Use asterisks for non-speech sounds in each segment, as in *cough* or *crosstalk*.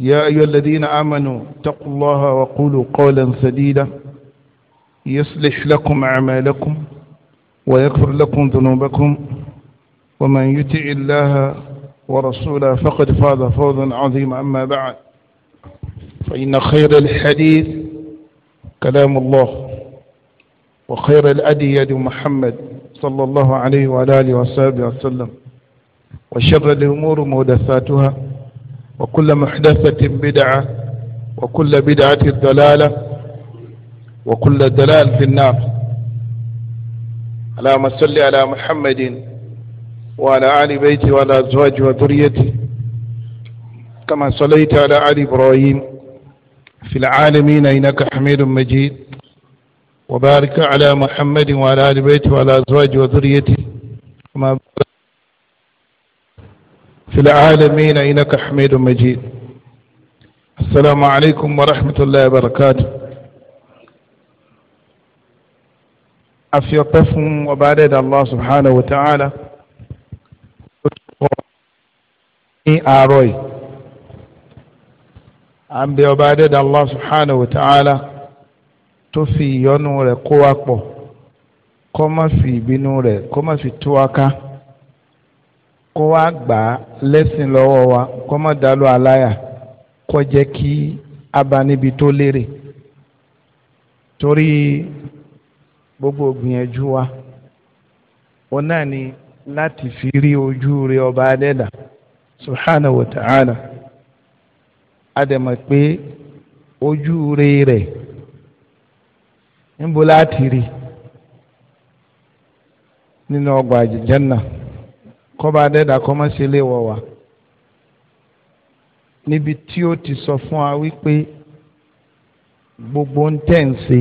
يا أيها الذين آمنوا اتقوا الله وقولوا قولا سديدا يصلح لكم أعمالكم ويغفر لكم ذنوبكم ومن يطع الله ورسوله فقد فاز فوزا عظيما أما بعد فإن خير الحديث كلام الله وخير الأدي يد محمد صلى الله عليه وعلى آله وصحبه وسلم وشر الأمور مودثاتها وكل محدثة بدعة وكل بدعة ضلالة وكل دلال في النار اللهم صل على محمد وعلى آل بيته وعلى أزواجه وذريته كما صليت على آل إبراهيم في العالمين إنك حميد مجيد وبارك على محمد وعلى آل بيته وعلى أزواجه وذريته كما في العالمين إنك حميد مجيد السلام عليكم ورحمة الله وبركاته أفي أفيقفهم وبعد الله سبحانه وتعالى أروي أم بيبادد الله سبحانه وتعالى تفي ينور قواكو كما في بنور كما في تواكه kó wá gbà á lẹ́sìn lọ́wọ́ wa kó má dáló aláyà kó jẹ́ kí abanibi tó lérè torí gbogbo gbìyànjú wa wọn náà ni láti fi rí ojú rẹ ọba adẹ́dà subhanahu wa ta'ala adẹ̀mọ̀ pé ojú rẹ rẹ̀ níbo láti rí nínú ọgbà àjẹjẹ́ náà kọ́ba adẹ́dà kọ́mọ́sí lè wọ̀ wá níbi tí ó ti sọ fún wa wípé gbogbo ń tẹ̀ ń ṣe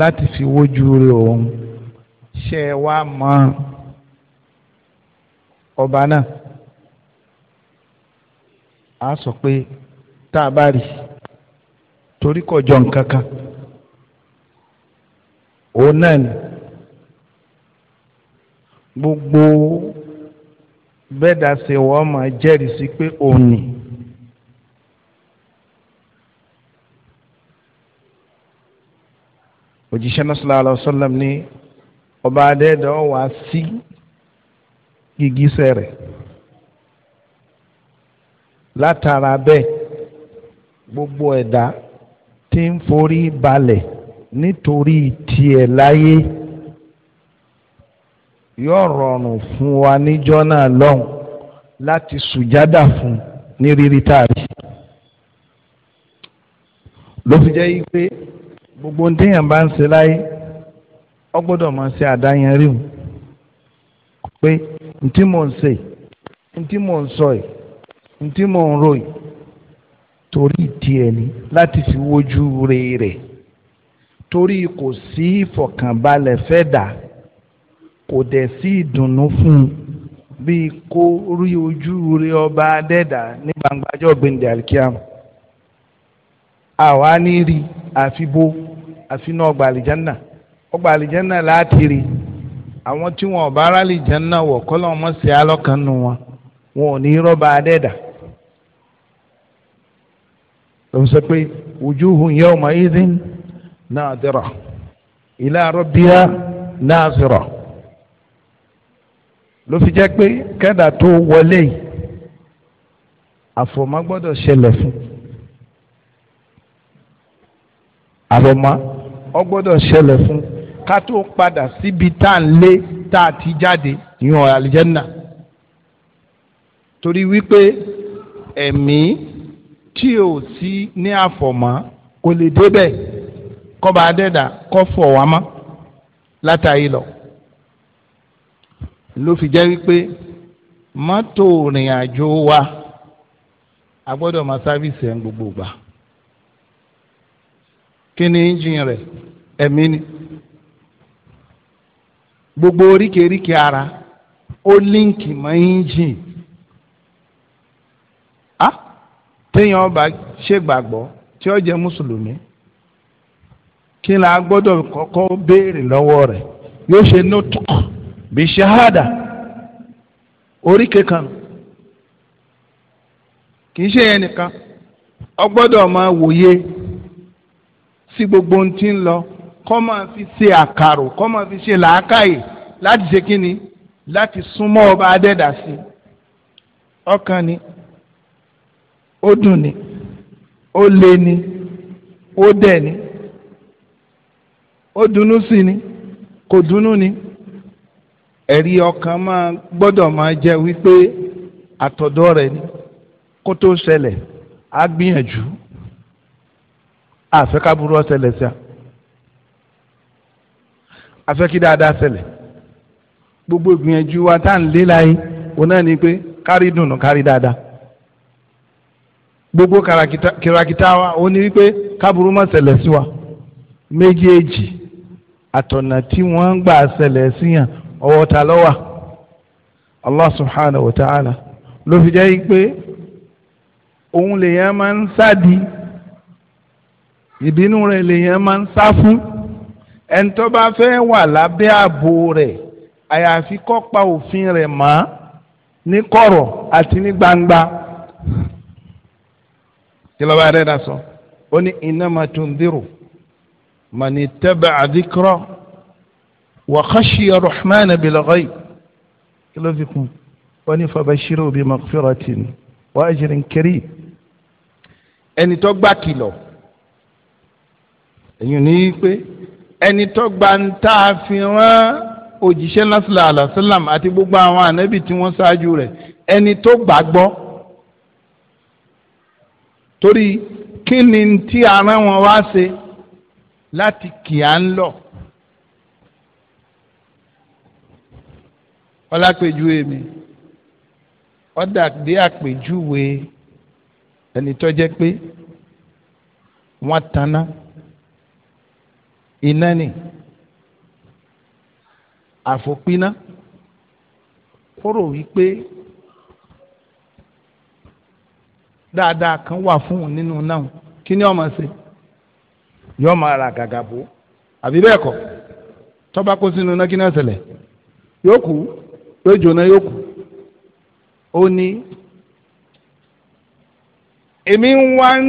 láti fi wójú rẹ òun ṣe é wá mọ ọba náà a sọ pé tá a bá rí torí kò nǹkan kan òun náà ni gbogbo bẹ́ẹ̀dá ṣe wọ́n máa jẹ́rìí sí pé òun ni. òjíṣẹ́ náà sallallahu alaihi wasallam ní ọba adẹ́ẹ̀dọ́ wá sí gìgísẹ̀ rẹ̀ látara bẹ́ẹ̀ gbogbo ẹ̀dá tí ń forí balẹ̀ nítorí tiẹ̀ láyé. yóò rọrùn fún wa níjọ́ náà lọ́hùn láti sùjádà fún ní rírí táàrí. ló fi jẹ́ yìí pé gbogbo ohun téèyàn bá ń ṣe láyé ọ gbọ́dọ̀ máa ṣe àdáyanrí mu pé ntí mò ń ṣe ntí mò ń sọ yìí ntí mò ń ròyìn torí ìdí ẹni láti fi wojú rèé rẹ̀ torí kò sí ìfọ̀kànbalẹ̀ fẹ́ dà kò dẹ̀ sí ìdùnnú fún un bíi kó rí ojú rí ọba adẹ́dà ní gbangbajọ́ gbẹ̀ndẹ̀ alikiam àwa ní rí àfi bó àfi náà ọgbà àlìjánà ọgbà àlìjánà láti rí àwọn tí wọn ọba ara àlìjánà wọ̀ kọ́lọ́ wọn sì alọ́kan wọn wọn ò ní rọ́ba adẹ́dà lọ́wọ́ sọ pé wujuhun yawma idhin nadira ila rabbiha nazira ló fi jẹ́ pé kẹ́dà tó wọlé yìí àfọ̀mọ́ gbọ́dọ̀ ṣẹlẹ̀ fún àfọ̀mọ́ ọ gbọ́dọ̀ ṣẹlẹ̀ fún ká tó padà síbi tá à ń lé tá a ti jáde ìyọ̀n àlìjẹ́nà torí wípé ẹ̀mí tí ò sí ní àfọ̀mọ́ kò lè débẹ̀ kọ́ba adẹ́dà kọ́ fọ̀ wá mọ́ látàrí lọ. ló fi jẹ́ wípé mọ́tò rìn àjò wa a gbọ́dọ̀ máa sáfíìsì ẹ̀ ń gbogbo gbà kí ni engine rẹ̀ ẹ̀mí ni gbogbo oríkèéríkèé ara ó líǹkì mọ́ engine á téèyàn ọba ṣègbàgbọ́ tí ó jẹ́ mùsùlùmí kí la gbọ́dọ̀ kọ́kọ́ béèrè lọ́wọ́ rẹ̀ yóò ṣe nótùkọ̀. No Bi shahada oríkè kan kì í ṣe yẹn nìkan ọ gbọ́dọ̀ máa wòye sí gbogbo ohun tí ń lọ kọ́ máa fi ṣe àkàrò kọ́ máa fi ṣe làákàyè láti ṣe kí ni láti súnmọ́ ọba adẹ́dà sí ọkàn ni ó dùn ni ó le ni ó dẹ̀ ni ó dunnú sí ni kò dunnú ni ẹ̀rí ọkàn máa gbọ́dọ̀ máa jẹ́ wípé àtọ̀dọ̀ rẹ̀ ni kó tó ṣẹlẹ̀ á gbìyànjú àfẹ́kábúrú ọ̀ṣẹlẹ̀ sí a àfẹ́kí dáadáa ṣẹlẹ̀ gbogbo ìgbìyànjú wa tá à ń lé láyé òun náà ni pé kárí dùnú kárí dáadáa gbogbo kìràkìtà wa ó ní wípé kábúrú má ṣẹlẹ̀ sí wa méjèèjì àtọ̀nà tí wọ́n ń gbà ṣẹlẹ̀ síyàn ọwọ́ ta ló wà allah subhanahu wa ta'ala ló fi jẹ́ pé òun lèèyàn máa ń sádi ìbínú rẹ̀ lèèyàn máa ń sá fún ẹni tó bá fẹ́ wà lábẹ́ ààbò rẹ̀ àyàfi kó òfin rẹ̀ mọ́ ní kọ̀rọ̀ àti ní gbangba kí rẹ̀ dà sọ ó ní innama tundhiru mani taba'a dhikra wa khashiya rahman bil ghaib kí ló fi kún wọ́n ní fabashiru bi maghfiratin wa ajrin karim ẹni tó gbà kìlọ̀ èyí ní pé ẹni tó gbà ń tá a fi rán òjíṣẹ́ lásìlá àlàsílàm àti gbogbo àwọn ànábì tí wọ́n ṣáájú rẹ̀ ẹni tó gbàgbọ́ torí kí ni tí ara wọn wá ṣe láti kì á ń lọ ọlápẹjúwe mi ọdà dé àpèjúwe ẹni tó jẹ́ pé wọ́n tanná iná ni àfòpiná kúrò wípé dáadáa kan wà fún un nínú náà kí ni ọmọ ṣe yọọ máa ra gàgàbó àbí bẹ́ẹ̀ kọ́ tọ́ba kó sínú náà kí ni ó yóò kú. pé jona yóò o ó ní èmi ń wá ń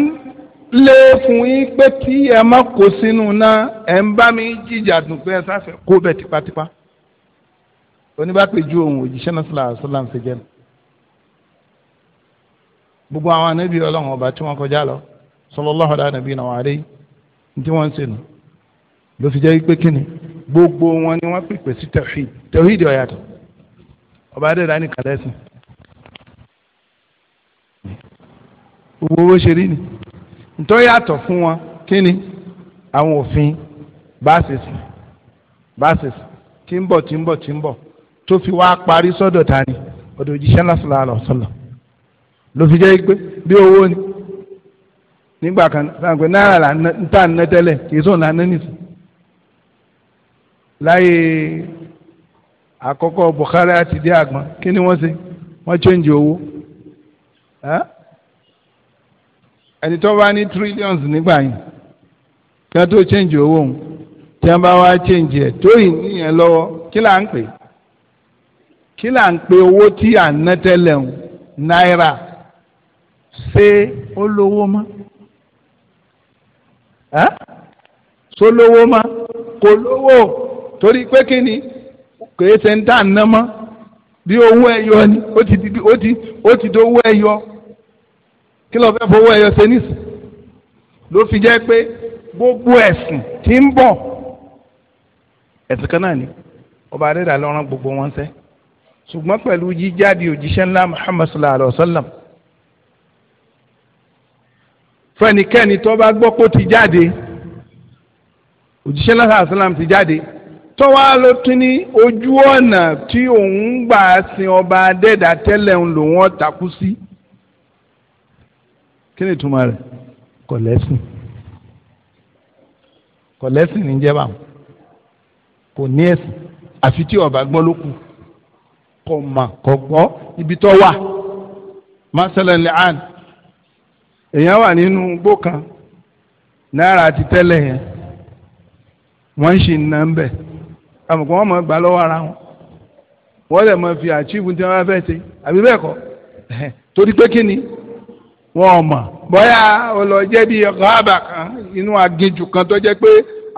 lé fún yín pé ẹ má kó sínú náà ẹ ń bá mi jìjà dùn pé ẹ sáfẹ́ kó tipátipá òjíṣẹ́ náà gbogbo àwọn anabi ọlọ́run ọba tí wọ́n kọjá lọ sallallahu ala nabiyina wa alayhi tí wọ́n ń nù ló fi jẹ́ gbogbo wọn ni wọ́n pèpè sí ọ̀yàtọ̀ ọba adẹ́dá ní kàlẹ́sìn gbogbo owó ṣe rí ni nítorí yàtọ̀ fún wọn kí ni àwọn òfin báṣẹ̀sì báṣẹ̀sì tí ń bọ̀ tí ń bọ̀ tí ń bọ̀ tó fi wá parí sọ́dọ̀ ta ni ọ̀dọ̀ òjíṣẹ́ lásìlá àlọ́sọ̀lọ̀ ló fi jẹ́ pé bí owó ni nígbà kan sáà náírà là ń tà ń ná tẹ́lẹ̀ kì í sọ̀nà náà nìsín láyé àkọ́kọ́ Bukhari àti dé àgbọn kí ni wọ́n ṣe wọ́n change owó ẹni tó bá ní trillions nígbà yìí kí wọ́n tó change owó òun tí wọ́n bá wá change ẹ̀ tó yìí níyẹn lọ́wọ́ kí là ń pè kí là ń pè owó tí à ń ná tẹ́lẹ̀ ń náírà ṣé ó lówó mọ́ ṣó lówó mọ́ kò lówó torí pé kí ni kèé ṣe ń tà ná mọ́ bí owó ẹyọ ni ó ti di ó ti ó ti di owó ẹyọ kí ló fẹ́ fowó ẹyọ ṣe nísìn ló fi jẹ́ pé gbogbo ẹ̀sìn tí ń bọ̀ ẹ̀sìn kan náà ni ọba adéda lọ́rán gbogbo wọn sẹ́ ṣùgbọ́n pẹ̀lú jíjáde òjíṣẹ́ ńlá Muhammad sallallahu alayhi wa sallam fẹ́nikẹ́ni tó bá gbọ́ pé ó ti jáde òjíṣẹ́ ńlá sallallahu alayhi wa sallam ti jáde tọ́wá ló tún ní ojú ọ̀nà tí òun gbà sin ọba adẹ́dà tẹ́lẹ̀ ń lò wọ́n takú sí. kí ni ìtumọ̀ rẹ̀ kò lẹ́sìn kò lẹ́sìn ní jẹ́bà kò ní ẹ̀sìn àfi tí ọba gbọ́ ló kù kò mà kò gbọ́ ibi tó wà masalan li'an èèyàn wà nínú igbó kan náírà ti tẹ́lẹ̀ yẹn wọ́n ń ṣe nà ń àmọ̀kọ́ wọn mọ̀ gbà lọ́wọ́ ara wọn wọ́n lè mọ̀ fi àchíìfù tí wọ́n fẹ́ ṣe àbí bẹ́ẹ̀ kọ́ *laughs* torí pé kí ni wọn ò mọ̀ bóyá ọlọ́jẹ́ bí rọ́ọ̀bà kan inú aginjù kan tó jẹ́ pé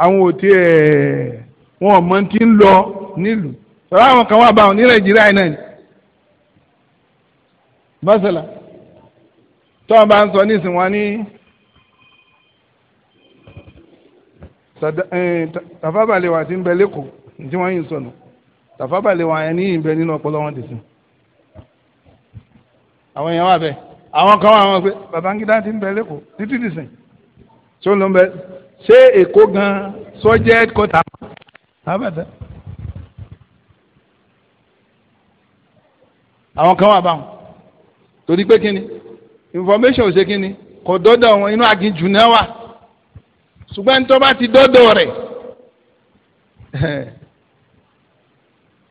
àwọn ò tí ẹ̀ wọn mọ̀ ti ń lọ nílùú sọ̀rọ̀ àwọn kan wà bá wọn ní nàìjíríà náà ni bọ́sẹ̀là tó wọn bá ń sọ nísìn wọn ní eh, tàfábàlẹ̀ wà sí ń bẹ lẹ́kọ̀ọ́ tí wọ́n yìn sọnù tàfábàlẹ̀ wọn ẹni yìí ń bẹ nínú ọpọlọ wọn dìsìn àwọn èèyàn wà bẹ́ẹ̀ àwọn kan wà wọn pé Babangida ti ń bẹ lẹ́kọ̀ọ́ títí dìsìn tí ó lọ bẹ ṣé Èkó gan sọ́jẹ́ kọ́tà àbàdà àwọn kan wà báwọn torí pé kíni information ò ṣe kíni kò dọ́dọ̀ wọn inú aginjù náà wà ṣùgbọ́n tó bá ti dọ́dọ̀ rẹ̀ *laughs*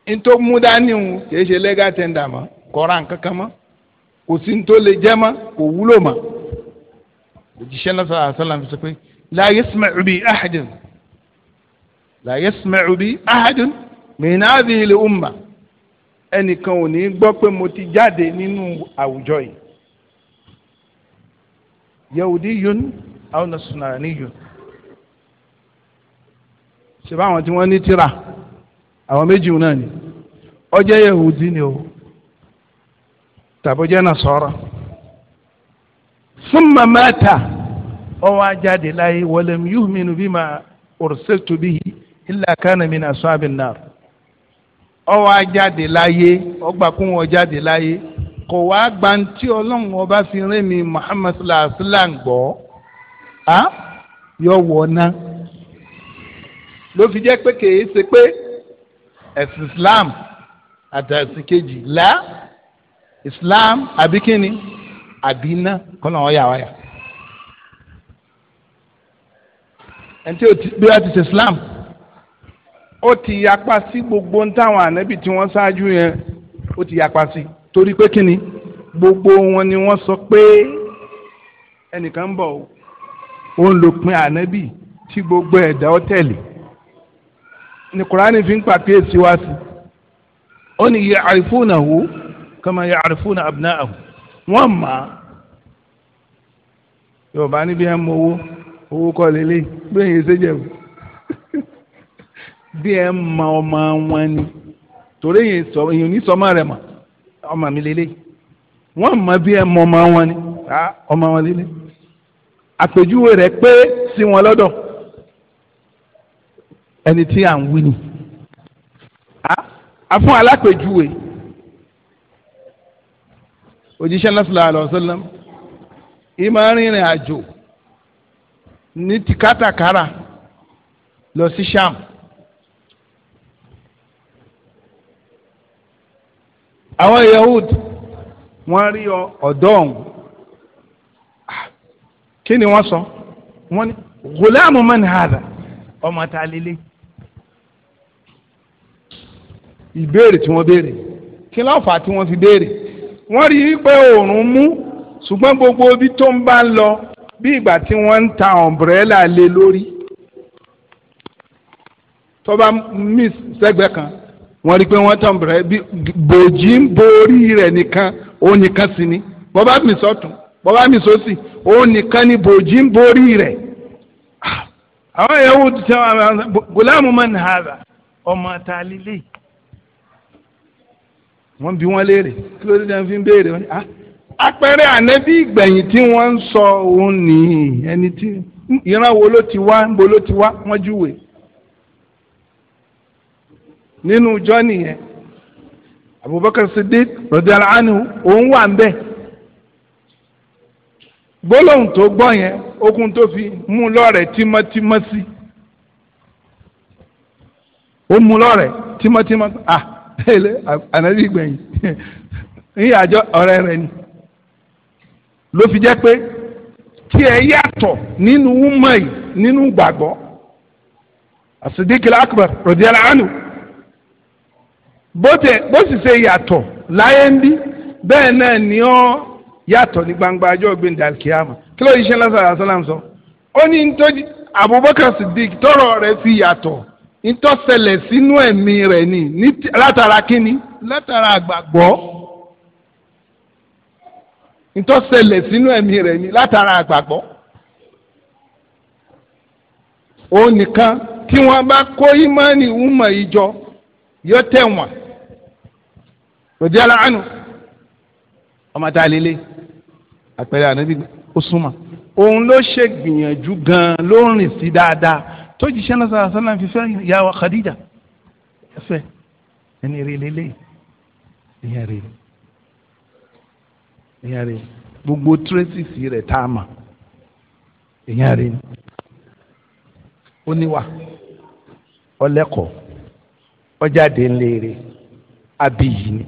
ntó mú dání ń kìí ṣe legal tender mọ́ kọ́ra nkankan mọ́ kò sí ntó lè jẹ́ mọ́ kò wúlò mọ́ òjíṣẹ́ náà sọ àṣọlá fi sọ pé la yasma'u bi ahadun la yasma'u bi ahadun min hadhihi l'umma ẹnìkan ò ní gbọ́ pé mo ti jáde nínú àwùjọ yìí yahudiyun aw nasraniyun ṣe báwọn tí wọ́n ní tírà àwọn méjì náà ni ó jẹ́ yehudi ni o tàbí ó jẹ́ nasara summa mata ó wá jáde láyé walam yu'minu bima ursiltu bihi illa kana min ashabin nar ó wá jáde láyé ọgbà kún wọn jáde láyé kò wá gbantí ọlọ́run ọba fi rẹ́ mi muhammad sallallahu gbọ́ yọ wọ̀ ná ló fi jẹ́ pé kèé ṣe pé ẹ̀sìn islam àtẹ̀sìn kejì la islam àbí kíni àbí iná kọ́nà ọ̀yà wáyà. ẹni tí bí wọ́n ti ṣe islam ó ti yapa sí gbogbo ń táwọn ànábì tí wọ́n ṣáájú yẹn ó ti yapa sí torí pé kíni gbogbo wọn ni wọ́n sọ pé ẹnìkan ń bọ̀ ó ń lòpin ànábì tí gbogbo ẹ̀dá ó ni kuraani fi ń pàkíyèsí wá sí ó ní ya'rifunahu kama ya'rifuna abna'ahu wọ́n mà á yorùbá níbi ẹ̀ ń mowó owó kọ́ lélẹ̀ gbẹ̀yìn ìṣèjẹ̀ bí ẹ̀ ń ma ọmọ wọn ni torí èyàn ní sọmọ rẹ̀ mà ọmọ mi lélẹ̀ wọ́n mà bí ẹ̀ ń ọmọ wọn ni ah, ọmọ wọn lélẹ̀ àpèjúwe rẹ̀ pé sí wọn lọ́dọ̀ ẹni tí à ń wí ni a fún alápèjúwe òjíṣẹ́ sallallahu alaihi wasallam ìmọ̀ rìnrìn àjò ní ti kátàkárà lọ sí sham. àwọn yahud wọ́n rí ọ̀dọ́ ọ̀hún ah, kí ni wọ́n sọ wọ́n ní gulaamu man hada ọmọ tá a lélẹ́yìn ìbéèrè tí wọ́n béèrè kí ló fà á tí wọ́n fi béèrè wọ́n rí i pé oòrùn mú ṣùgbọ́n gbogbo ibi tó ń bá lọ bí ìgbà tí wọ́n ń ta ọ̀mbrẹ́là lé lórí tó bá miss sẹ́gbẹ̀ẹ́ kan wọ́n rí i pé wọ́n ta ọ̀mbrẹ́là bòjì ń borí rẹ̀ nìkan òun nìkan sì ni bọ́ bá miss ọ̀tún bọ́ bá miss òsì òun nìkan ni bòjì ń borí rẹ̀ ah! àwọn yẹn wò ti sẹ́wọ̀n gùlámù mọ́ni hàdà ọmọ ta wọ́n bi wọ́n léèrè kí ló dé tí wọ́n fi ń béèrè wọ́n ni ah apẹ̀rẹ̀ ànẹ́bí ìgbẹ̀yìn tí wọ́n ń sọ òun ní ẹni tí ìran wo ló ti wá ńbo ló ti wá wọ́n júwe nínú jọ́nì yẹn Abubakar Siddiq rọdíàlá ánìhù òun wà ń bẹ̀ gbólóhùn tó gbọ́ yẹn okun tó fi mú lọ́rẹ̀ tímọ́tímọ́ sí ó mú lọ́rẹ̀ tímọ́tímọ́ sí ah ele ànábì gbẹ̀yìn níyàjọ ọ̀rẹ́ rẹ ni ló fi jẹ́ pé kí ẹ yàtọ̀ nínú mọ̀ yìí nínú gbàgbọ́ àsìdíkìlá akbar rọ̀díàlá ànú bó tẹ bó sì ṣe yàtọ̀ láyé ń bí bẹ́ẹ̀ náà ni ó yàtọ̀ ní gbangba ajọ́ ọ̀gbìn dàlkìyàmà kí ló yìí ṣe lásán àṣàlám sọ ó ní nítorí Abubakar Siddiq tọrọ rẹ̀ fi yàtọ̀ ntọ́sẹlẹ̀ sínú ẹ̀mí rẹ̀ ni látara kínní látara àgbàgbọ́ ntọ́sẹlẹ̀ sínú ẹ̀mí rẹ̀ ni látara àgbàgbọ́ òun nìkan tí wọ́n bá kó ìmánì ìwúmọ̀ ìjọ yóò tẹ̀ wọ́n lòdì aláàánú ọmọ tá a lélẹ àpẹẹrẹ ànábì ó súnmọ́ òun ló ṣe gbìyànjú gan ló rìn sí dáadáa tó jíṣẹ́ náà sọ̀rọ̀ sọ́nà fífẹ́ ìyá wa Khadija ẹ̀fẹ́ ẹni rí lélẹ̀ ìyá rí ìyá rí gbogbo tírẹ́sìsì rẹ̀ tá a mà ìyá rí ó níwà ọjáde ńlẹ́rẹ́ abiyì ni.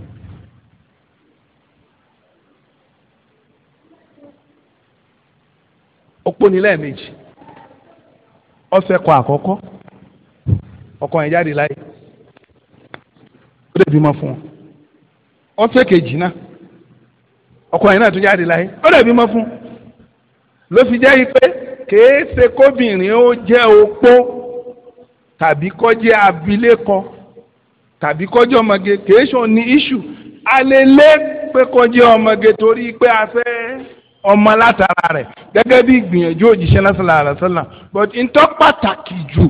ó pọ́ni lẹ́ẹ̀mejì ọsẹ kọ àkọ́kọ́ ọkọ yẹn jáde láyé ó dẹ̀ bímọ fún wọn ọsẹ kejì náà ọkọ yẹn náà tún jáde láyé ó dẹ̀ bímọ fún ló fi jẹ́ yìí pé kèé ṣe kóbìnrin ó jẹ́ opó tàbí kó jẹ́ abilékọ tàbí kó jẹ́ ọmọge kèé ní iṣu alẹ́lẹ́ pé kó jẹ́ ọmọge torí pé a fẹ́ ọmọ látara rẹ̀ gẹ́gẹ́ bí ìgbìyànjú òjíṣẹ́ lásìlá àlàsílà but ntọ́ pàtàkì jù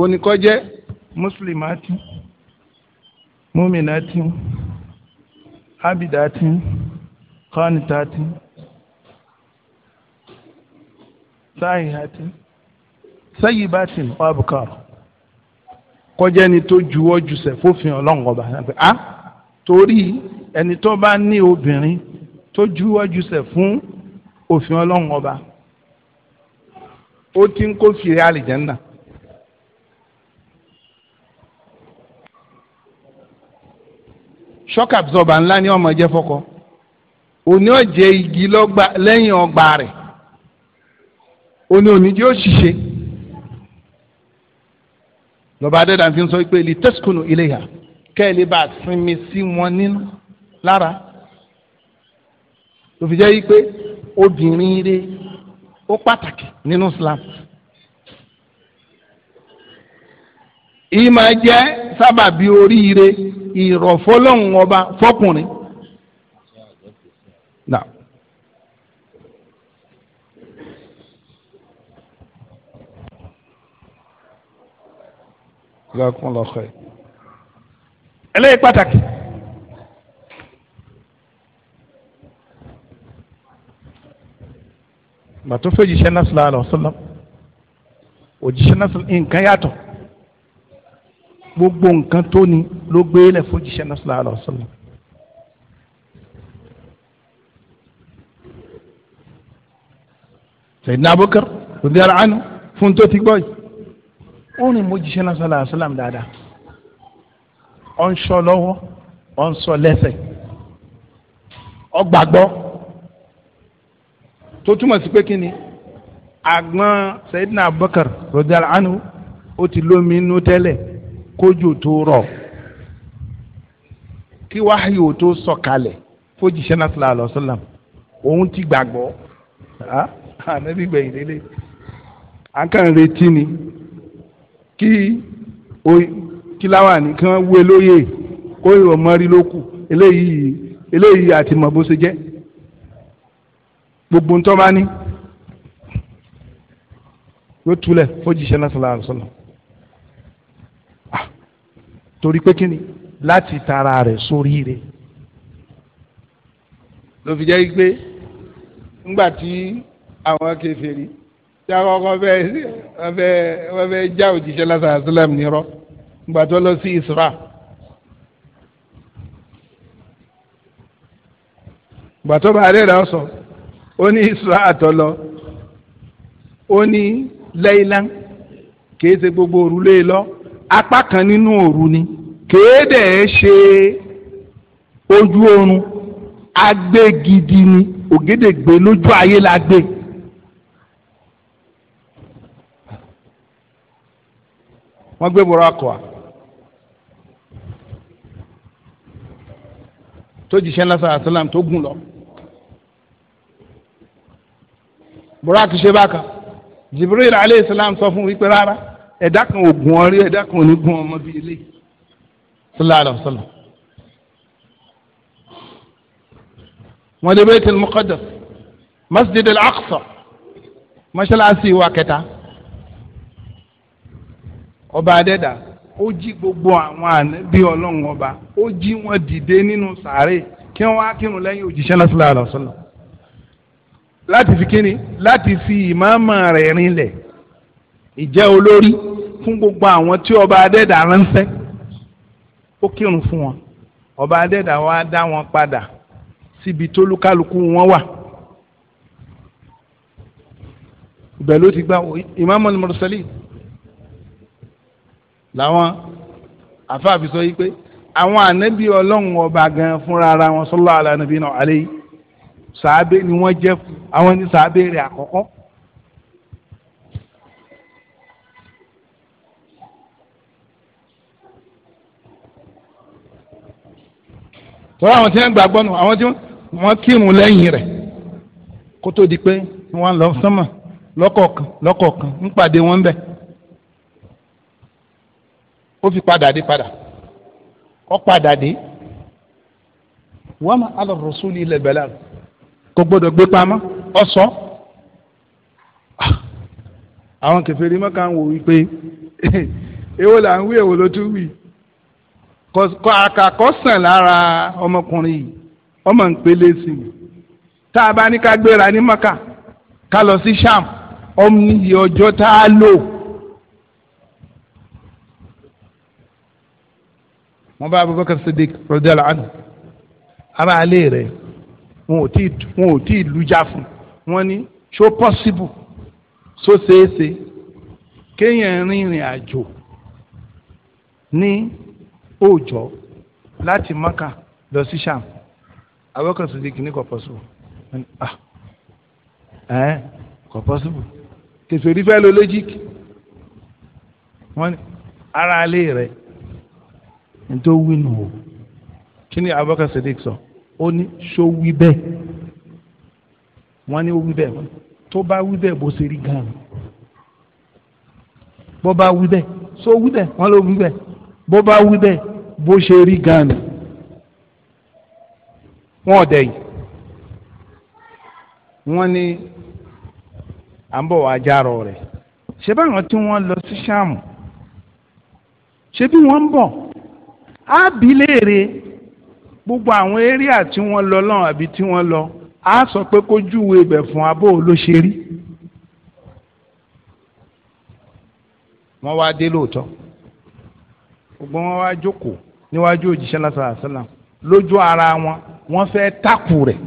oníkọ́jẹ́ mùsùlùmáàtì múmìnàtì ábìdàtì kọ́nìtàtì sáyìhàtì sáyìbàtì ọ̀bùkọ̀rọ̀ kọjá ẹni tó juwọ́ jùsẹ̀ fófin ọlọ́run ọba àgbẹ̀ ah, á torí ẹni tó bá ní obìnrin tó juwọ́ jùsẹ̀ fún òfin ọlọ́run ọba ó ti ń kó fìrí àlìjẹ́ńdà. shock absorber ńlá ní ọmọ jẹ́ fọ́kọ òní ọ̀jẹ̀ igi lẹ́yìn ọgbà rẹ̀ òní oníjẹ́ òṣìṣẹ́ lọ́ba adẹ́dàá fi ń sọ pé lìtẹ́sìkùnù ilé yà kẹ́lẹ́ bá sinmi sí wọn nínú lára tó yí pé obìnrin rẹ ó pàtàkì nínú Islam. ìmọ̀ jẹ́ sábàbí oríire ìrọ̀fọ́lọ́hún ọba fọkùnrin. ẹlẹ́yìn pàtàkì. gbàtó fẹ́ òjíṣẹ́ náà sallallahu alaihi wasallam òjíṣẹ́ náà nǹkan yàtọ̀ gbogbo nǹkan tó ni ló gbé lẹ̀ fún òjíṣẹ́ náà sallallahu alaihi wasallam. Sayyidina Abubakar radiyallahu anhu fún tó ti gbọ́ yìí ó rìn mọ́ òjíṣẹ́ náà sallallahu alaihi dáadáa ọ̀ ń sọ lọ́wọ́ ọ̀ ń sọ lẹ́sẹ̀ ọ̀ gbàgbọ́ tó túmọ̀ sí pé kí ni àgbọn Sayyidina Abubakar rọdíàlá anu ó ti lómi inú tẹ́lẹ̀ kójú tó rọ̀ kí wáyé ò tó sọ̀kalẹ̀ fojì sẹ́nà sílá àlọ́sọ́làm òun ti gbàgbọ́ ànábì gbẹ̀yìn lélẹ̀ à ń kàn retí ni kí kí láwọn àníkàn wé lóye kó ìwọ̀n mọ́rí ló eléyìí eléyìí àti mọ̀ bó ṣe jẹ́ gbogbo ń tọ́ bá ní yóò túlẹ̀ ó jíṣẹ́ náà sọ̀rọ̀ àrùsọ̀rọ̀ ah, torí pé kíni láti tara rẹ̀ sórí rẹ̀ ló fi jẹ́ pé ńgbà tí àwọn kèfèrí tí àkọ́kọ́ fẹ́ fẹ́ já òjíṣẹ́ náà sọ̀rọ̀ àrùsọ̀rọ̀ nírọ́ ńgbà tó lọ sí Isra. gbàtọ́ bá a rẹ̀ rà sọ̀rọ̀ ó ní isra àtọlọ ó ní lẹ́yìnlá kìí ṣe gbogbo òru lé e lọ apá kan nínú òru ni kìí dẹ̀ ṣe ojú oorun agbégidi ni ògédègbè lójú ayé la gbé. wọ́n gbé bọ̀rọ̀ akọ̀ tó jìṣẹ́ lásán àtàlám tó gùn lọ. buraki ṣe bákan jibril alayhi salam sọ fún wípé rárá ẹ̀dá kan ò gun ọrí ẹ̀dá kan ò ní gun ọmọ bíi ilé sallallahu alayhi wa sallam. wọn dé Bayt al-Muqaddas masjid al-Aqsa mọ́ṣáláṣí wa kẹta ọba adẹ́dà ó jí gbogbo àwọn ànábì ọlọ́run ọba ó jí wọn dìde nínú sàárè kí wọ́n á kírun lẹ́yìn òjíṣẹ́ sallallahu alayhi wa sallam láti fi kíni láti fi ìmáàmà rẹ̀ rinlẹ̀ ìjẹ́ olórí fún gbogbo àwọn tí ọba adẹ́dà ránṣẹ́ ó kírun fún wọn ọba adẹ́dà wa dá wọn padà síbi tólúkálukú wọn wà ibẹ̀ ló ti gba ìmáàmù mọ̀rọ̀sẹ́lì làwọn àfáàfin sọ yìí pé àwọn ànábì ọlọ́run ọba gan fúnra ara wọn sọlọ́ àlànà bínú àlẹ́ yìí. sàábé ni wọ́n jẹ́ àwọn ní sàábé rẹ̀ àkọ́kọ́. tọ́lá àwọn tí wọ́n gbàgbọ́ nù àwọn tí wọ́n kírun lẹ́yìn rẹ̀ kó di pé wọ́n lọ sánmà lọ́kọ̀ọ̀kan lọ́kọ̀ọ̀kan ń pàdé fi padà dé padà ó padà dé wọ́n kò gbọ́dọ̀ gbé pamọ́ ọ̀sọ́ àwọn kẹfẹ́rí mọ́ká ń wò wípé *laughs* èwo là ń wí èwo ló tún wí kọ àkàkọ́ sàn lára ọmọkùnrin yìí ọmọ ń pélé sí i tá a bá ní ká gbéra ní mọ́ká ká lọ sí sham ọmọ níyì ọjọ́ tá a lò. wọ́n bá Abubakar Siddiq rọ́dẹ́lá àná abáálé rẹ̀ wọn ò tí wọn ò tí lùjà fún wọn ní ṣó possible ṣó ṣeéṣe kéèyàn rìnrìn àjò ní òòjọ́ láti maka lọ sí sham abẹ́kọ̀ sadiq ní kò possible ah ẹ̀ kò possible kèsì orí fẹ́ lo logic wọ́n ní ara alẹ́ rẹ̀ ní tó wí o kí ni abẹ́kọ̀ sadiq sọ. So ó ní ṣó wí bẹ́ẹ̀ wọ́n ní ó wí bẹ́ẹ̀ tó bá wí bẹ́ẹ̀ bó ṣe rí gan-an bó bá wí bẹ́ẹ̀ ṣó wí bẹ́ẹ̀ wọ́n ló wí bẹ́ẹ̀ bó bá wí bẹ́ẹ̀ bó ṣe rí gan-an wọ́n ọ̀dẹ̀ yìí wọ́n ní à ń bọ̀ wá járọ rẹ̀ ṣé báwọn tí wọ́n lọ sí ṣáàmù ṣé bí wọ́n ń bọ̀ á bí léèrè gbogbo àwọn area tí wọ́n lọ lọ́hùn àbí tí wọ́n lọ á sọ pé kó júwe ibẹ̀ fún abó ló ṣe rí. wọ́n wá dé lóòótọ́ gbogbo wọn wá jókòó níwájú òjíṣẹ́ lásán lójú ara wọn wọ́n fẹ́ takù rẹ̀.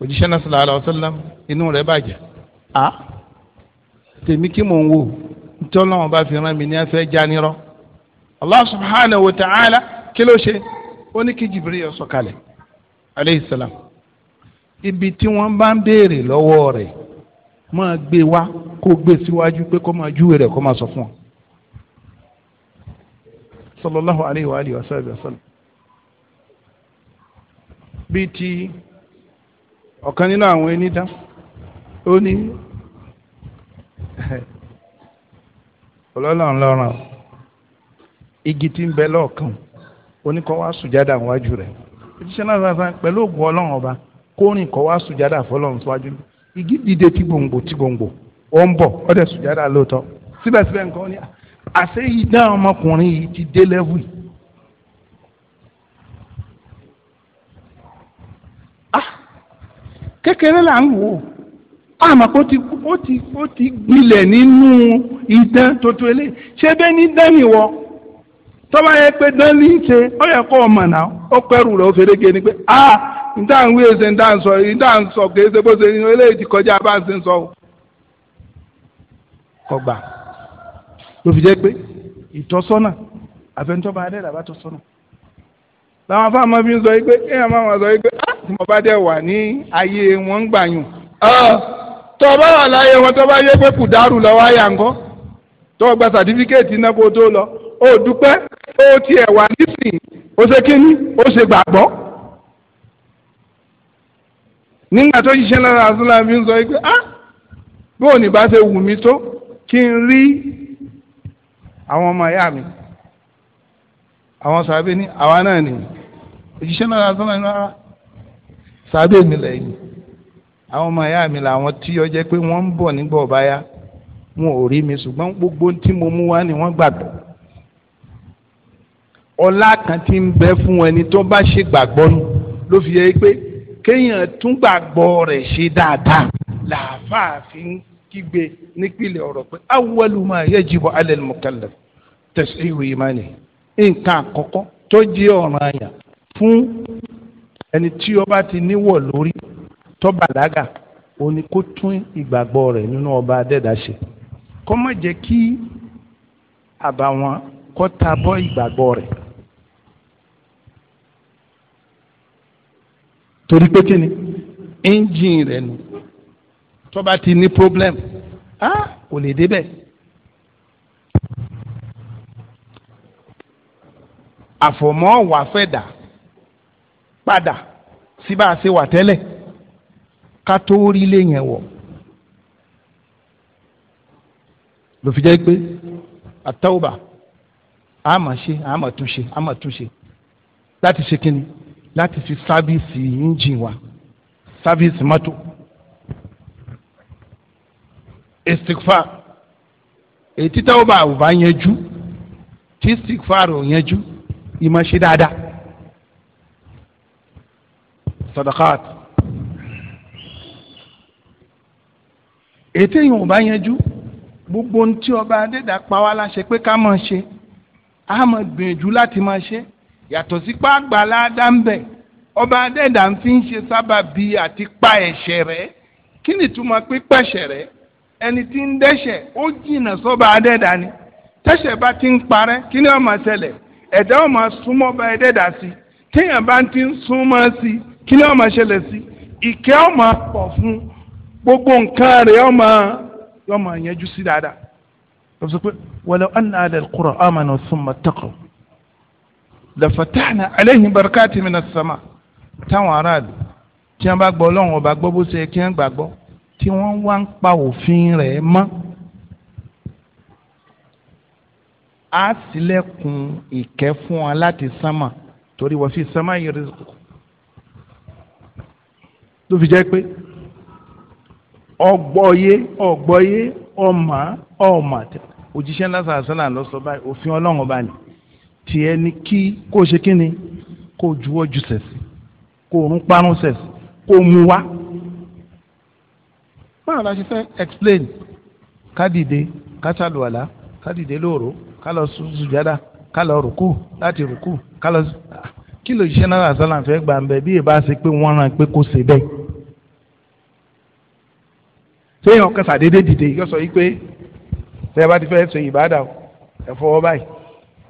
òjíṣẹ́ lásán àṣàlá inú rẹ̀ bàjẹ́ a ah, tèmi kí mò ń wò. ntọ́lọ́wọ́n bá fi rán mi ní afẹ́ janirọ́ allah subhanahu wa ta'ala kí ló ṣe ó ní kí jibril yọ sọ̀kalẹ̀ aleyhi salam ibi tí wọ́n bá ń béèrè lọ́wọ́ rẹ̀ máa gbé wá kó gbé síwájú pé kó máa júwe rẹ̀ kó máa sọ fún ọ. sallallahu alayhi wa alihi wa sallam. bíi ti ọ̀kan nínú àwọn ẹni dá ó ní. ọlọ́run lọ́rùn igi tí ń bẹ lọ́ọ̀kan oníkọ́ wá sùjádà wájú rẹ̀ ìṣiṣẹ́ náà sáfà pẹ̀lú ògùn ọlọ́run ọba kórìn kọ́ wá sùjádà fọlọ́run síwájú igi dìde tí gbòǹgbò tí gbòǹgbò ó ń bọ̀ ó dẹ̀ sùjádà lóòótọ́ síbẹ̀síbẹ̀ nǹkan ni àṣẹ yìí dá ọmọkùnrin yìí ti dé lẹ́wù ah! kékeré là ń wò ó àmọ́ kó ti ó ti ó ti gbilẹ̀ nínú ìdán tuntun ilé ṣé bẹ́ẹ̀ ní dání wọ tọ́ba yẹ pé dán ní í ṣe ó yẹ kó o mọ̀ náà ó pẹ́rù rẹ̀ ó ferege ni pé a níta ń wí èsè níta ń sọ níta ń sọ kì í ṣe bó ṣe ní eléyìí ti kọjá bá ń ṣe ń sọ o. kọgbà ló fi jẹ́ pé ìtọ́sọ́nà àfẹnutọ́ba adẹ́rẹ́ àbá tọ́sọ́nà làwọn afáàmọ́ fi ń sọ yìí pé kéèyàn máa sọ yìí pé ah, tí mo bá dẹ̀ wà ní ayé wọn gbàyàn. Ah, tó bá wà láyé wọn tó bá yẹ pé kùdárù lọ́wọ́ àyà ńkọ́ tó gba sàtífíkẹ́ẹ̀tì náà kó tó lọ ó dúpẹ́ ó tiẹ̀ wà nísìn ó ṣe kíní ó ṣe gbàgbọ́. nígbà tó ṣiṣẹ́ lára àtúnlá mi ń sọ pé á bóun ní bá ṣe wù mí tó kí n rí àwọn ọmọ ìyá mi àwọn sàbẹ̀ ní àwa náà nìyí òṣìṣẹ́ lára àtúnlá mi rárá sàbẹ̀ mi lẹ́yìn àwọn ọmọ ìyá mi làwọn tí ó jẹ́ pé wọ́n ń bọ̀ nígbà ọba ya wọn ò rí mi ṣùgbọ́n gbogbo tí mo mú wá ni wọ́n gbàgbọ́ ọlá kan tí ń bẹ fún ẹni tó bá ṣe gbàgbọ́ nù ló fi yẹ pé kéèyàn tún gbàgbọ́ rẹ̀ ṣe dáadáa làáfàá fi ń kígbe nípìnlẹ̀ ọ̀rọ̀ pé awwalu ma yajibu ala al-mukallaf tasihu imani nǹkan àkọ́kọ́ tó jẹ́ ọ̀ranyàn fún ẹni tí ó ti níwọ̀ lórí tó bàlágà òun ni kó tún ìgbàgbọ́ rẹ̀ nínú ọba adẹ́dà ṣe kó má jẹ́ kí àbàwọ́n kó ta bọ́ ìgbàgbọ́ rẹ̀. torí pé kí ni ẹ́ńjìn rẹ̀ nù tó ti ní problem ah kò lè débẹ̀. àfọ̀mọ́ wà fẹ́ dà padà sí wà tẹ́lẹ̀ ká tó rí ilé yẹn wọ̀ ló fi jẹ́ pé àtọ́wọ́bà àmọ̀ ṣe àmọ̀ tún ṣe àmọ̀ tún ṣe láti ṣe kínni láti fi sábìsì engine wa sábìsì mọ́tò istikfar èyí tí ò bá yanjú tí istikfar ò yanjú ìmọ̀ ṣe dáadáa sadakat. ètè yìí ò bá yanjú gbogbo ohun tí ọba adéda pa wá láṣẹ pé ká máa ṣe á máa gbìyànjú láti máa ṣe yàtọ̀ sí pàgbà ládá ń bẹ̀ ọba adéda ń fi ń ṣe sábàbí àti pa ẹ̀ṣẹ̀ rẹ̀ kí ni túmọ̀ pípẹ̀ṣẹ̀ rẹ̀ ẹni tí ń dẹ́ṣẹ̀ ó jìnnà sọ́ba adéda ni tẹ́ṣẹ̀ bá ti ń parẹ́ kí ni ó máa ṣẹlẹ̀ ẹ̀dá ó máa súnmọ́ ọba adéda sí téèyàn bá ti ń súnmọ́ sí kí ni ó máa ṣẹlẹ̀ sí ìkẹ́ ó máa pọ̀ fún un gbogbo nǹkan rẹ̀ yọ máa yọ máa yẹjú sí dáadáa lọ́sọ̀ pé walaw anna ahlal qura amanu thumma ttaqaw la fatahna alayhim barakatin minas sama táwọn aráàlú tí wọ́n bá gbọ́ ọlọ́run ọba gbọ́ bó ṣe kí wọ́n gbàgbọ́ tí wọ́n wá ń pa òfin rẹ̀ mọ́ á ṣílẹ̀kùn ìkẹ́ fún wọn láti sánmà torí wa fi sánmà yìí tó fi jẹ́ pé ọgbọ́yé ọgbọ́yé ọmọ ọmọ òjíṣẹ́ lásán àṣálà lọ sọ báyìí òfin ọlọ́run ọba ni tiẹ̀ ni kí kó ṣe kí ni kó juwọ́ ju sẹ̀sì kó òun parun sẹ̀sì kó mu wá. báwo la ṣe fẹ́ explain ká dìde ká ṣàlùwàlá ká dìde lóòró ká lọ sùjádà ká lọ rùkù láti rùkù ká lọ kí lòjíṣẹ́ lásán àṣálà fẹ́ gbà bí ìbá ṣe pé wọ́n rán pé kó ṣe bẹ́ẹ̀ téèyàn kan sàdédé dìde yọ sọ yìí pé tẹ́ ẹ bá ti fẹ́ ṣe ìbádà o ẹ fọwọ́ báyìí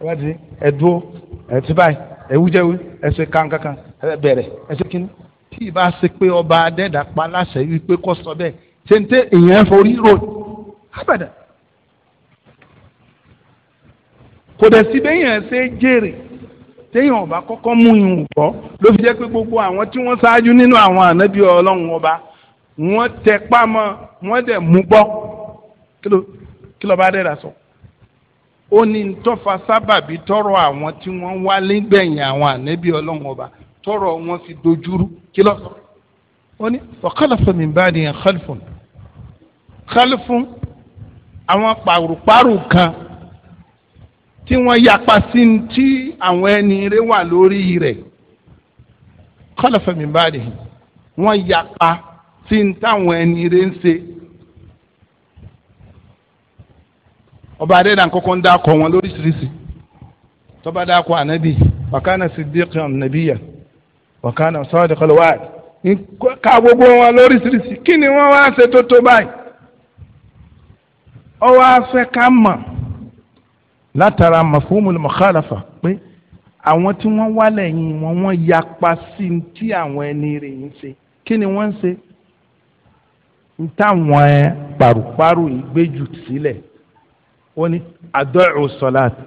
ẹ bá ti ẹ dúró ẹ ti báyìí ẹ wújẹwé ẹ ṣe kankankan ẹ bẹ̀rẹ̀ ẹ ṣe kínní. tí ì bá ṣe pé ọba adẹ́dà pa láṣẹ wípé kọ́ sọ bẹ́ẹ̀ ṣe ń tẹ èèyàn forí rò ábàdà. kò dẹ̀ sí béèyàn ṣe jèrè téèyàn ọba kọ́kọ́ mú ìhùn bọ́ ló fi jẹ́ pé gbogbo àwọn tí wọ́n ṣáájú nínú àwọn ànábì ọlọ́run ọba wọ́n tẹ pamọ́ wọ́n dẹ̀ mú bọ́ kí ló bá dẹ̀ rà sọ. ó ní tọ́fà sábàbí tọrọ àwọn tí wọ́n wá lẹ́gbẹ̀yìn àwọn ànẹ́bí ọlọ́run ọba tọrọ wọn fi dojúrú kí ló sọ. ó ní ọ̀kọ́lọ́fọ̀ mi bá ní khalfun khalfun àwọn pàrùpàrù kan tí wọ́n yapa sí tí àwọn ẹni rẹ̀ wà lórí rẹ̀ khalfa min ba'dihim wọ́n yapa sí ní táwọn ẹni rẹ̀ ń ṣe. ọba adéda kọ́kọ́ ń dákọ wọn lóríṣiríṣi tọba dákọ ànábì wàkánà siddiqan nàbíyà wàkánà sadiqal wa'd ká gbogbo wọn lóríṣiríṣi kí ni wọ́n wá ṣe tó tó báyìí ó wá fẹ́ ká mọ̀ látara mafhumul mukhalafa pé àwọn tí wọ́n wá lẹ́yìn wọn wọ́n yapa sí ti àwọn ẹni rẹ̀ ń ṣe kí ni wọ́n ń ṣe ntáwọn paru paru ìgbéjù sílẹ̀ ó ní adọ́ọ̀ọ́ sọláàtì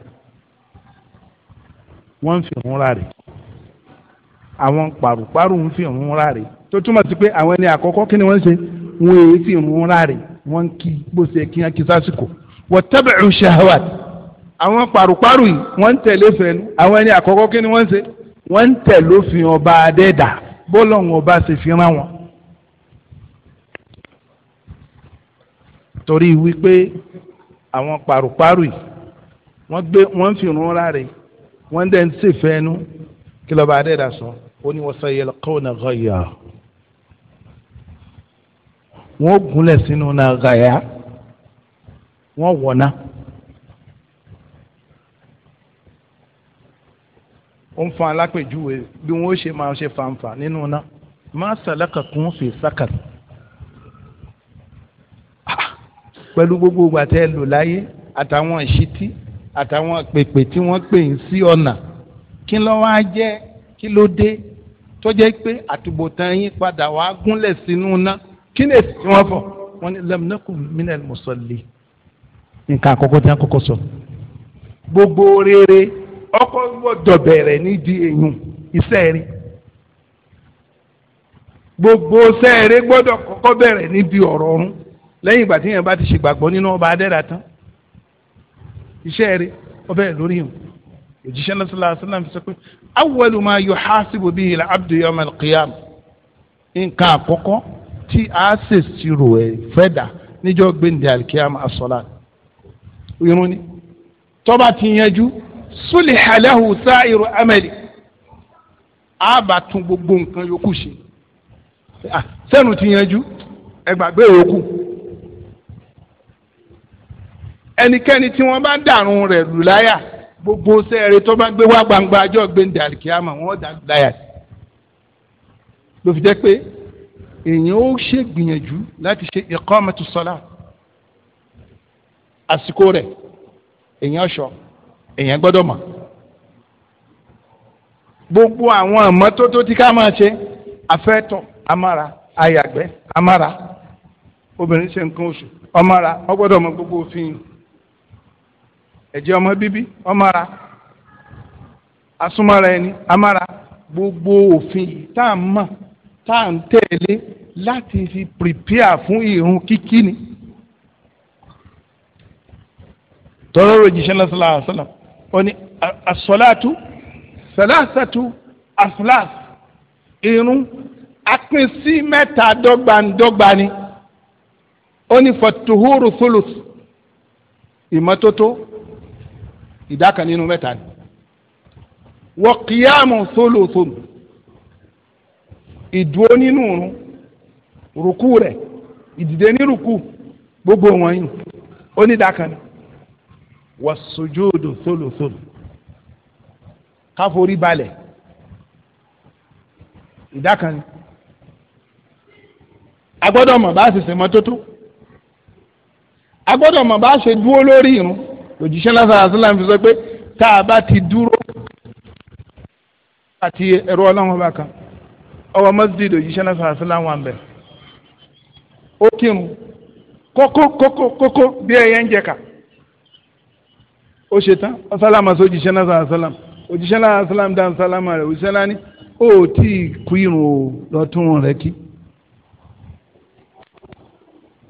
wọ́n ń fi ìhúnra rẹ̀ àwọn paruparu ń fi ìhúnra rẹ̀ tó túmọ̀ sí pé àwọn ẹni àkọ́kọ́ kí ni wọ́n ń ṣe wọ́n èyí fi ìhúnra rẹ̀ wọ́n kí gbóṣe kí wọ́n kí sásìkò wọ́n tẹ́bẹ̀rù shahawat àwọn paruparu yìí wọ́n ń tẹ̀lé fẹ́nu àwọn ẹni àkọ́kọ́ kí ni wọ́n ń ṣe wọ́n ń tẹ̀lé òfin ọba adẹ́dà bọ́lọ̀ ọba ṣe fi rán wọn torí wípé àwọn paruparu yìí wọ́n gbé wọ́n fi rún rárẹ̀ wọ́n dẹ̀ ń sè fẹ́nu kí lọ́ba adẹ́dà sọ ó ní wọ́n sọ yẹ lọ́kọ́ náà gọ̀yà wọ́n gúnlẹ̀ sínú náà gàyà wọ́n wọ̀nà. ó ń fún alápèjúwe bí wọ́n ṣe máa ṣe fàǹfà nínú náà má sàlákà kún fi sákàtà. pẹ̀lú gbogbo ìgbà tẹ́ ẹ lò láyé àtàwọn ìṣítí àtàwọn pèpè tí wọ́n pè ń sí ọ̀nà kí ló wá jẹ́ kí ló dé tó jẹ́ pé àtúbọ̀tán yín padà wá gúnlẹ̀ sínú iná kí lè sí wọn fọ̀ wọn ni lamnakun minal musalli nǹkan àkọ́kọ́ tí wọ́n kọ́kọ́ sọ gbogbo rere ọkọ̀ gbọ́dọ̀ bẹ̀rẹ̀ nídìí èèyàn iṣẹ́ rẹ̀ gbogbo sẹ́ẹ̀rẹ́ gbọ́dọ̀ kọ́kọ́ bẹ̀rẹ̀ níbi ọ̀rọ̀ ọ̀run lẹ́yìn ìgbà tí yẹn bá ti ṣègbàgbọ́ nínú ọba adẹ́dà tán iṣẹ́ rẹ ọbẹ̀ lórí hàn òjíṣẹ́ náà sallallahu alaihi wasallam fi sọ pé awwalu ma yuhasibu bihi al-abdu yawm al-qiyamah nǹkan àkọ́kọ́ tí a ṣèṣirò ẹ̀ fẹ́dà níjọ́ gbẹ̀ndẹ̀ al-qiyamah irun ni tọ́ba ti yanjú suliha lahu sa'iru amali a tún gbogbo nǹkan yòókù ṣe ah, sẹ́nu ti yanjú ẹgbàgbé yòókù ẹnikẹ́ni tí wọ́n bá dàrún rẹ̀ lù láyà gbogbo sẹ́ẹ̀rẹ́ tó bá gbé wá gbangba ajọ́ gbẹ̀ǹdà àlìkíyàmọ̀ wọ́n dà lù láyà ló fi jẹ́ pé èèyàn ó ṣe gbìyànjú láti ṣe iqamatu salat àsìkò rẹ̀ èèyàn ṣọ èèyàn gbọ́dọ̀ mọ̀ gbogbo àwọn àmọ́tótó tí ká máa ṣe afẹ́tọ̀ amára ayàgbẹ́ amára obìnrin ṣe nǹkan oṣù ọmọra ọgbọ́dọ̀ mọ gbogbo òfin yìí ẹ̀jẹ̀ ọmọ bíbí ọmọra asúmọ́ra ẹni amára gbogbo òfin tá à ń mọ̀ tá à ń tẹ̀lé láti fi prepare fún ìrun kíkí ni. tọ́lá ròjìṣẹ́ náà sọ́lá àṣọlá ó ní àṣọláàtú sàlásàtú àṣọláàs ìrun apin sí mẹ́ta dọ́gbandọ́gba ni ó ní fọ̀tùhúrù fúlùs ìmọ́tótó ìdá kan nínú mẹ́ta ni wọ́n kíyàmù sólòsò ìdúró nínú rùkú rẹ̀ ìdìde ní rùkú gbogbo wọn yìí ó ní ìdá kan ni wọ́n sojúdò sólòsò káforí balẹ̀ ìdá ni agbọ́dọ̀ mọ̀ bá a sì sèmọ́tótó agbọ́dọ̀ mọ̀ bá a ṣe dúró lórí irun òjíṣẹ́ lásán àṣìláàmù fi sọ pé tá a bá ti dúró àti ẹ̀rọ ọlọ́run ọba kan ọwọ́ mọ́sídìdì òjíṣẹ́ lásán àṣìláàmù wà ń bẹ̀ ó kírun kókó kókó kókó bí ẹyẹ ń jẹka ó ṣe tán ọ̀sálàmù àti òjíṣẹ́ lásán àṣìláàmù òjíṣẹ́ lásán àṣìláàmù dáhùn sálámù rẹ̀ òjíṣẹ́ lásán ó tí ì kú irun o lọ́tún rẹ̀ kí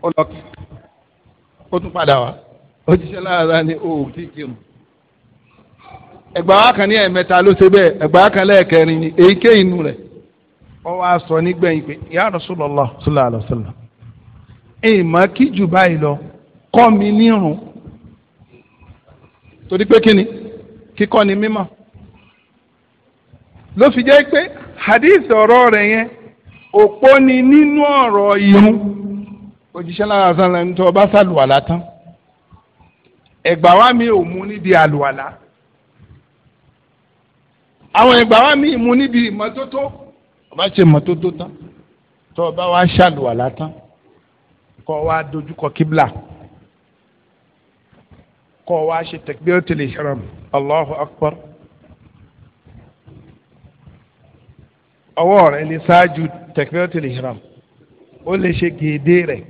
ó lọ kí ó tún padà wá. òjíṣẹ́ láàárọ̀ ni o ò tí wa kan ní ló ṣe bẹ́ẹ̀ kan lẹ́ẹ̀kẹrin ni èyíkéyìí rẹ̀ wọ́n wá sọ nígbẹ̀yìn pé ya ìmọ̀ kí jù lọ kọ́ torí pé kí ni ni ló pé hadith ọ̀rọ̀ rẹ̀ yẹn òpó ni nínú ọ̀rọ̀ òjíṣẹ́ láàárọ̀ ní bá sàlùwà ẹ̀gbà wa mi ò mu níbi àlùwàlà àwọn ẹ̀gbà wa mi mu níbi ìmọ́tótó ọba ṣe mọ́tótó tán tó ọba wa ṣàlùwàlà tán kọ́ wa dojúkọ kíbla kọ́ wa ṣe takbiratul ihram Allahu akbar ọwọ́ rẹ̀ lè ṣáájú takbiratul ihram ó lè ṣe gèdè rẹ̀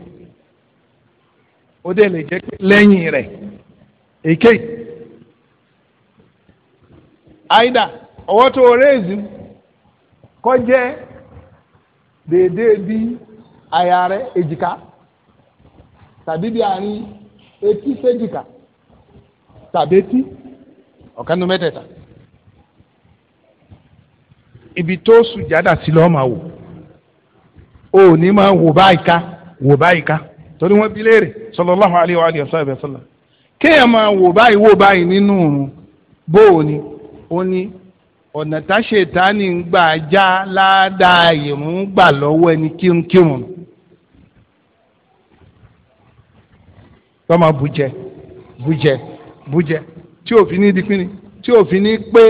ó dẹ̀ lè jẹ́ lẹ́yìn rẹ̀. Eke aida ọwọ́ tó réèzì kọ́ jẹ́ déédéé bí rẹ èjìká tàbí bí àárín etí séjìká tàbí etí ọ̀kanu mẹ́tẹ̀ẹ̀ta ibi tó sùjádà sí lọ́ọ́ máa wò ó ní máa wò báyìí ká wò báyìí torí kéèyàn máa wò báyìí wò báyìí nínú òrùn bóò ni ó ní ọ̀nà ń gbà já ládàá ìrún gbà lọ́wọ́ ẹni kírunkírun tọ́mọ bùjẹ bùjẹ bùjẹ tí òfin ní tí òfin ní pé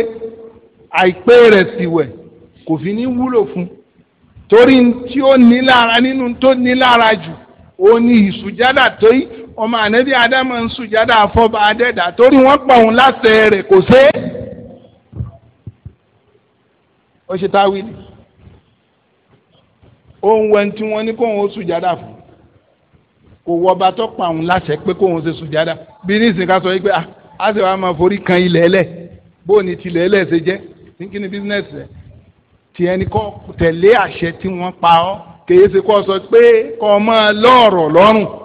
àìpé rẹ̀ sì wẹ̀ kò fi ní wúlò fún torí tí ó ní lára nínú tó ní lára jù ó ní ìsùjádà tó ọmọ ànẹ́bí adámọ̀ ń sùjádà àfọ́bà adẹ́dà torí wọ́n pa òun láṣẹ rẹ̀ kò sé. ó ṣe táwílì òun wẹ̀ tí wọ́n ní kóun ó sùjádà fún kò wọba tó pa òun láṣẹ pé kóun ṣe sùjádà bí nísìnyí ká sọ yìí pé ah, a ṣe wàá máa forí kan ilẹ̀ ẹlẹ̀ bóun ni tilẹ̀ ẹlẹ̀ ṣe jẹ́ kí ni bísínẹ́sì rẹ̀ tiẹ̀ ni kọ́ tẹ̀lé àṣẹ tí wọ́n pa ọ́ kèé ṣe kọ́ sọ pé kọ́ máa lọ́ọ̀rọ̀ lọ́rùn.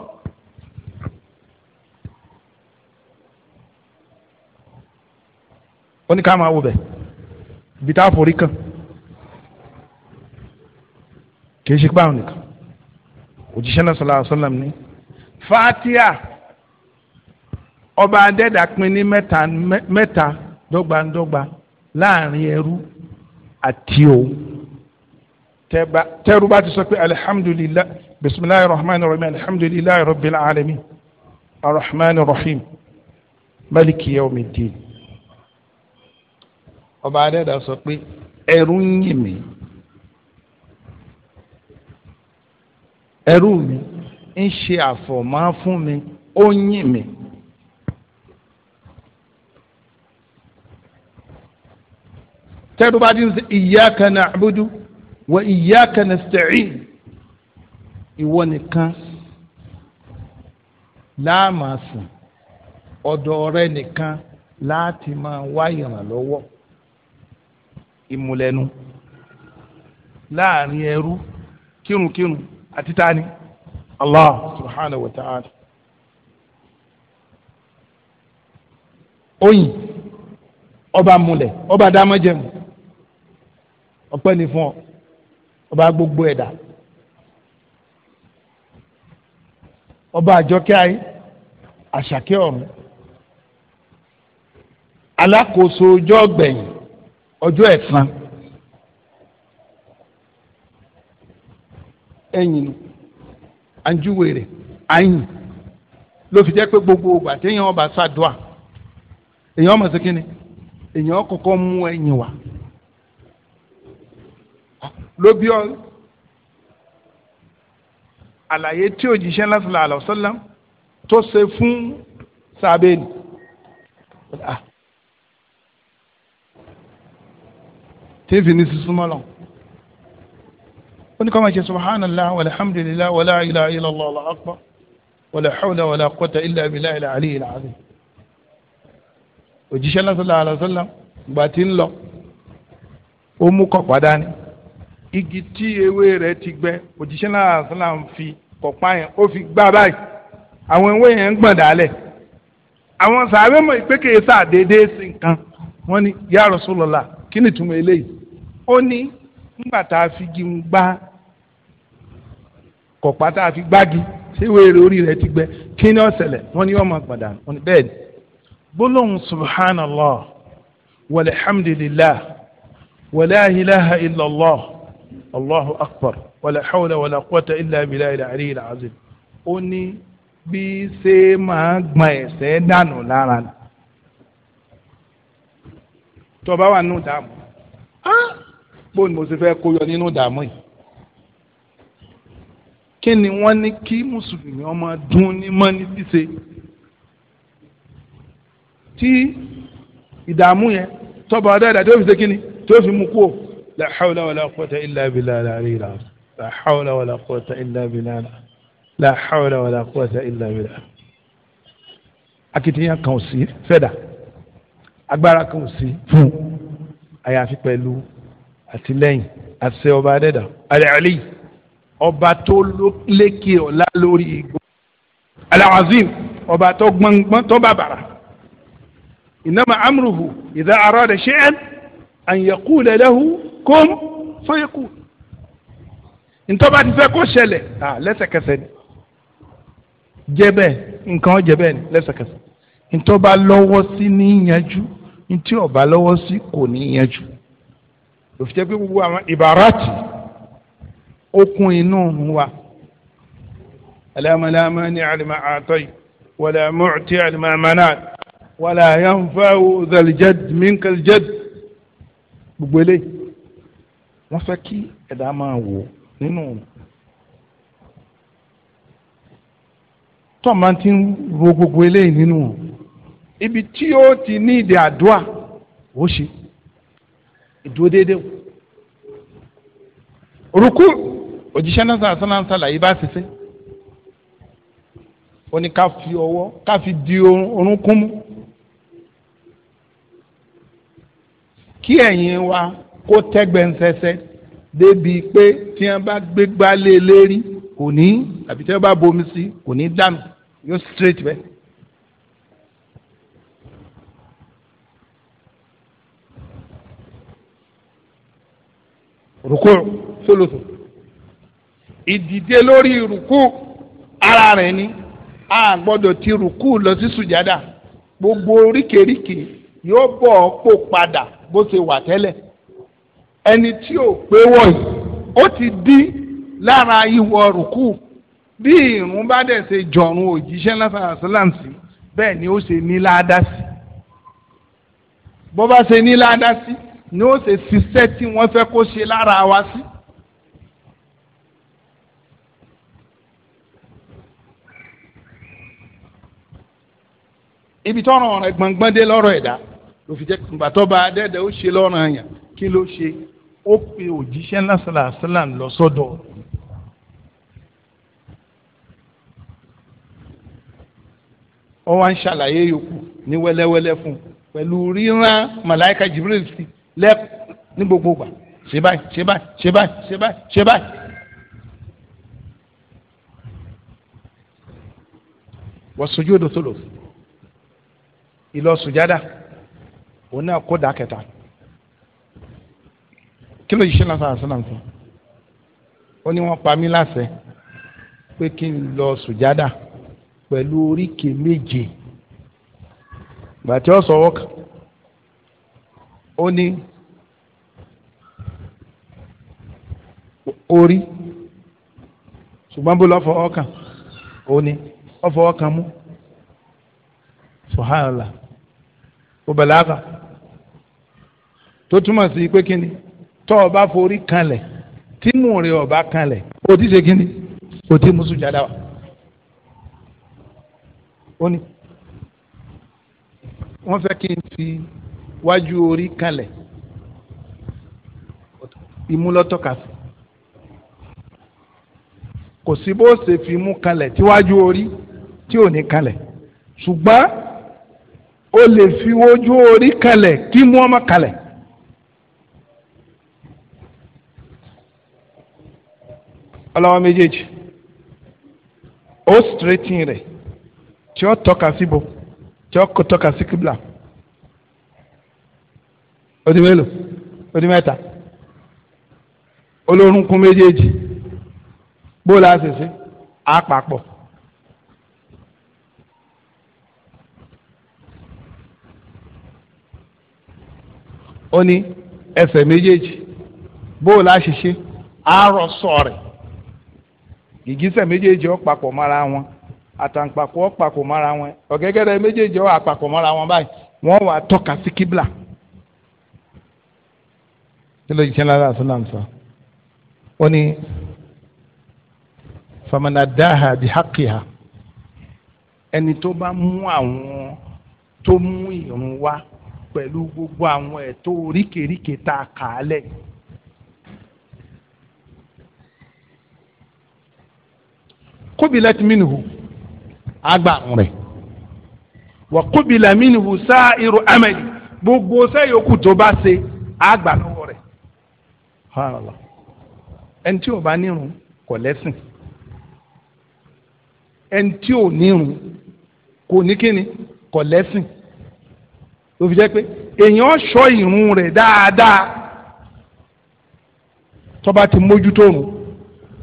ó ní ká máa wò bẹ̀ ibi tá a forí kàn kìí ṣe báwọn nìkan òjíṣẹ́ náà sallallahu alaihi wasallam ní fatia ọba adẹ́dà pín ní mẹ́ta mẹ́ta dọ́gbandọ́gba láàrin ẹrú àti òun tẹ́rú bá ti sọ pé alihamdulilayi bisimilayi rahman rahim alihamdulilayi rabbil alamin arahman rahim maliki yawmiddin ọba adẹ́dà sọ pé ẹ̀rù ń yìn mí ẹ̀rù mi ń ṣe àfọ̀mọ́ fún mi ó ń yìn mí. tẹ́rù bá dín sí iyyaka na'budu wa iyyaka nasta'in ìwọ nìkan láàmà sùn ọ̀dọ̀ ọ̀rẹ́ nìkan láti máa wá ìrànlọ́wọ́. ìmúlẹ́nu láàrin ẹrú kírunkírun àti tani Allah subhanahu wa ta'ala oyin ọba múlẹ̀ ọba dámọ́jẹun ọpẹ́ ní fún ọ ọba gbogbo ẹ̀dá ọba àjọkẹ́ ayé àṣàkẹ́ ọ̀run alákòóso ọjọ́ gbẹ̀yìn ọjọ́ ẹ̀san ẹ̀yìn anjúwe rẹ̀ ayin ló fi jẹ́ pé gbogbo ògbà téèyàn ọba ṣàdúà èèyàn ọmọ sí kínni èèyàn kọ́kọ́ mú ẹ̀yìn wá ló bí ọ àlàyé tí òjíṣẹ́ lásìlá àlọ́sọ́lá tó ṣe fún sábẹ́ni ah, tí fi ní sísúnmọ́ lọ. ó ní ká máa ṣe subhanallah walhamdulillah wala ilaha illallah wala akbar wala hawla wala quwwata illa billahi al-ali al-azim. òjíṣẹ́ sallallahu alaihi wasallam gbà tí ń lọ ó mú kọ̀pá dání igi tí ewé rẹ̀ ti gbẹ òjíṣẹ́ sallallahu alaihi wasallam fi kọ̀pá yẹn ó fi gbá báyìí àwọn ewé yẹn ń gbọ̀n dálẹ̀ àwọn sàbẹ̀mọ̀ ìpékèé sáà déédéé sí nǹkan wọ́n ní ya Rasulullah kí ni túmọ̀ eléyìí ó ní nígbà tá a fi igi ń gbá kọ̀pá tá a fi gbági ṣé wéèrè orí rẹ̀ ti gbẹ kí ni ó ṣẹlẹ̀ wọ́n ní ọmọ gbàdá wọ́n ní bẹ́ẹ̀ ni gbólóhùn subhanallah walhamdulillah wala ilaha illallah allahu akbar wala hawla wala quwwata illa billahi al-ali al ó ní bí ṣe máa gbọ̀n ẹ̀sẹ̀ dànù lára ni tó o bá wà nínú dààmú bó ni mo ti fẹ́ kó yọ nínú dààmú yìí kí ni wọ́n ní kí mùsùlùmí ọmọ dún ní mọ́ ní ṣíṣe tí ìdààmú yẹn tọ́ba ọ̀dọ́dà tó fi ṣe kí ni tó fi mú kú o la hawla wala quwwata illa billahi la la hawla wala quwwata illa billahi la hawla wala quwwata illa billahi akitiyan kan ò sí fẹ́dà agbára kan ò sí fún àyàfi pẹ̀lú àtìlẹ́yìn àṣẹ ọba adẹ́dà alẹ́àlì ọba tó lékè ọ̀la lórí igbó alawazim ọba tó gbọ̀ngbọ̀n tó bàbàrà ìnáma amúrùhù ìdá àrọ́dẹ̀ ṣẹ́ẹ́n àyẹ̀kú lẹ́lẹ́hu kóm fọ́yẹ̀kú ntọ́ba ti fẹ́ kó ṣẹlẹ̀ lẹ́sẹ̀kẹsẹ̀ ni jẹ́ bẹ́ẹ̀ nǹkan jẹ́ bẹ́ẹ̀ ni lẹ́sẹ̀kẹsẹ̀ ntọ́ba lọ́wọ́ sí níyanjú ntí ọba lọ́wọ́ sí kò ní yẹn jù lòfìjẹ́ pé gbogbo àwọn ìbáraàtì okun inú wa alámàlámà ní àlìmá àtọ́yì wàlá mọ́ọ̀tì àlìmá maná wàlá yanfàwù zalijad minkaljad gbogbo eléyìí wọ́n fẹ́ kí ẹ̀dá máa wò nínú tọ́ọ̀ máa ti ń ro gbogbo eléyìí nínú ibi tí ó ti ní ìdè àdúrà ó ṣe ìdúró déédéé rúkú òjíṣẹ́ náà sàn sàn náà sàlàyé bá ṣiṣẹ́ ó ní ká fi ọwọ́ ká fi di orúnkún mú kí ẹ̀yìn wa kó tẹ́gbẹ̀nsẹsẹ débi pé tí wọ́n bá gbé gbálé lérí kò ní àbí tí wọ́n bá bomi sí kò ní dànù yóò straight bẹ́ẹ̀. rúkú sólùsù ìdìde lórí rúkú ara rẹ̀ ni a gbọ́dọ̀ ti rúkú lọ sí sùjádà gbogbo oríkèéríkèé yóò bọ̀ ọ́ pò padà bó ṣe wà tẹ́lẹ̀ ẹni tí ò pé wọ̀nyí ó ti dí lára ìwọ rúkú bí ìrún bá dẹ̀ ṣe jọ̀run òjíṣẹ́ lásán àṣálàǹsì bẹ́ẹ̀ ni ó ṣe ní ládàá sí bó bá ṣe ní ládàá sí ni ó ṣe ṣiṣẹ́ tí wọ́n fẹ́ kó ṣe lára wa sí. ibi tọrọ ọ̀rọ̀ gbọngbọn dé lọ́rọ̀ ẹ̀dá ló fi jẹ́ ìgbà tó bá dẹdẹ ó ṣe lọ́rọ̀ àyàn kí ló ṣe ó pe òjíṣẹ́ lásìlá lọ sọ́dọ̀ ọ wá ń ṣàlàyé yòókù ní wẹ́lẹ́wẹ́lẹ́ fún pẹ̀lú ríran màláìka Jibril sí i lẹ́p ní gbogbo gbà ṣe báyìí ṣe báyìí ṣe báyìí ṣe báyìí ṣe báyìí. wọ́n sojú odò tó lò ìlọ sùjádà òun náà kó dà kẹta kí ló yìí ṣe lásán àṣẹ náà fún ó ní wọ́n pa mí láṣẹ pé kí n lọ sùjádà pẹ̀lú oríkèé méje gbàtí ó sọ ó ní orí ṣùgbọ́n bó lọ́ fọwọ́ ó ní ó fọwọ́ mú subhanallah ó bàlágà tó túmọ̀ sí pé kíni tọ́ ọ forí kanlẹ̀ tínú rẹ̀ ọ kanlẹ̀ ó ti ṣe kíni ó mú wájú orí kanlẹ̀ ìmúlọ́tọ́ka sí kò sí bó ṣe fi mú kanlẹ̀ tíwájú orí tí ò ní kanlẹ̀ ṣùgbọ́n o lè fi ojú orí kanlẹ̀ kí mú ọmọ kanlẹ̀. ọlọ́wọ́ méjèèjì ó straighten rẹ̀ tí ó tọ́ka síbo tí ó tọ́ka sí Si ó di mélòó ó di mẹ́ta olórúnkún méjèèjì bóòlù àṣẹṣe àpapọ̀. ó ní ẹsẹ̀ méjèèjì bóòlù àṣẹṣe àròsọ rẹ̀ gìgísẹ̀ méjèèjì ó papọ̀ mọ́ra wọn àtàǹpàkò ó papọ̀ mọ́ra wọn ọ̀gẹ́gẹ́rẹ́ méjèèjì ó àpapọ̀ mọ́ra wọn báyìí wọ́n wà tọ́ka sí Si kí ló jẹ́ lára àtúnlá sọ ó ní famana dáhà bí hákìá ẹni tó bá mú àwọn tó mú ìrun wá pẹ̀lú gbogbo àwọn ẹ̀tọ́ oríkèéríkè tá a kà á lẹ̀. kubilat minhu agbàrún rẹ̀ wa kubila minhu sáà irú amẹ́lì gbogbo sẹ́yọkù tó bá ṣe agbàrún subhanallah ẹni tí ò bá nírun kò lẹ́sìn ẹni tí ò nírun kò ní kíni kò lẹ́sìn tó fi jẹ́ pé èèyàn ṣọ́ ìrun rẹ̀ dáadáa tó bá ti mójútó òrùn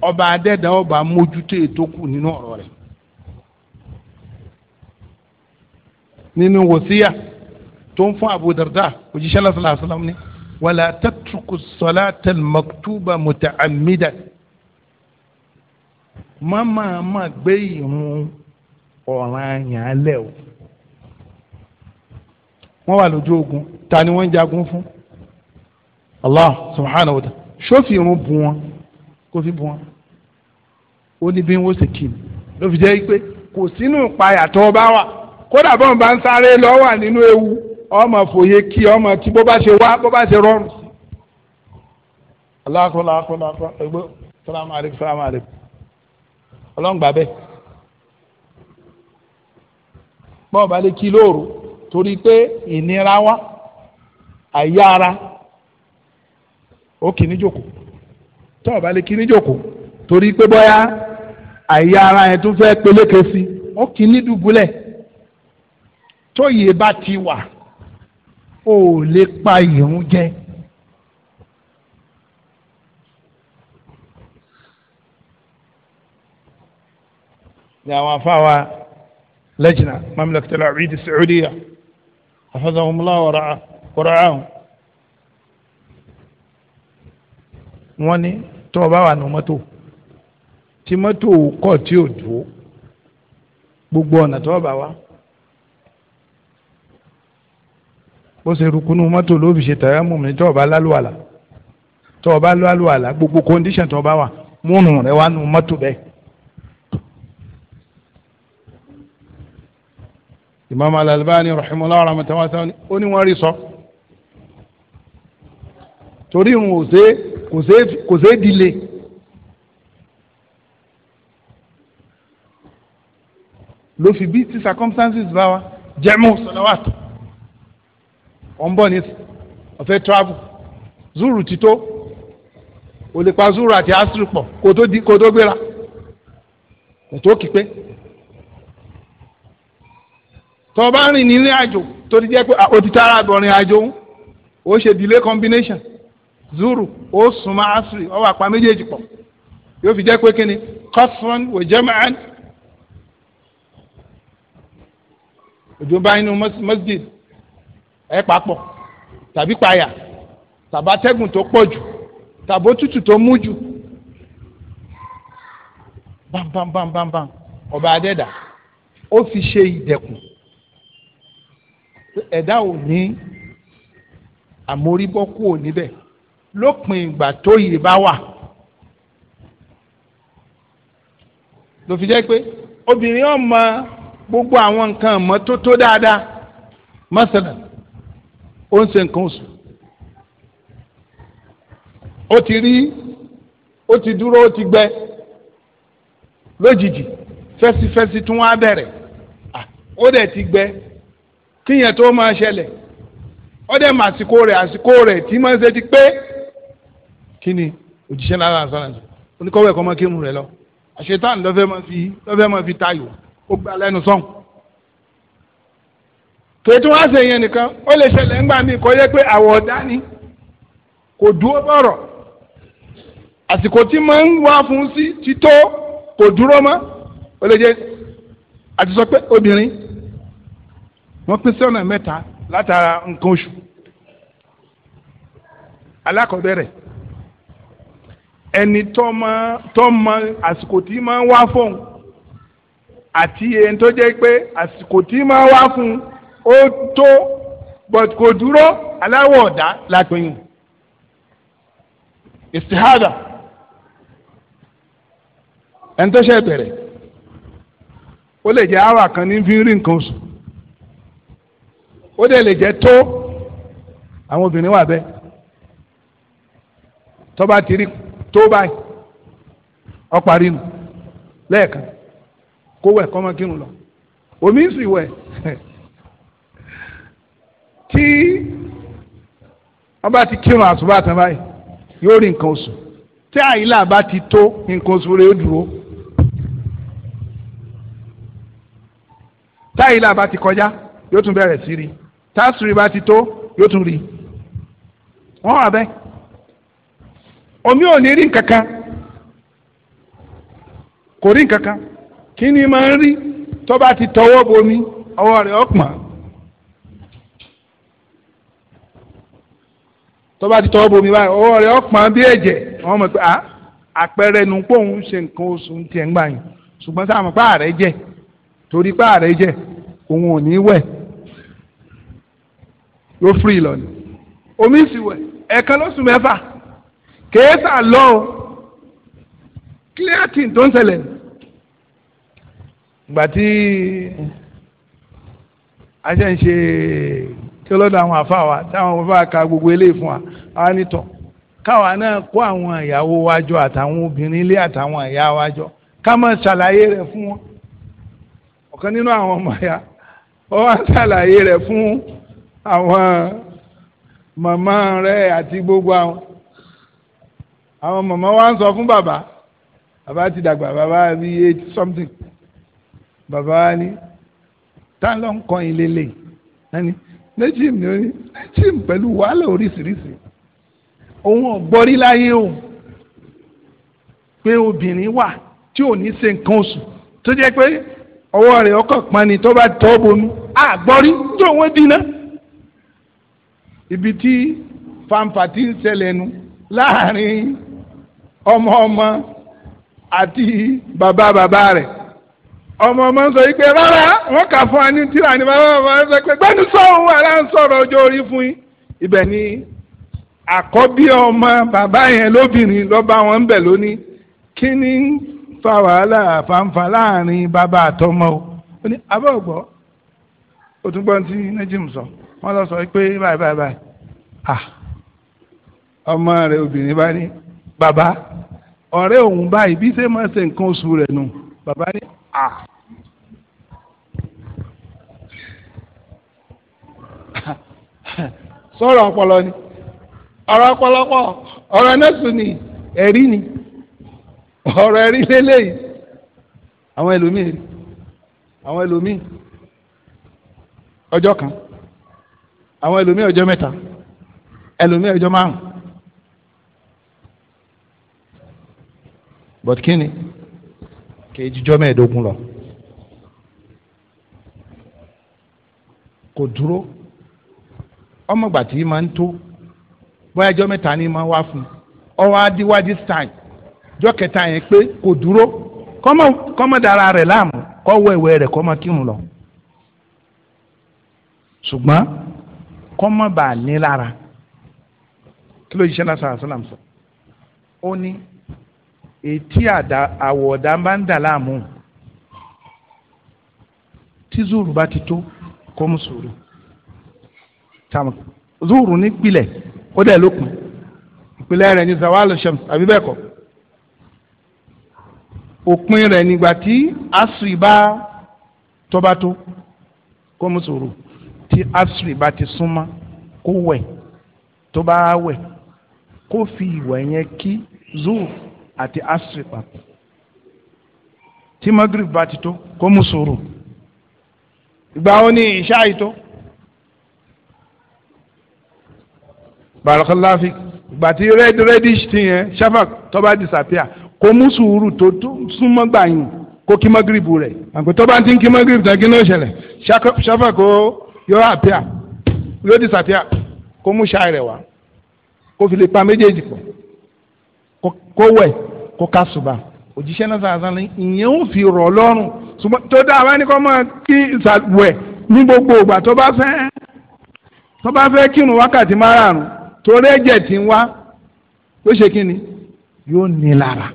ọba adẹ́dá ọba mójútó ètò kù nínú ọ̀rọ̀ rẹ̀ nínú wòsíyà tó ń fún Abu òjíṣẹ́ lọ́sọ̀lá àṣàlámù ni wala tatruku salata al-maktuba muta'ammida má máa má gbé ìrun ọ̀ràn yàn lẹ̀ o wọ́n wà lójú ogun ta ni wọ́n ń jagun fún allah subhanahu wa ta'ala sófin irun bu wọn kó fi bu wọn ó ní bí wọ́n ṣe kì í ló fi jẹ́ pé kò sínú ìpayà tó bá wà kódà bọ́n bá ń sáré lọ́wọ́ nínú ewu ọmọ fòye kí ọmọ tí bó bá ṣe wá bó bá ṣe rọrùn sí. aláàkó làákó làákó ẹgbẹ́ sàlámù àlèkù sàlámù àlèkù ọlọ́ngbà bẹ́ẹ̀. bọ́ọ̀ bá lè kí lóòrù torí pé ìnira wá àyára ó kì ní jòkó tọ́ọ̀ bá lè kí ní torí pé bọ́yá àyára yẹn tún fẹ́ peléke sí ó kì ní dùbúlẹ̀ tóyè bá ti wà o ò lè pa ìrun jẹ. ní àwọn afáwa lẹ́jìnà mamlakta al-Arabiya Saudiya hafazahumullah wa ra'ahum. wọ́n ní tó o bá wà nù mọ́tò tí mọ́tò kọ̀ tí ò dúró gbogbo ọ̀nà tó o bá wà bó ṣe rukunu mọ́tò ló fi ṣe tàyámù mi tó bá lálùwàlà tó bá lálùwàlà gbogbo kọ́ndíṣàn tó bá wà múnú rẹ̀ wà nù mọ́tò bẹ́ẹ̀. imam al-albani rahimahullah rahmatan wa ta'ala ó ní wọ́n rí sọ torí òun ò kò ṣe é dile. ló fi bí tí circumstances bá wa jẹ́mu salawat. ọ̀ ń bọ̀ ní ọ̀fẹ́ travel zuru ti to o zuru àti asiri pọ̀ kó tó di kó tó gbéra kó tó kí pé tọ́ bá rìn ní ilé àjò tó ti jẹ́ pé o ti tara combination zuru o sùn asiri ọ wà pa méjèèjì pọ̀ yóò fi jẹ́ pé kí ni wò bá inú masjid ẹ papọ̀ tàbí payà tàbátẹ́gùn tó pọ̀ jù tàbótútù tó mú jù bámbámbámbámbám ọba adẹ́dà ó fi ṣe ìdẹ̀kùn ẹ̀dá ò ní àmóríbọ́kú ò níbẹ̀ lópin ìgbà tó yè bá wà ló fi jẹ́ pé obìnrin ọmọ gbogbo àwọn nǹkan mọ́tótó dáadáa mọ́sálà ó ń ṣe nǹkan oṣù ó ti rí ó ti dúró ó ti gbẹ lójijì fẹsifẹsi tún wá bẹ̀rẹ̀ ó dẹ̀ ti gbẹ kíyẹn tó máa ṣẹlẹ̀ ó dẹ̀ mà àsìkò rẹ̀ àsìkò rẹ̀ tí máa ń ṣe ti pé kí ni òjíṣẹ́ náà sọ̀rọ̀ ní oníkọ́wé ẹ̀kọ́ máa kírun rẹ̀ lọ àṣetán lọ́fẹ́ máa fi lọ́fẹ́ máa fi tayò ó gba lẹ́nu sọ́hùn. tòótí wọ́n á ṣe yẹn nìkan ó lè ṣẹlẹ̀ ńgbà míì kọ́ yẹ pé àwọ̀ ọ̀dá ni kò dúró bọ̀rọ̀ àsìkò tí ń wá fún sí ti tó kò dúró mọ́ ó lè jẹ́ àti sọ pé obìnrin wọ́n pín sí ọ̀nà mẹ́ta látara nǹkan oṣù alákọ̀ọ́bẹ̀rẹ̀ ẹni tó àsìkò tí ń wá àti ẹni tó ó tó but kò dúró aláwọ̀ ọ̀dá lápẹ́yìn istihada ẹni tó ṣe bẹ̀rẹ̀ ó lè jẹ́ awa kan ní fi ń rí nǹkan oṣù ó dẹ̀ lè jẹ́ tó àwọn obìnrin wà bẹ́ẹ̀ tó ti rí tó báyìí ó nù lẹ́ẹ̀kan kó wẹ̀ kọ́mọkírun lọ omi sì wẹ̀ *laughs* tí wọ́n bá ti kírun àsùbá tán báyìí yóò rí nǹkan oṣù tí àyílà bá ti tó nǹkan oṣù rẹ̀ yóò dúró tí àyílà bá ti kọjá yóò tún bẹ̀rẹ̀ sí rí tásìrì bá ti tó yóò tún rí Wọn wà omi ò ní rí nǹkan kan kò rí nǹkan kan kí ti tọwọ́ bomi ọwọ́ rẹ̀ ọ̀pọ̀n tó bá ti tọ́ bomi báyìí ọwọ́ rẹ̀ ọ̀pọ̀n bí ẹ̀jẹ̀ wọ́n mọ̀ pé à ah, àpẹẹrẹ nu pé òun ṣe nǹkan oṣù ń tiẹ̀ ń gbà yín ṣùgbọ́n sáà mọ̀ pé ààrẹ jẹ̀ torí pé ààrẹ jẹ̀ òun ò ní wẹ̀ ló firi lọ omi sì wẹ̀ ẹ̀ẹ̀kan lóṣù mẹ́fà kèésà lọ o tó ń ṣẹlẹ̀ ìgbà a ṣe ń ṣe tí ọlọ́dọ̀ àwọn àfa wa táwọn bàbá ka gbogbo eléyìí fún wa àwa nítọ̀ káwa náà kó àwọn ìyàwó wa àtàwọn obìnrin ilé àtàwọn ìyá wa jọ ṣàlàyé rẹ̀ fún wọn ọ̀kan nínú àwọn ọmọ ya ó wá ṣàlàyé rẹ̀ fún àwọn màmá rẹ̀ àti gbogbo àwọn àwọn màmá wa ń sọ fún bàbá bàbá ti dàgbà bàbá bí eight something bàbá wa ní tá ló ń kọ́ ilé lè nání nejim ni ó ní nejim pẹ̀lú wàhálà oríṣiríṣi òun ọ̀gbọ́rí láyé o pé obìnrin wà tí ò ní ṣe nǹkan oṣù tó jẹ́ pé ọwọ́ rẹ̀ ọkọ̀ pọn ni tó bá tọ́ bonú àgbọ́rí tó wọ́n dínà ibi tí fanfa ti ń ṣẹlẹ̀ nu láàrin ọmọ ọmọ àti bàbá bàbá rẹ̀ ọmọ ọmọ ń sọ yìí pé rárá wọn kà fún wa ní tíra ní bàbá bàbá ń sọ pé gbẹ́nu sọ̀rọ̀ wà láà ń sọ̀rọ̀ ọjọ́ orí fún yín ibẹ̀ ni àkọ́bí ọmọ bàbá yẹn lóbìnrin lọ́ba wọn ń bẹ̀ lónìí kí ni ń fa wàhálà fanfa láàrin bàbá àtọmọ o ó ní abẹ́ ògbọ́ ó tún gbọ́n tí nejim sọ wọ́n lọ sọ pé báyìí báyìí báyìí ah ọmọ rẹ obìnrin bá ní bàbá ọ̀rẹ́ òun báyìí bí sẹ́ẹ̀ máa ṣe nǹkan oṣù rẹ̀ nù bàbá ní ah sọ̀rọ̀ ọpọlọ ni ọ̀rọ̀ ọpọlọpọ ọ̀rọ̀ nẹ́sùn ni ẹ̀rí ni ọ̀rọ̀ ẹ̀rí lélẹ́yìí àwọn ẹlòmíì àwọn ẹlòmíì ọjọ́ kan àwọn ẹlòmíì ọjọ́ mẹ́ta ẹlòmíì ọjọ́ márùn but kíni kejìjọ́ mẹ́ẹ̀ẹ́dógún lọ kò dúró ọmọ ìgbà tí máa ń tó bóyá ọjọ́ mẹ́ta ni máa wá fún ọwọ́ adíwájú stein ọjọ́ kẹta yẹn pé kò dúró kọ́mọ dára rẹ̀ láàmú kọ́ wọ ìwé rẹ̀ kọ́mọ kírun lọ ṣùgbọ́n kọ́mọ bá a ní lára kí ló yíṣẹ́ náà sọ̀rọ̀ sọ́làmù sọ ó ní ètí àwọ̀dá bá ń dà láàmú tí zuru bá ti tó kó mú sùúrù zuhuru nípìlẹ̀ ó dẹ̀ lókun ìpìlẹ̀ rẹ̀ ní zawalu shams àbí bẹ́ẹ̀ kọ́ òpin rẹ̀ nígbà tí asri bá tọ́ba tó kó mú sòrò tí asri bá ti súnmọ́ kó wẹ̀ tó bá wẹ̀ kó fi ìwẹ̀ yẹn kí zuhuru àti asri papọ̀ tí magrib bá ti tó kó mú sòrò ìgbà wo ni ìṣáà yìí tó. barakalafi gbàtí red reddish ti yẹn shafak tọ́ba disappear kò mú sùúrù tó súnmọ́ gbàyìn kó kí mọ́gìrìbù rẹ̀ àgbẹ̀ tọ́ba ti ń kí mọ́gìrìbù tán kí ló ṣẹlẹ̀ shafak ó yóò appear yóò disappear kó mú ṣáà rẹ̀ wá kó fi lè pa méjèèjì pọ̀ kó wẹ̀ kó ká ṣùgbọ́n òjíṣẹ́ náà sàásán ní ìyẹn ò fi rọ̀ lọ́rùn ṣùgbọ́n tó dáa wá ní kó máa kí ìsàwẹ̀ ní gbogbo ìgbà tó bá fẹ́ tó bá fẹ́ kírun wákàtí márùn-ún torí ẹ̀jẹ̀ tí ń wá ló ṣe kí ni yóò ní lára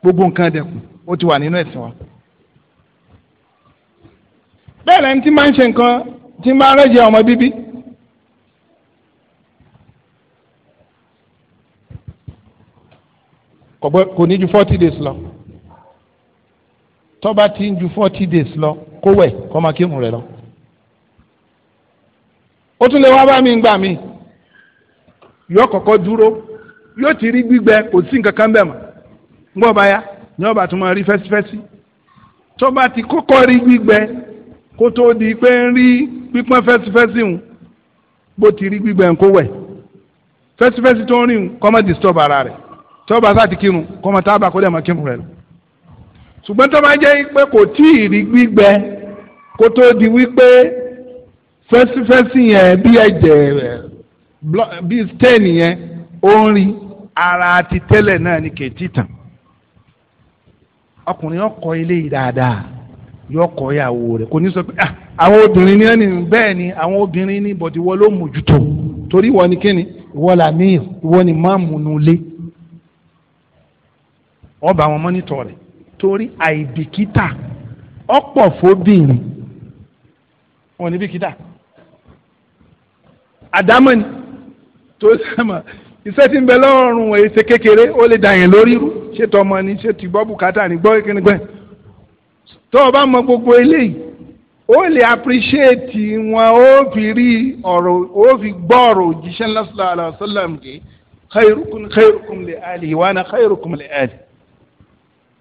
gbogbo nǹkan dẹkùn ó ti wà nínú ẹ̀sìn wa. bẹ́ẹ̀ lẹ́ni tí máa ń ṣe nǹkan tí máa ń rẹ́jẹ ọmọ bíbí. kò ní ju forty days lọ tọ́ba ti ń ju forty days lọ kó wẹ̀ kó máa kírun rẹ̀ lọ. ó tún lè wá bá mi gbà mí yóò kọ́kọ́ dúró yóò ti rí gbígbẹ kò sí nǹkan kan bẹ́ẹ̀ mọ́ ńgbọ́ bá yá ni ọba máa rí fẹ́sífẹ́sí tó bá ti kọ́kọ́ rí gbígbẹ kó tó di pé ń rí pípọ́n fẹ́sífẹ́sí hùn bó ti rí gbígbẹ wẹ̀ fẹ́sífẹ́sí tó ń kọ́ ara rẹ̀ tó bá ti kírun kọ́ fẹsifẹsi yẹn bí ẹ̀jẹ̀ bí stain yẹn ó ń ara ti tẹ́lẹ̀ náà ni kèétí tàn ọkùnrin ọkọ ilé yìí dáadáa yóò kọ ìyàwó rẹ̀ kò ní sọ pé ah, àwọn obìnrin ni ẹni bẹ́ẹ̀ ni àwọn obìnrin ni bọ̀dì wọ́n ló mójútó ni là ní ni má múnú lé ọba àwọn mọ́nítọ̀ rẹ̀ torí àìbìkítà ọ̀pọ̀ àdámọ̀ ni tó sẹ́mọ̀ iṣẹ́ tí ń bẹ lọ́rùn èsè kékeré ó lè dàyàn lórí rú ṣé tọmọ ni ṣé ti gbọ́ bùkátà ni gbọ́ kíni gbẹ́ tó o bá mọ gbogbo eléyìí ó lè appreciate wọn ó fi rí ọ̀rọ̀ ó fi gbọ́ ọ̀rọ̀ òjíṣẹ́ ńlá sallallahu alaihi wasallam gé khairukum khairukum li ali wa ana khairukum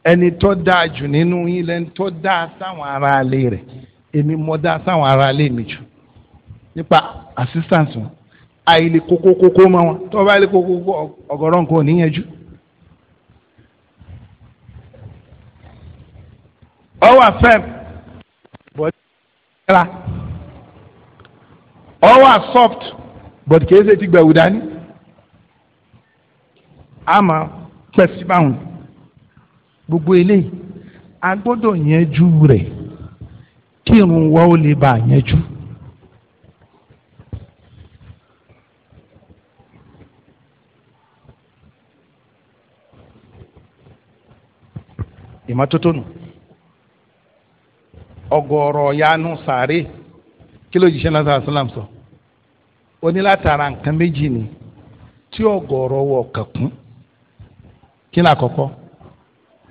ẹni tó dáa jù nínú yín lẹ́ni tó dáa sáwọn ará ilé rẹ̀ èmi mo dáa sáwọn ará ilé mi jù nípa assistance wọn àìlè kókókókó mọ wọn tó bá lè kókókó ọ̀gọ̀rọ̀ nǹkan ò níyànjú. ọwọ́ afẹ́m bọ̀dìkẹ́ra ọwọ́ soft bọ̀dìkẹ́sẹ̀ ti gbẹ̀wù dání àmọ́ pẹ̀sì báwọn gbogbo eléyìí a gbọ́dọ̀ yanjú rẹ̀ kírun wọ́n ó lè bá a yanjú. ìmọ́tótó nù ọgọ́rọ̀ yanu sàárè kí ló jíṣẹ́ náà sàrà sọ́làm sọ ó ní látara nǹkan méjì ni tí ọgọ́rọ̀ wọ̀ kẹ̀kún kí ni àkọ́kọ́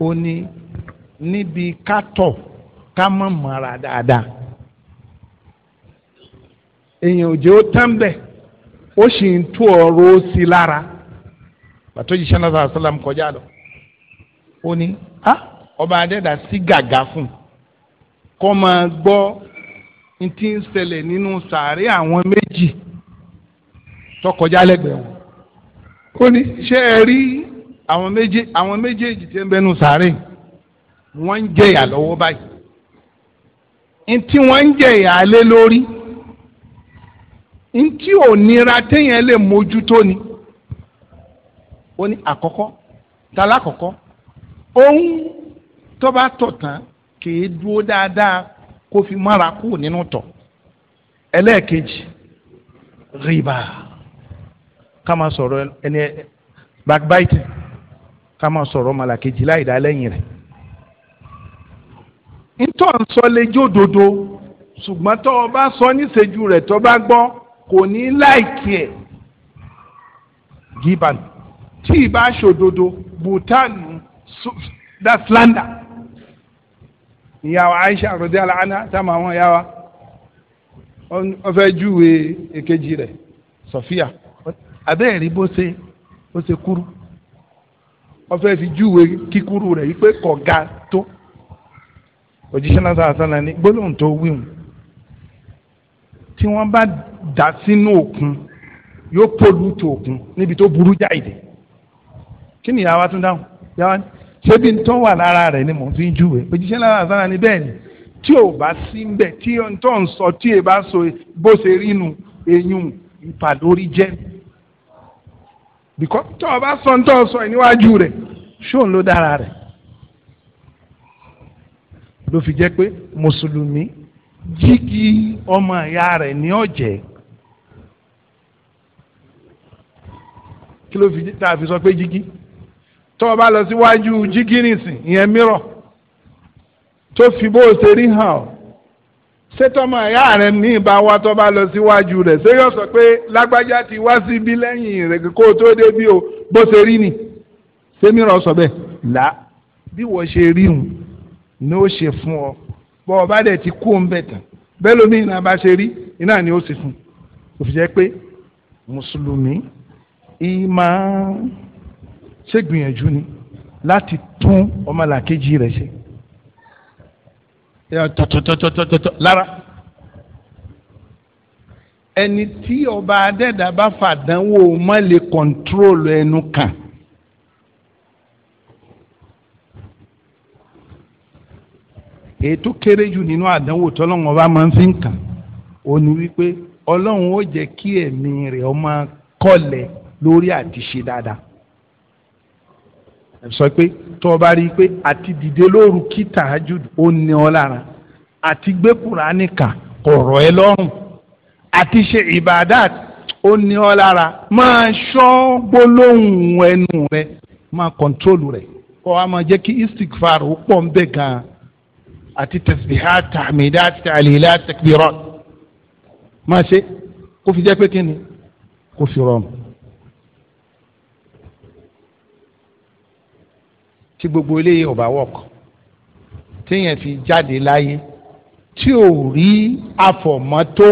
ó ní níbi kátọ̀ ká mọ̀ mọ́ra dáadáa èèyàn òjò ó tán bẹ̀ ó sì ń tú ọ̀rọ̀ ó sí lára bàtọ́jú sẹ́nà sàrà kọjá lọ ó ní ah ọba adẹ́dà sí gàgà fún kó máa gbọ́ ntí ń ṣẹlẹ̀ nínú sàárẹ̀ àwọn méjì tó kọjá lẹ́gbẹ̀ẹ́ wọn. ó ní ṣé ẹ rí àwọn méjì àwọn méjèèjì tí ń bẹnu sàárẹ̀ wọ́n ń jẹ̀yà lọ́wọ́ báyìí ntí wọ́n ń jẹ̀yà alẹ́ lórí ntí ò nira téèyàn lè mójútó ni ó ní àkọ́kọ́ tá òun tó bá tọ̀ tán kì í dúró dáadáa kó fi mára kú nínú tọ̀ ẹlẹ́ẹ̀kejì rìbá ká máa sọ̀rọ̀ ẹni backbiting ká máa sọ̀rọ̀ màlàkejì láì dá lẹ́yìn rẹ̀ ntọ́ ń sọ lẹ́jọ́ òdodo ṣùgbọ́n tó o bá sọ níṣẹ́jú rẹ̀ tó gbọ́ kò ní láìkí ẹ̀ gíban tí ì bá ṣòdodo bùtánù that's slander ìyàwó Aisha radiyallahu anha táwọn àwọn ìyàwó wọ́n fẹ́ júwe èkejì rẹ̀ Sofia abẹ́ẹ̀rí bó ṣe bó ṣe kúrú wọ́n fẹ́ fi júwe kíkúrú rẹ̀ yìí pé kò ga tó òjíṣẹ́ náà sáà sáà ní gbólóhùn tó wíwùn tí wọ́n bá dà sínú òkun yóò pòlù tó òkun níbi tó burú jáde kí ni ìyá wa tún dáhùn ìyá wa ní ṣébi tó wà lára rẹ̀ ni mò ń fi júwe òjíṣẹ́ lára sára ni bẹ́ẹ̀ ni tí ò bá sí ń bẹ̀ tí tó ń sọ tí ì bá sọ bó ṣe rí nu eyín ìfà lórí jẹ́ bìkọ́ tó o bá sọ ń tó sọ níwájú rẹ̀ ṣóun ló dára rẹ̀ ló fi jẹ́ pé mùsùlùmí jígi ọmọ ìyá rẹ̀ ní ọ̀jẹ̀ kí ló fi tá a fi sọ pé jígi tó o bá lọ síwájú jígírìsì ìyẹn mírọ̀ tó fi bó o ṣe rí hàn ọ́ sétọ́mọ̀ ẹ̀yà rẹ̀ ní ìbá wa tó bá lọ síwájú rẹ̀ ṣé yóò sọ pé lágbájá ti wá síbí lẹ́yìn rẹ̀ kó o tó débí o bó ṣe rí ni ṣé mírọ̀ sọ bẹ́ẹ̀ là bí wọ́n ṣe rí hùn ni ó ṣe fún ọ bọ́ ọ bá dẹ̀ ti kú òun bẹ̀ tán bẹ́ẹ̀ lómi ìná bá ṣe rí iná ni ó ṣe fún òfìjẹ́ pé mùsùlùmí ìmáà ṣé gbìyànjú ni láti tún ọmọlàkejì rẹ̀ ṣe tọ̀tọ̀tọ̀tọ̀tọ̀tọ̀ lára ẹni tí ọba adẹ́dà bá fàdánwò má lè kọ̀ǹtrólù ẹnu kàn. ètò kéré jù nínú àdánwò tọ́lọ́run ọba máa ń fi ń kàn ó ní wípé ọlọ́run ó jẹ́ kí ẹ̀mí rẹ̀ ọmọ kọ́lẹ̀ lórí àti ṣe dáadáa sọ pé tó o bá rí i pé àti dìde lóru kí tahajud ó ní ọ lára àti gbé kúránì kà ọ̀rọ̀ ẹ lọ́rùn àti ṣe ibadat ó ní ọ lára máa ṣọ́ gbólóhùn ẹnu rẹ máa kọ́ńtrólù rẹ kọ́ wa máa jẹ́ kí istikfar ó pọ̀ ń gan-an àti tasbihat tahmidat ta'lilat takbirat máa ṣe kó fi jẹ́ pé kí ni kó fi rọrùn. tí gbogbo eléyìí ò bá wọ̀kọ̀ téèyàn fi jáde láyé tí ò rí àfọ̀mọ́tó.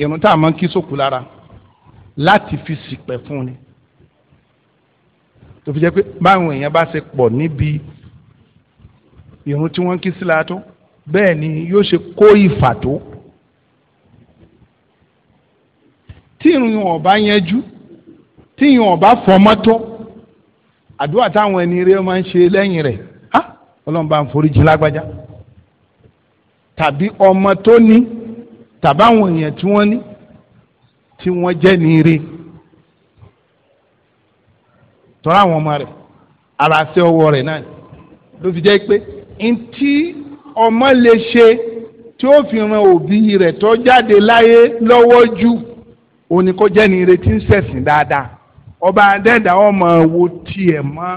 ìrun tá a máa ń kí sókù lára láti fi ṣìpẹ̀ fún ni tó fi jẹ́ pé báwọn èèyàn bá ṣe pọ̀ níbi ìrun tí wọ́n kí sí la tó bẹ́ẹ̀ ni yóò ṣe kó ìfà tó. tí ìrìn wọn bá yanjú tí ìrìn wọn bá fọmọ́tọ́ àdúrà táwọn ẹni rẹ máa ń ṣe lẹ́yìn rẹ̀ á ọlọ́run bá ń foríjì lágbájá tàbí ọmọ tó ní tàbáwọn èèyàn tí wọ́n ní tí wọ́n jẹ́ ní ire tọ́ra àwọn ọmọ rẹ̀ ara ṣe ọwọ́ rẹ̀ náà ló fi jẹ́ pé ntí ọmọ lè ṣe tí ó fi ran òbí rẹ̀ tó jáde láyé lọ́wọ́ jù. òní kó jẹ́ ni retí ń ṣẹ̀sìn dáadáa ọba adẹ́dà ọmọ wo tiẹ̀ mọ́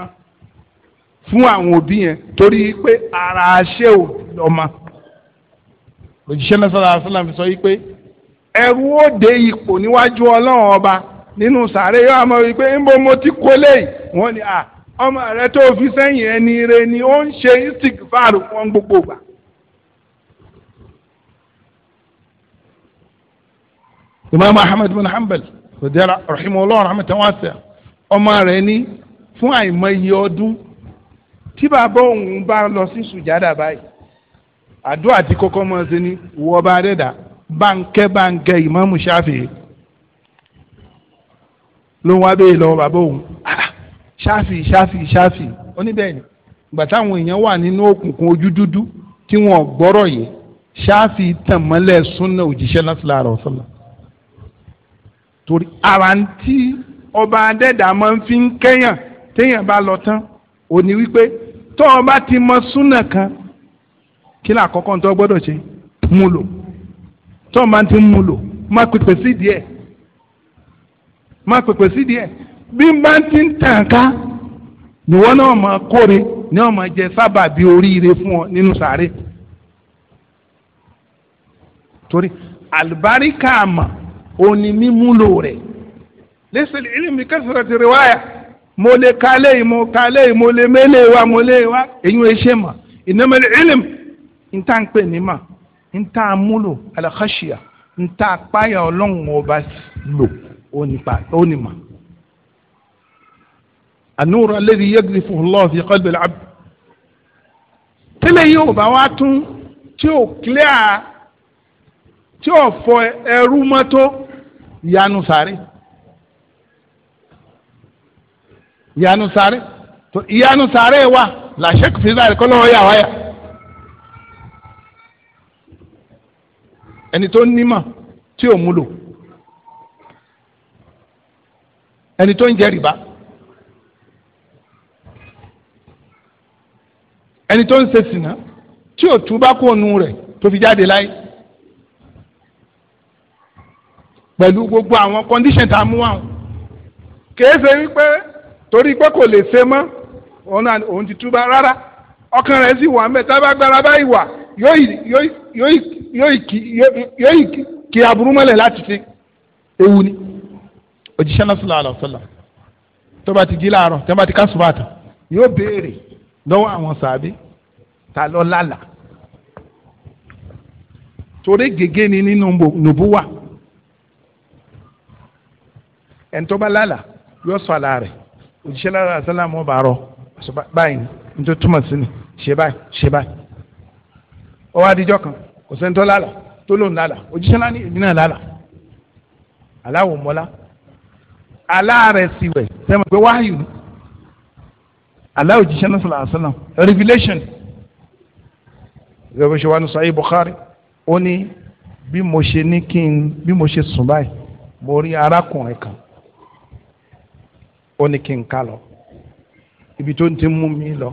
fún àwọn òbí yẹn torí pé ara ṣé ò lọ́mọ. òjíṣẹ́ lọ́sọ̀rọ̀ àṣọlá fi sọ yìí pé ẹrú ó de ipò ọba nínú sàárè yóò àmọ́ wípé ńbo mo ti kó léyìí ni ní ọmọ rẹ tó fi sẹ́yìn ẹni ni ó ń ṣe istikfar fún gbogbo imaamu ahmed bin hanbal rọdíàlá rahimahullah rahmatan wasi'a ọmọ rẹ̀ ní fún àìmọye ọdún tí bàbá òun bá lọ sí sùjádà báyìí àdúrà tí kọ́kọ́ mọ́ ṣe ni wọ́ bá dẹ́dà báńkẹ́ báńkẹ́ ìmáàmù ṣáfìí ló ń wá bẹ́ẹ̀ lọ bàbá òun ṣáfìí ṣáfìí ṣáfìí oníbẹ̀ẹ́ni ìgbà táwọn èèyàn wà nínú òkùnkùn ojú dúdú tí wọ́n gbọ́rọ̀ yìí ṣáfìí tàn mọ́lẹ̀ súnà òjíṣẹ́ láti láàárọ̀ sọ́la torí àwàǹtí ọba adẹ́dàá máa ń fi ń kẹ́yàn téèyàn bá lọ tán òní wípé tó o ti mọ súnà kan kí ni àkọ́kọ́ ń tó gbọ́dọ̀ ṣe mú lò tó o bá ti mú lò má pèpè sí díẹ̀ má pèpè sí díẹ̀ bí n bá ti ń tàn ká ìwọ náà máa kóre ní ọmọ jẹ sábàbí oríire fún ọ nínú sàárè torí àlùbáríkà àmà òní mímúlò rẹ̀ lẹ́sìn ilmi kasrati riwaya mo lè ka léyìí mo ka léyìí mo lè mélé wa mo lè wa èyí wọ́n ṣe mà innamal ilm níta ń pè ní mà níta múlò alakhashia níta páyà ọlọ́run ọba lò ó ní mà. النور الذي يقذفه الله في قلب العبد tẹ́lẹ̀ yóò bá wá tún tí ò clear tí ò fọ ẹrú mọ́tò ìyanu sare, ìyanu sare, to ìyanu sare wa làṣẹ kò sí sáré kọ́ lọ́wọ́ yà wáyà ẹni tó nímọ̀ tí ò múlò ẹni tó ń jẹ rìbá ẹni tó ń ṣe sìnà tí ò túbá kó nu rẹ̀ tó fi jáde láyé. pẹ̀lú gbogbo àwọn condition tá a mú àwọn kìí ṣe wípé torí pé kò lè ṣe mọ́ òun náà òun ti túbà rárá ọkàn rẹ̀ sì wà mẹ́ tábà gbára báyìí wà yóò kí aburú mọ́lẹ̀ láti ṣe ewu ni òjíṣẹ́ náà sọ̀rọ̀ àlọ́ sọ̀rọ̀ tó bá ti jí láàárọ̀ tó bá ti ká sùbà tán yóò béèrè lọ́wọ́ àwọn sàbí ta ló lálàá torí gègé ni nínú nùbúwà. No ẹni tó bá lálàá yóò sọ àlá rẹ̀ òjíṣẹ́ lára àṣálàmù ọba rọ báyìí ní tó túmọ̀ sí ni ṣe báyìí ṣe báyìí ó wá di ọjọ́ kan kò sẹ́ni tó lálàá tó lòun lálàá òjíṣẹ́ lára ní èmi náà lálàá aláwọ̀ mọ́lá àlá rẹ̀ wẹ̀ sẹ́mi pé wáyù ni òjíṣẹ́ náà sọ̀rọ̀ àṣálàm revelation ìrẹ̀wé ṣe wà ní sahih Bukhari ó ní bí mo ṣe ní kí n bí mo ṣe sùn báyìí mo rí arákùnrin kan ó ní kí n ká lọ ibi tó ń ti mú mi lọ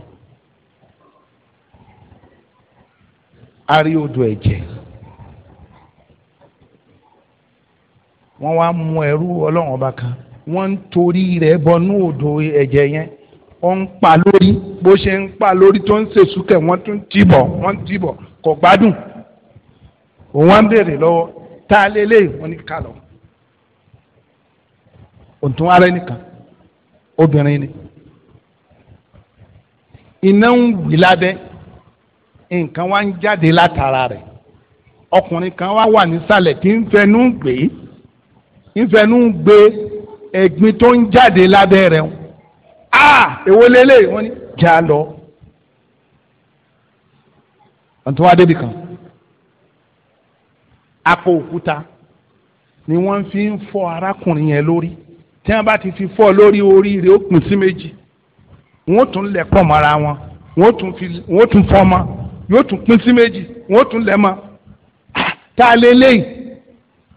a rí odò ẹ̀jẹ̀ wọ́n wá mú ẹrú ọlọ́run ọba kan wọ́n ń torí rẹ̀ bọnú odò ẹ̀jẹ̀ yẹn ó ń pa lórí bó ṣe ń pa lórí tó ń ṣèṣúkẹ̀ wọ́n tún tìbọ̀ wọ́n tìbọ̀ kò gbádùn wọ́n ń béèrè lọ́wọ́ tá a lélẹ́yìn wọ́n ní ká òǹtún ara ẹnìkan obìnrin ni iná ń wì lábẹ́ nǹkan wá ń jáde látara rẹ̀ ọkùnrin kan wá wà nísàlẹ̀ tí ń fẹnu gbé ń fẹnu gbé ẹ̀gbin tó ń jáde lábẹ́ rẹ̀ a èwo lélẹ̀ wọ́n ní já lọ ọ̀tún wá débi kan apò òkúta ni wọ́n fi ń fọ arákùnrin yẹn lórí tí wọ́n bá ti fi fọ́ lórí oríire ó kùn sí méjì wọ́n tún lẹ̀ pọ̀ mọ́ra wọn wọ́n tún fọ́ mọ́ yóò tún pín sí méjì wọ́n tún lẹ̀ mọ́ ah, tá a lé léyìí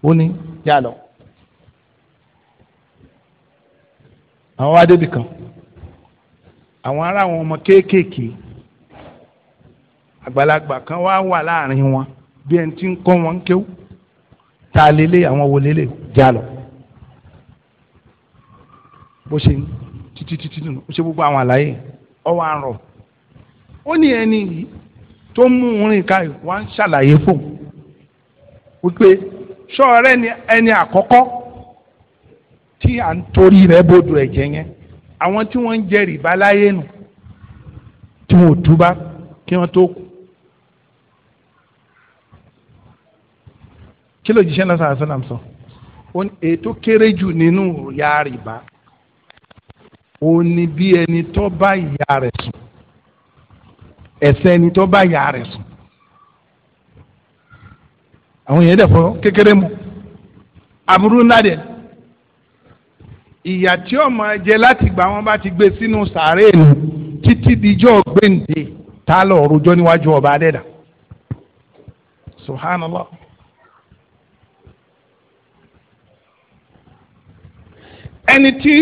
ó ní yà lọ. àwọn wá débi kan àwọn ará àwọn ọmọ kéékèèké àgbàlagbà kan wá wà láàrin wọn bí ẹni tí ń kọ́ wọn ń kéwú tá a lé léyìí àwọn wo lé léyìí jà lọ bó ṣe ń títí títí nù ó ṣe gbogbo àwọn àlàyé ọwọ́ àrọ̀ ó ní ẹni tó mú un rìn káyọ̀ wá ń ṣàlàyé fún wípé ṣọ́ọ̀rẹ́ ni ẹni àkọ́kọ́ tí à ń torí rẹ̀ bodò ẹ̀jẹ̀ yẹn àwọn tí wọ́n ń jẹ rìbá láyé nù tí wọ́n ò túbá kí wọ́n tó kú. kí ló jíṣẹ́ náà sàrásánà sọ ètò kéré jù nínú ìyá rìbá òun ni bí ẹni tó bá ìyá rẹ̀ sùn ẹ̀ṣẹ̀ ẹni tó bá ìyá rẹ̀ sùn àwọn yẹn dẹ̀ fọ́ kékeré mu aburú ńlá dẹ̀ ìyà tí ó máa jẹ láti gbà wọn bá ti gbé sínú sàárè nù títí dijọ́ gbèǹde tá a lọ rojọ́ níwájú ọba adẹ́dà subhanallah. ẹni tí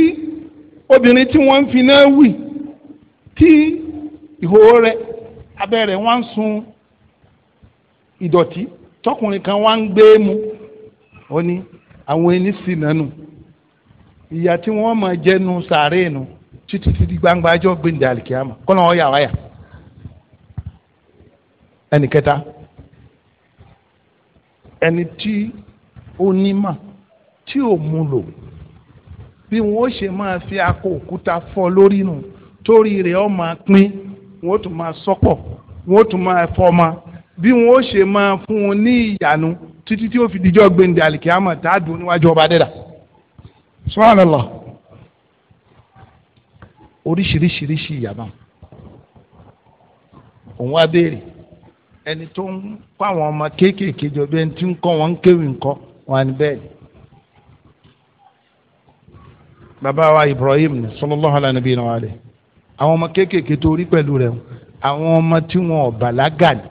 obìnrin tí wọ́n ń fi náà wì tí ìhòòhò rẹ̀ abẹ́ rẹ̀ wọ́n ń sun ìdọ̀tí tọkùnrin kan wọ́n ń gbé mu ó ní àwọn ẹni sì nánu ìyà tí wọ́n máa jẹnu sàárè nu títí títí gbangba ajọ́ gbẹ̀ǹdà àlìkíyàmà kọ́nà ọ̀ yà wáyà ẹnì kẹta ẹni tí ó ní mà tí ò mú lò. bí wọn ó ṣe máa fi akọ òkúta fọ lórí nù torí rẹ ọ máa pín wọn ó tún máa sọpọ wọn ó tún máa fọ ma bí wọn ó ṣe máa fún wọn ní ìyànú títí tí ó fi dijọ́ gbẹ̀ǹdẹ̀ àlìkíyàmọ̀ tá a dùn níwájú ọba dẹ́dà oríṣiríṣiríṣi òun wá béèrè ẹni tó ń wọn ń kéwì ńkọ́ wọn bàbá wa Ibrahim sallallahu ala nabiyina wa alẹ àwọn ọmọ kéékèèké tó rí pẹ̀lú rẹ̀ àwọn ọmọ tí wọn ò bàlágà ni.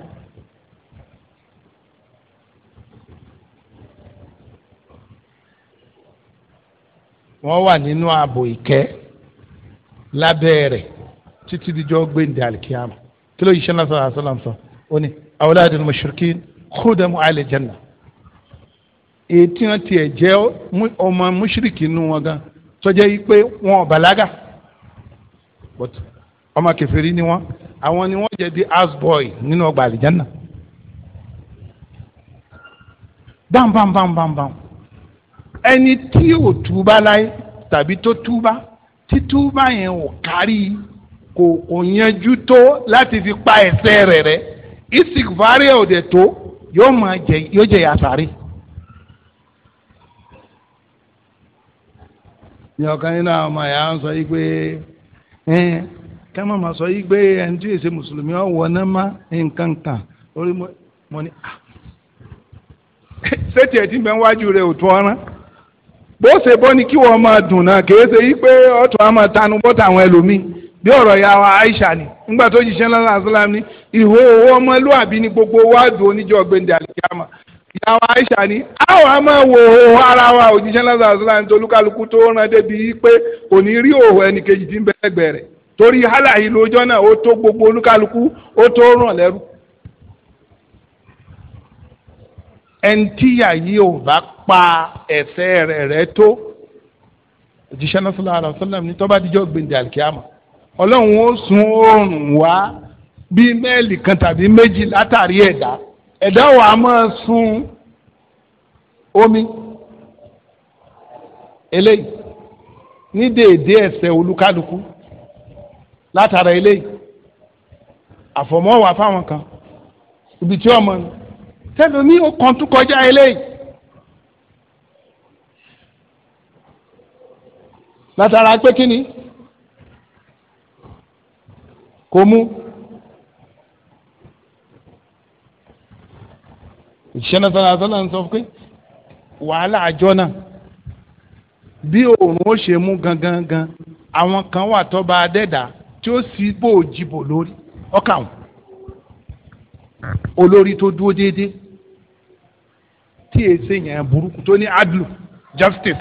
wọ́n wà nínú ààbò ìkẹ́ lábẹ́ rẹ̀ títí dijọ́ gbẹ̀ǹdẹ̀ alikiyama kí ló yìí ṣe sọ̀rọ̀ àṣọlá sọ ó ní awladul mushrikin khudamu ala janna èyí tí wọ́n tiẹ̀ jẹ́ ọmọ mushriki nínú wọn gan tọ́jẹ́ yìí pé wọn ò bàlágà but ọmọ kẹfìrí ni wọn àwọn ni wọn jẹ di house boy nínú ọgbà àlìjánà bámbámbámbámbám ẹni tí ò túbá láyé tàbí tó túbá títúbá yẹn ò kárí kò kò yanjú tó láti fi pa ẹ̀ṣẹ̀ rẹ̀ rẹ́ ìsìkfàárẹ̀ ò dẹ̀ tó yóò máa jẹ yóò jẹ yàtàrí. ní ọ̀kan nínú àwọn ọmọ yà ń sọ yìí pé ká má má sọ yìí pé ẹni tí mùsùlùmí má nǹkan kan orí mo ní à ah. sétí ẹtí bẹ́ẹ̀ wájú rẹ̀ ò ọ̀rán bó ṣe bọ́ ni kí wọ́n máa dùn náà kìí ṣe pé ọ̀tún á máa tanu ẹlòmíì bí ọ̀rọ̀ ya wa Aisha ni nígbà tó ìyàwó Aisha ni àwọn ma wo òhò ara wa òjíṣẹ́ lásán àṣìlá ní tolúkálukú tó rán débi pé kò ní rí òhò ẹnìkejì tí ń bẹ torí hálàyé lójọ́ náà ó tó gbogbo olúkálukú ó tó ràn lẹ́rù. yìí ò bá pa tó ní tọ́ba díjọ́ sun oòrùn wá bíi mẹ́ẹ̀lì kan tàbí méjì látàrí ẹ̀dá ẹ̀dá wa máa sun omi eléyìí ní déédé ẹsẹ̀ olúkálukú látara eléyìí àfọ̀mọ́wà fáwọn kan ibi tí ọmọ ni tẹ́lẹ̀ ní ó kàn tún kọjá eléyìí látara pé kí ni kò mú. òṣìṣẹ́ náà sọ̀rọ̀ àtọ́lá ń sọ pé wàhálà àjọ náà bí oòrùn ó ṣe mú gangan gan àwọn kan wà tọ́ba adẹ́dà tí ó sì bò jìbò lórí ọkà wọn olórí tó dúró déédéé tí èsè yẹn burúkú tó ní adlu justice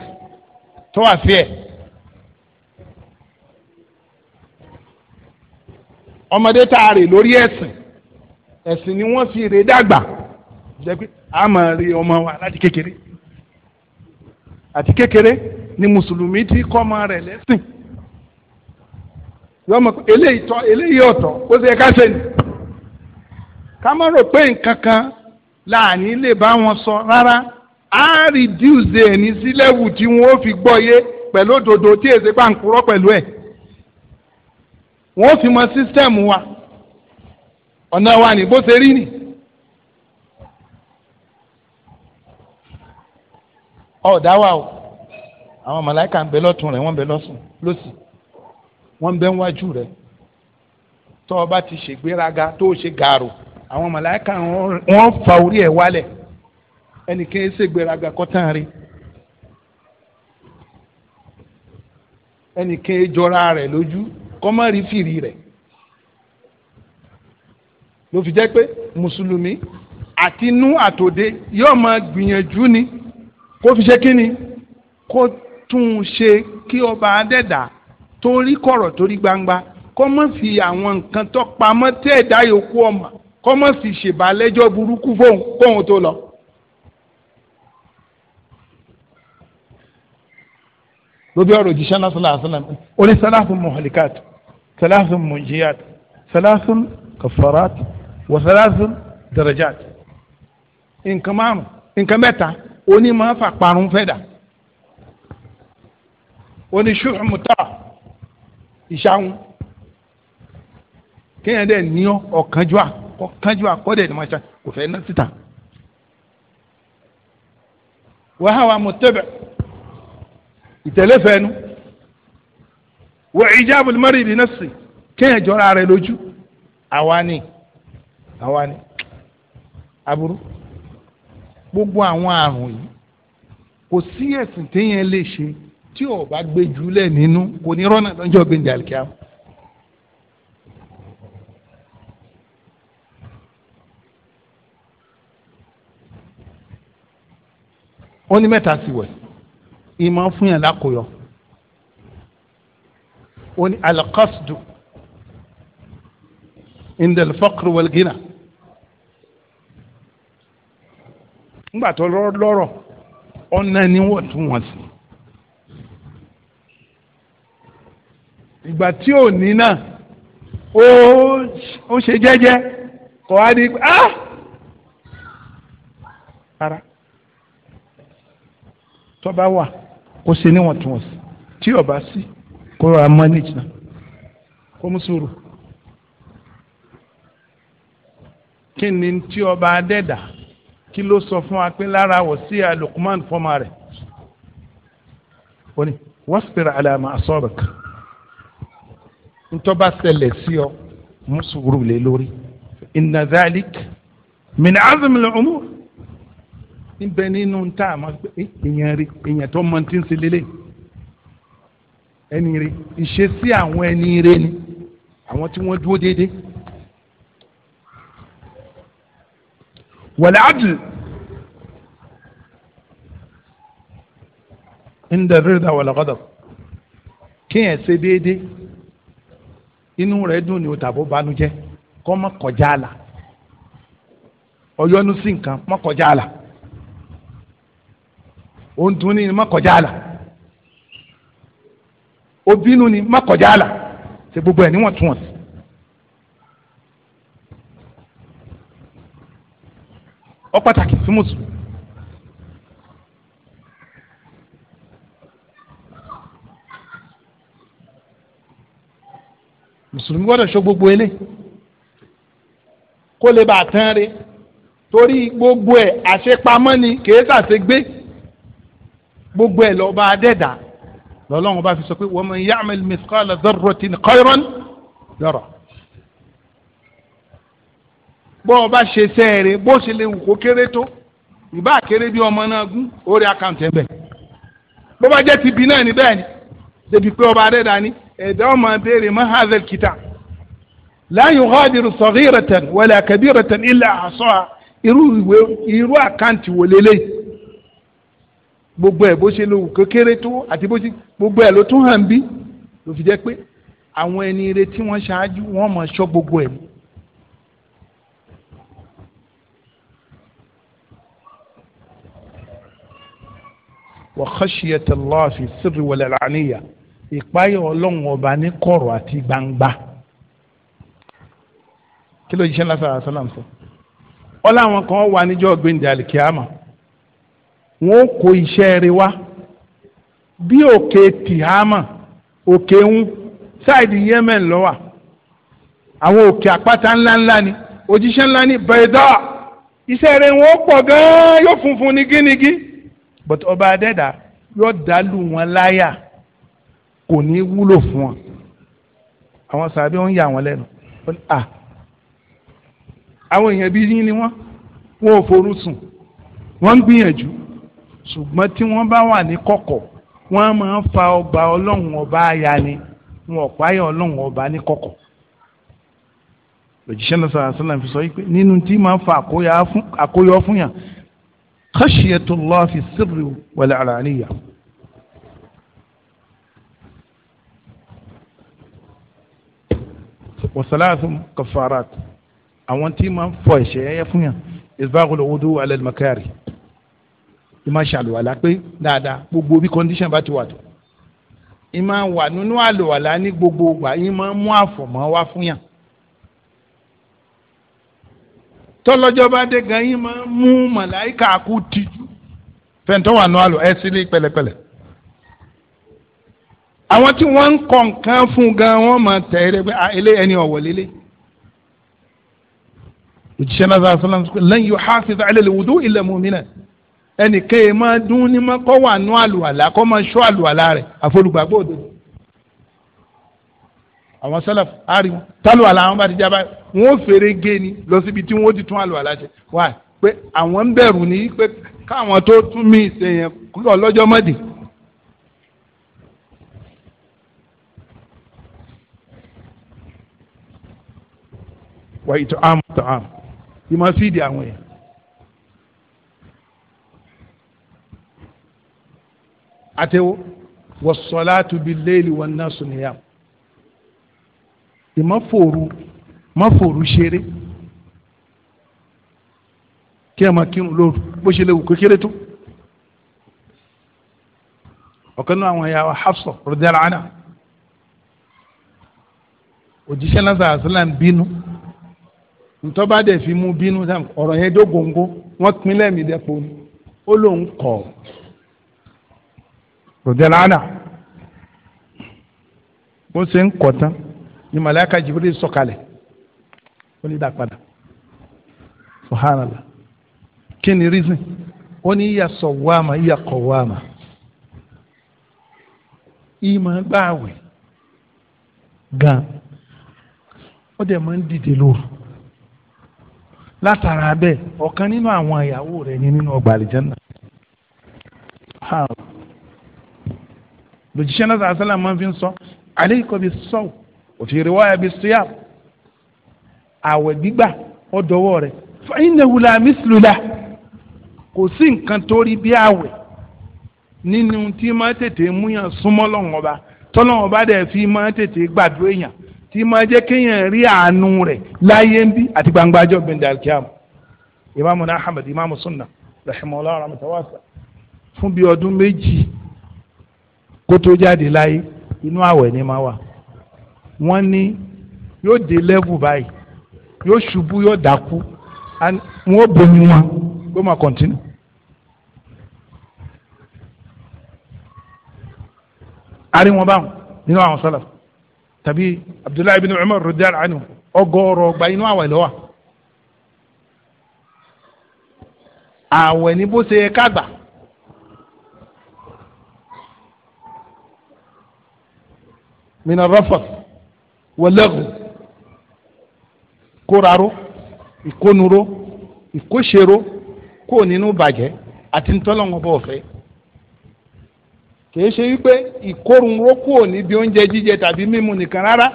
tó wà fẹ́ẹ̀. ọmọdé tá a rè lórí ẹ̀sìn ẹ̀sìn ni wọ́n fi rè dàgbà jẹ́ pé a máa rí ọmọ wa láti kékeré àti kékeré ni mùsùlùmí ti kọ́ ọmọ rẹ̀ lẹ́sìn yọ ọmọ eléyìí tọ́ eléyìí ọ̀tọ̀ ó ṣe ká ṣe ni ká má rò pé nǹkan kan láàní lè bá wọn sọ rárá á rìdíùsì ẹni sí lẹ́wù tí wọ́n fi gbọ́ yé pẹ̀lú òdòdó tí èsè bá ń purọ́ pẹ̀lú ẹ̀ wọ́n fi mọ sísítẹ́ẹ̀mù wa ọ̀nà wa ní bó ṣe rí nìyí. ọ̀dá wà o àwọn màláìka ń bẹ lọ́tún rẹ̀ wọ́n ń bẹ lọ́sùn lọ́sì wọ́n ń bẹ wájú rẹ̀ tó o bá ti ṣègbéraga tó o ṣe gàrò àwọn màláìka wọ́n fa orí ẹ̀ wálẹ̀ ẹnìkan ṣègbéraga kọ́tàn rí ẹnìkan jọra rẹ̀ lójú kọ́mọ́rì fìrí rẹ̀ ló fi jẹ́ pé mùsùlùmí àtinú àtòdé yóò máa gbìyànjú ni kó fi ṣe kíni kó tún un ṣe kí ọba adẹ́dà torí kọ̀rọ̀ torí gbangba kó má fi àwọn nǹkan tó pamọ́ tí ẹ̀dá yòókù ọmọ kó má fi ṣèbálẹ́jọ́ burúkú fóun kóun tó lọ. lóbi ọ̀rọ̀ òjíṣẹ́ náà sọlá àṣàlám oní sàlàfún muhalikat sàlàfún mujiyat sàlàfún kafarat wa sàlàfún darajat nǹkan márùn nǹkan mẹ́ta oni máa fa parun fẹ́dà oni ṣùgbọ́n ìṣàwọn kéèyàn dẹ̀ ní ọ̀kánjúà ọ̀kánjúà kọ́dẹ̀ ni kò fẹ́ ná síta wàhálà mọ̀tẹ́bẹ̀ ìtẹ̀lẹ́fẹ́nu wọ ìjábọ̀ mọ́rin ìdí kéèyàn ni aburú. gbogbo àwọn àrùn yìí kò sí ẹ̀sìn téèyàn lè ṣe tí ò bá gbé jùlẹ̀ nínú kò ní rọ́nà lọ́jọ́ gbẹ̀ǹdà àlùkìá. wọ́n ní mẹ́ta sí wẹ̀ ìmọ̀ fún yàn lákòyọ wọ́n ní alakasdu indal faqr ńgbà tó lọ́rọ̀ ọ̀nà ni wọ́n tún wọ́n sí. ìgbà tí ò ní náà ó ṣe jẹ́jẹ́ kọ́ á di ah rárá tó bá wà kó ṣe tí ò bá sí kó rọra manage náà kó mú sùúrù kí ni kí ló sọ fún wa pé lára wò sí Luqman fọmọ rẹ̀ wọ́n ní wasbir ala ma asabak ntọ́ba ṣẹlẹ̀ sí ọ mùsùlùmí lé lórí inna dhalik min azmi al-umur níbẹ̀ nínú ntá àmọ́ pé eh, èèyàn rí èèyàn tó mọ ti ń ṣe lélẹ̀ ẹni rí ìṣesí àwọn ẹni rí ni àwọn tí wọ́n dúró déédéé. والعدل، عند inda ridha wal ghadab kéèyàn ṣe déédéé inú rẹ̀ dùn ní òtàbó banújẹ́ kọ́ mọ́ kọjá àlà ọyọ́nu sí nǹkan mọ́ kọjá àlà òǹtún ní mọ́ kọjá àlà òbínú ní mọ́ kọjá àlà ṣe gbogbo ẹ̀ níwọ̀ntúnwọ̀nsì. ọ pàtàkì fún mùsùlùmí. mùsùlùmí gbọ́dọ̀ ṣọ́ gbogbo ilé kó lè bàa tán re torí gbogbo ẹ̀ àṣepamọ́ ni kìí ṣàṣegbé gbogbo ẹ̀ lọ́ba adẹ́dà lọ́lọ́run bá fi sọ pé wa man ya'mal mithqala dharratin khayran yara bọ́ ọ bá ṣe sẹ́ẹ̀rẹ̀ bó ṣe lè wù kó kéré tó ìbá kéré bí ọmọ náà gún orí àkàǹtì ẹ̀bẹ̀ bó bá jẹ́ ti bí náà ní bẹ́ẹ̀ ni débi pé ọba adé dání ẹ̀dá ọmọ abéèrè mọ́ hazel kita la yughadiru saghiratan wala kabiratan illa ahsaha irú ìwé irú àkàǹtì wò lélẹ́yìí gbogbo ẹ bó ṣe lò kékeré tó àti bó ṣe gbogbo ẹ ló tún hàn bí ló fi jẹ pé àwọn ẹni ire tí wọ́n ṣáájú wọ́n mọ ṣọ́ gbogbo ẹ wa khashiyata Allah fi sirri wal alaniya ìpáyọ̀ ọlọ́run ọba ní kọ̀rọ̀ àti gbangba kí ló yìí ṣe ń lásán àṣàlám sọ ọlá àwọn kan wà níjọ́ gbẹ̀ǹdẹ̀ àlìkíyàmà wọn kó iṣẹ́ rẹ̀ wá bí òkè tìhámà òkè ń sáìdì Yemen lọ́wà àwọn òkè àpáta ńláńlá ni òjíṣẹ́ ńlá ni bẹ̀ẹ́dọ́ iṣẹ́ rẹ̀ wọn pọ̀ gan-an yóò funfun ní gínigín but ọba adẹ́dà yóò dálù wọn láyà kò ní wúlò fún wọn àwọn sàbí wọn ń yà wọn lẹ́nu Ah, àwọn èèyàn bí yín ni wọn wọn ò forún sùn wọn ń gbìyànjú ṣùgbọ́n tí wọ́n bá wà ní kọ̀kọ̀ wọ́n máa ń fa ọba ọlọ́run ọba aya ni wọn ò páyà ọlọ́run ọba ní kọ̀kọ̀ òjíṣẹ́ náà sọ̀rọ̀ àṣàlàn fi sọ yìí pé nínú tí máa ń fa àkóyọ fún yàn khashiyatullah fi sirri wal alaniya. wasalaasu kafarat àwọn tí ma ń fọ ẹ̀ṣẹ̀ yẹn fún yàn isbaghul wudu ala al-makari ìmọ̀ ṣàlùwàlá pé dáadáa gbogbo bí condition bá ti wà tó ìmọ̀ wà nínú àlùwàlá ní gbogbo ìgbà ìmọ̀ mú àfọ̀mọ́ wá fún yàn tọ́lọ́jọ́ bá dé gan yín máa mú màláìka kú tìjú fẹ̀ntọ́ wà nù alò ẹ sílé pẹ̀lẹ́pẹ̀lẹ́ àwọn tí wọ́n ń kọ nǹkan fún gan wọ́n máa tẹ̀ ẹ́ pé ah, ilé ẹni ọ̀wọ̀ lélẹ̀ òjíṣẹ́ náà sọ fúnra sọ lan yuhafiz ala alwudu illa mu'mina ẹnìkan yìí máa dún ní máa kọ́ wà nù àlùwàlà kọ́ máa ṣọ́ àlùwàlà rẹ̀ àfolùgbàgbọ́ òdodo àwọn sẹ́lẹ̀ àárín tálùwàlà àwọn bá ti jábáyọ̀ wọ́n fèrè gé ni lọ síbi tí wọ́n ti tún àlọ́ aláṣẹ wá pé àwọn ń bẹ̀rù ní pé káwọn tó tún mí ìsẹ̀yìn kúrò lọ́jọ́ mọ́dì. wà ìtọ́ àmọ́ ìtọ́ àmọ́ ìmọ̀ fídì àwọn èèyàn. àtẹwò wọ́n sọ láti bi léèlì wọn náà sùn nìyà ìmọ̀ fòru. má fòrú ṣeré kí ẹ máa kírun lóru bó ṣe lè wù kékeré tó ọ̀kan náà àwọn ìyàwó Hafsa rọdíàlá àná òjíṣẹ́ ń bínú fi mú bínú ọ̀rọ̀ yẹn ya wọ́n pinlẹ̀ mi dẹ̀ ó lóun kọ̀ rọdíàlá àná bó ṣe ń kọ̀ tán ni màláíkà sọ̀kalẹ̀ ó ní dá padà kí ni reason ó ní ìyà sọ̀wáàmà ìyà kọ̀wáàmà ìmọ̀ gbààwẹ̀ gan ó dẹ̀ máa ń dìde lóru látara bẹ́ẹ̀ ọ̀kan nínú àwọn ìyàwó rẹ̀ ní nínú ọgbà àlìjẹ́nà lójúṣẹ́ náà sàásálà máa ń fi sọ àwẹ̀ gbígbà ọ̀dọ́wọ́ rẹ̀ fàyínàwùlà mísìlùlà kò sí nǹkan tó rí bí àwẹ̀ nínú tí máa tètè múyàn súnmọ́ lọ́wọ́n ọba tọ́lọ́wọ́n ọba dẹ̀ fi máa tètè gbàdúrà èèyàn tí máa jẹ́ kéèyàn rí àánú rẹ̀ láyé ń bí àti gbangba ajọ́ gbẹ̀ndẹ̀ alkiam imaamu ahmed imaamu sunna rahimahullah rahmatawasa fún bí ọdún méjì kó tó jáde láyé inú àwẹ̀ ni máa wà wọ́n ní yóò dé lẹ́vù báyìí yóò ṣubú yóò dákú wọn ò bomi wọn yóò máa kọ̀ntínú. ari wọn báwọn nínú àwọn sọlá tàbí abdullahi bin umar rudal anu ọgọrọ gba inú àwẹ̀ lọ wa ní bó ṣe ká gbà. min arrafas kóraró ìkónuró ìkóṣeró kó nínú bàjẹ́ àti ntọ́lọ́wọ́n bọ̀ fẹ́ kìí ṣe wípé ìkórunró kúrò níbi oúnjẹ jíjẹ tàbí mímu nìkan rárá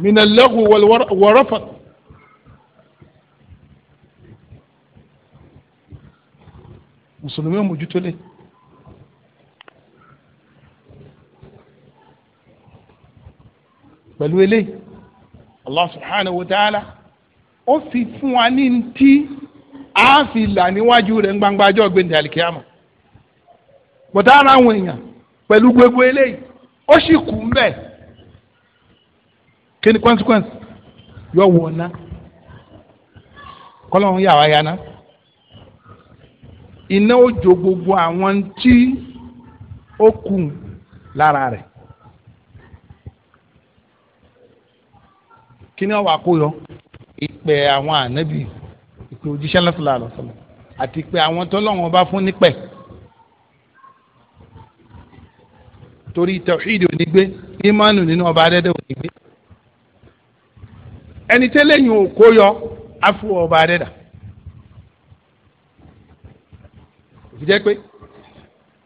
minalẹ́gùn wọ̀rọ̀fọ̀. mùsùlùmí mójútó lè. pẹ̀lú eléyìí Allah subhanahu wa ta'ala ó fi fún wa ní ti a fi là níwájú rẹ̀ gbangba ajọ́ gbẹ̀ndẹ̀ àlìkíyàmà bọ̀dá ara àwọn èèyàn pẹ̀lú gbogbo eléyìí ó sì kú ń bẹ̀ kí ni consequence yọ wọ̀ ná yà wá iná ó jó kí ni ọwọ́ àkóyọ ìpè àwọn ànábì ìpè òjíṣẹ́ lọ́sọ̀lá àlọ́sọ̀lá àti ìpè àwọn tọ́lọ́wọ́n bá fún nípẹ̀ torí tawhid ò ní gbé ìmánu nínú ọba adẹ́dẹ́ ò ní gbé ẹni tẹ́lẹ̀ yìí ò kóyọ afọ ọba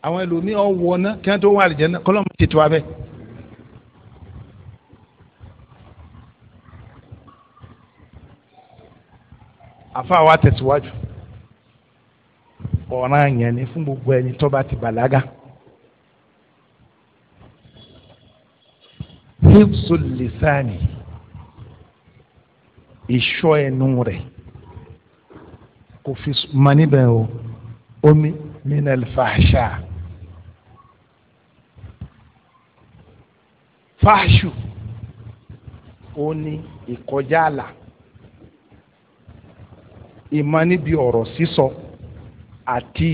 àwọn ẹlòmíràn wọ̀ ná kí wọ́n tó wà àlùjẹ́ náà kọ́lọ́mù ti tó abẹ́. àfa wa tẹ̀síwájú ọ̀ràn yẹn ni fún gbogbo ẹni tó bá ti bàlágà. hifsul lisani ìṣọ́ ẹnu rẹ̀ kò fi mọ níbẹ̀ o omi minal fahsha fahshu ó ní ìkọjá àlà ìmọ̀ níbi ọ̀rọ̀ sísọ àti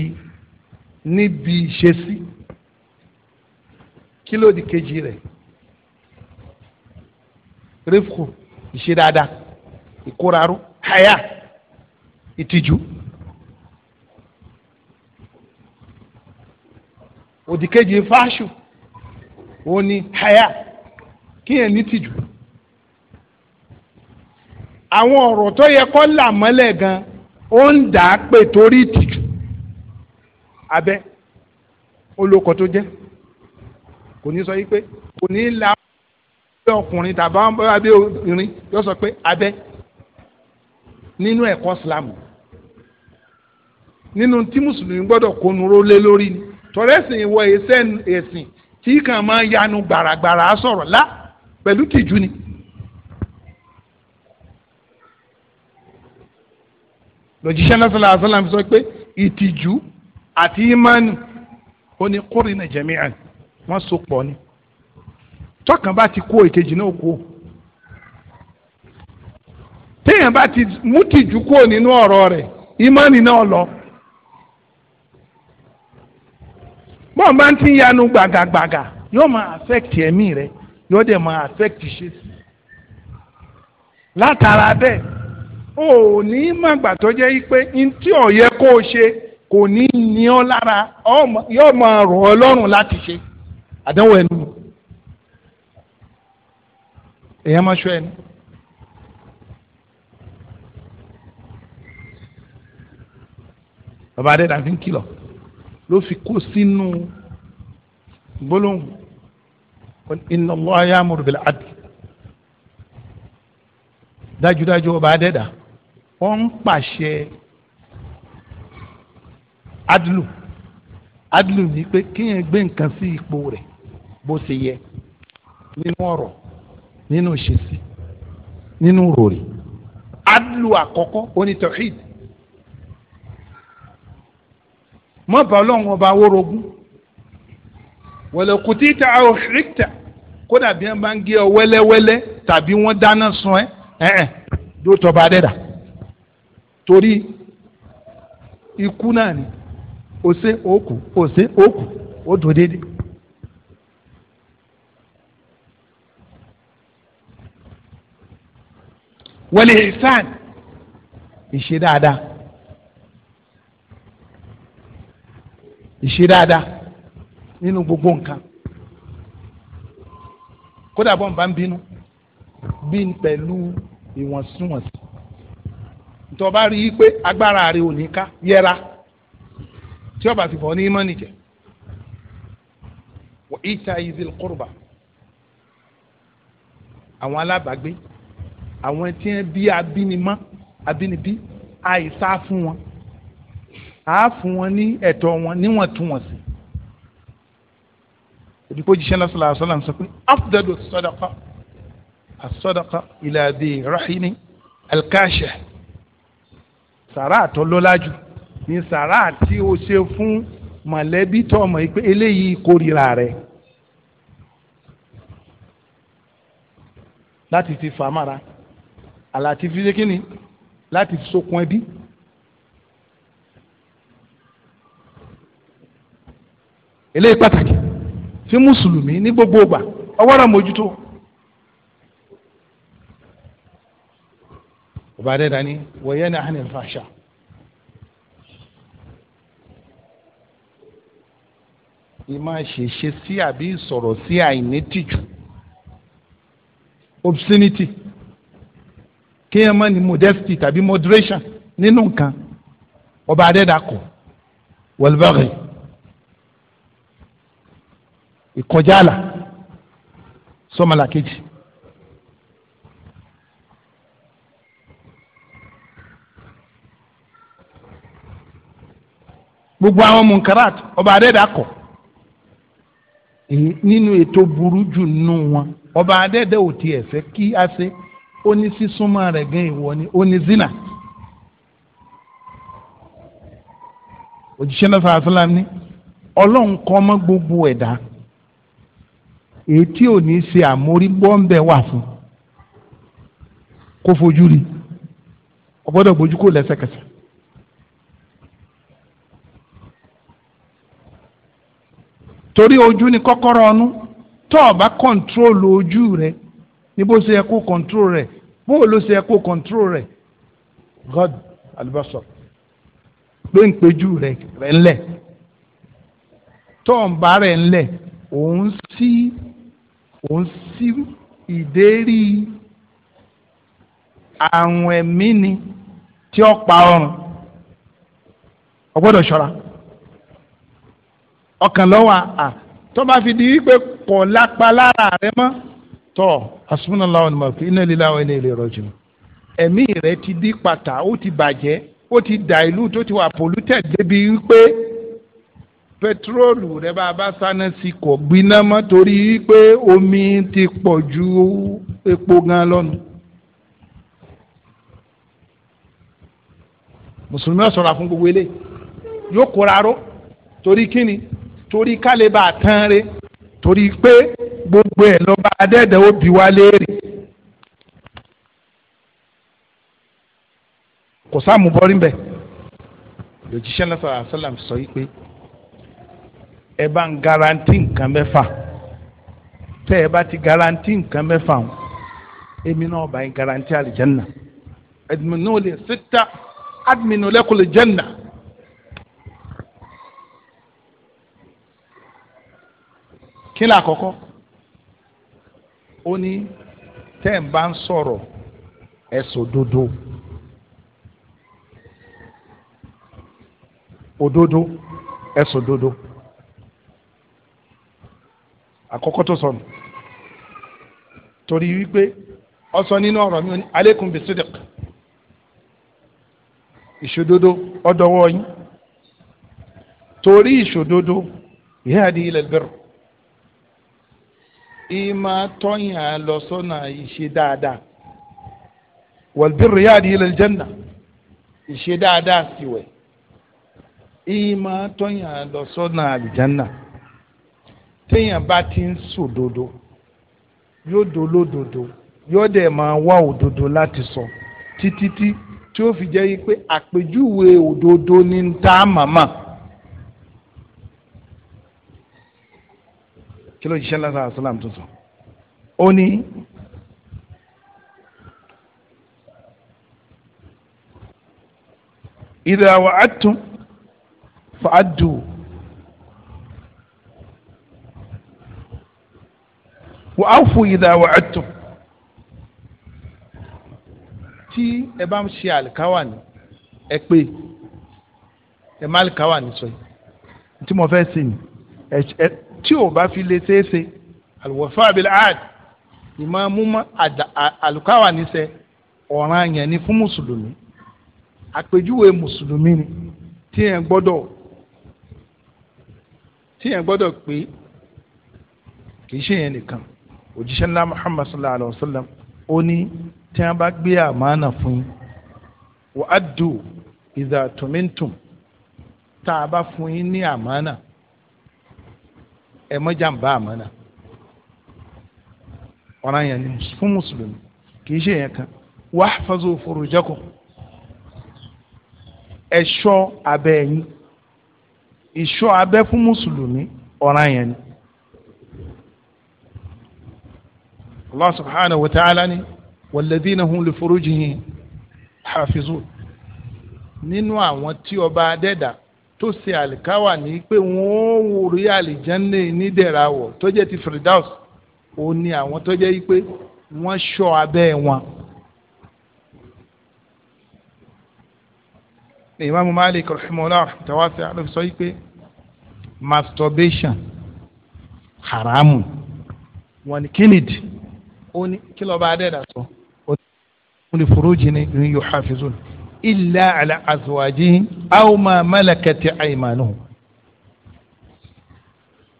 níbi ìṣesí kí ló di kejì rẹ̀ rifku ìṣe dáadáa haya ìtìjú òdìkejì fáṣù òun ni haya kíyàn ní tìjú àwọn ọ̀rọ̀ tó yẹ kó là mọ́lẹ̀ gan ó ń dà á pè torí ìtìjú abẹ́ olóko tó jẹ́ kò ní sọ yí pé kò ní la ọkùnrin tàbá abẹ́ obìnrin yóò sọ pé abẹ́ nínú ẹ̀kọ́ Islam nínú tí mùsùlùmí gbọ́dọ̀ kónúró lé lórí ni tọ́lẹ́sìn ìwọ ẹ̀sìn tí kàn máa yanu gbàràgbàrà sọ̀rọ̀ lá pẹ̀lú tìjú ni. lójíṣẹ́ lọ́sọ̀lá àṣọlá fi sọ pé ìtìjú àti ìmánu ó ní kórìínà jẹ̀míà wọ́n so pọ̀ ni tọkàn bá ti kó èkejì náà kó téèyàn bá ti mú tìjú kó nínú ọ̀rọ̀ rẹ̀ ìmánu náà lọ. bọ́ọ̀ bá ń ti yanu gbàgàgbàgà yóò máa affect ẹ̀mí rẹ̀ yóò dẹ̀ máa affect ṣe sí látara bẹ́ẹ̀. o ò ní màgbà tó jẹ́ pé tí yẹ kó o ṣe kò ní ní ọ lára yóò máa rọ̀ ọ́ lọ́rùn láti ṣe àdánwò ẹnu máa ṣọ ẹnu. bàbá adéda fi ń kìlọ̀ ló fi kó sínú gbólóhùn inna dájúdájú ọba adéda. wọ́n ń pàṣẹ adlu adlu ni pé kéèyàn gbé nǹkan sí ipò rẹ̀ bó ṣe yẹ nínú ọ̀rọ̀ nínú ìṣesí nínú ròrì adlu àkọ́kọ́ oní tawhid mọ́ bá ọlọ́run ọba awórogún wọ̀lẹ̀ kùtìtà àwòṣìṣẹ́ kódà bí wọ́n bá ń gé ọ wẹ́lẹ́wẹ́lẹ́ tàbí wọ́n dáná sun ẹ́ ẹ̀ẹ́ dótọ́ bá dẹ́dà torí ikú náà ni ose oku òsè òkú ó dò déédéé. wal ihsan ìṣe dáadáa ìṣe dáadáa nínú gbogbo nǹkan kódà bọ́ǹbà ń bínú bí pẹ̀lú ìwọ̀ntúnwọ̀nsì tó bá rí i pé agbára rẹ ò ní ká yẹra tí ọba ti fọ ní imọ́ nìjẹ́ wọ́n ìta ìzìl kúrúbà àwọn alábàágbé àwọn tí wọ́n bí abínimọ́ abínibí àìsá fún wọn àá fún wọn ní ẹ̀tọ́ wọn níwọ̀ntúnwọ̀nsì ebi kó jíṣẹ́ lọ́sọ̀lá àṣọlá ń sọ pé afdadu sadaqa asadaqa ila di rahini sàrà tó ni sàrà tí o ṣe fún mọ̀lẹ́bí tó mọ̀ pé eléyìí kórìíra rẹ̀ láti fi fàmára àlàtí fi ṣe kínni láti fi sokun ẹbí. eléyìí pàtàkì fi mùsùlùmí ní gbogbo ìgbà ọwọ́rọ̀ mójútó. ọba dẹ́dá ni wọ́yẹ́ ní àhánil fàṣà. ìmọ̀ àṣeṣe sí àbí ìsọ̀rọ̀ sí àìnítìjú obscenity kéèyàn má ní modesty tàbí moderation nínú nǹkan ọba adẹ́dá kọ̀ ìkọjá àlà sọmọlà gbogbo àwọn munkarat ọba adẹ́dà kọ̀ nínú ètò burú jù nù wọn ọba adẹ́dà ò tiẹ̀ fẹ́ kí a ṣe ó ní sísúnmọ́ rẹ̀ gan ìwọ ni ó ní zina òjíṣẹ́ náà fàásùlà ní ọlọ́run kọ́ mọ́ gbogbo ẹ̀dá èyí ò ní ṣe àmórí gbọ́ǹbẹ̀ wà fún kó fojú rí ọgbọ́dọ̀ gbójú kó lẹ́sẹ̀kẹsẹ̀. torí ojú ni kọ́kọ́rọ́ ọnú tó o bá ojú rẹ ni bó ṣe yẹ kó rẹ bó o ló ṣe rẹ god alibasọ ló ń pejú rẹ rẹ ńlẹ̀ tó o bá rẹ ńlẹ̀ òun sí òun sí ìdérí àwọn ẹ̀mí ni tí ọkàn lọ́wọ́ à tó bá fi di wípé kò lápá lára rẹ mọ́ tọ́ asúnmọ́nàlá ọ̀nà mọ̀ iná líla wọn ilé rọ̀jù ẹ̀mí rẹ ti di pàtà ó ti bàjẹ́ ó ti dà ìlú tó ti wà polluted débi wípé pẹtrólù rẹ bá a bá sáná sí kò gbiná mọ́ torí wípé omi ti pọ̀ ju epo gan lọ́nu. mùsùlùmí ọ̀sọ̀rọ̀ àfún gbogbo eléyìí yóò kóra ró torí kíni torí kálíbà tán re torí pé gbogbo ẹ̀ lọ́ba adẹ́dẹ́ ó bi wá léèrè. kò sáàmù bọ́rí ń bẹ̀ lòjíṣẹ́ lọ́sọ̀rọ̀ àṣàlám sọ yìí pé ẹ bá ń garanti nǹkan mẹ́fà tẹ́ ẹ bá ti garanti nǹkan mẹ́fà o èmi náà bá yín garanti àlìjẹ́nà ẹ̀dùnmínú lè ṣètà àdùnmínú lẹ́kọ̀ọ́ lè jẹ́nà. kí ni àkọ́kọ́ ó ní tẹ́ ẹ̀ bá ń sọ̀rọ̀ ẹ̀sùn òdodo òdodo ẹ̀sùn òdodo àkọ́kọ́ tó sọnù torí wípé ó sọ nínú ọ̀rọ̀ mi aleikum bisidik ìṣòdodo ọdọwọ yín torí ìṣòdodo yahdi ila albir ihe maa tọyi alọsọ na ise dadaa wọlbiru yadda ile ljenda ihe dadaa siwẹ ihe maa tọyi alọsọ na ljenda tíya bá ti n so dodo yodo lo dodo yọọ dẹ maa wa udodo lati so tititi ti o fi jẹ yi pe a pejuwe ni nta-mama. ma kí ló jíṣẹ́ lásán àṣàlám tó sọ ó ní idha wa'adtum fa'addu wa'afu idha wa'adtum tí ẹ bá ń ṣe àlìkáwà ní ẹ pé ẹ má àlìkáwà ní sọ yìí tí mo fẹ́ sìn ẹ tí ò bá fi lè ṣeéṣe àlùwọ̀fà abiláàd ìmọ̀ múmọ́ àlùkáwà níṣẹ́ ọ̀ràn yẹn ni fún mùsùlùmí àpèjúwe mùsùlùmí ni tí yẹn gbọ́dọ̀ tí yẹn gbọ́dọ̀ pé kì í ṣe yẹn nìkan òjíṣẹ́ ńlá muhammad sallallahu alayhi wa sallam ó ní tí wọ́n bá gbé àmánà fún yín wàá dùn ìdàtúmíntùm tá a bá fún yín ní àmánà ẹ mọ́jàmbá àmánà ọ̀ràn yẹn ni fún mùsùlùmí kì í ṣe yẹn kan wahfazu furujakum ẹ̀ṣọ́ abẹ́ yín ìṣọ́ abẹ́ fún mùsùlùmí ọ̀ràn yẹn ni. Allah subhanahu wa ta'ala ni walladhina hum li furujihim hafizun nínú tó ṣe àlìkáwà ní pé wọ́n wò rí àlìjánná nídẹ̀ra tó jẹ́ ti firdaus ó ní àwọn tó jẹ́ pé wọ́n ṣọ́ abẹ́ wọn. imaamu malik rahimahullah tawasi alofi sọ pé masturbation haramu wọ́n ní kínídì ó ní kí lọ́ba adẹ́dà sọ ó ní furuji ni yóò hafizun illa ala azwajihim aw ma malakati aymanuhum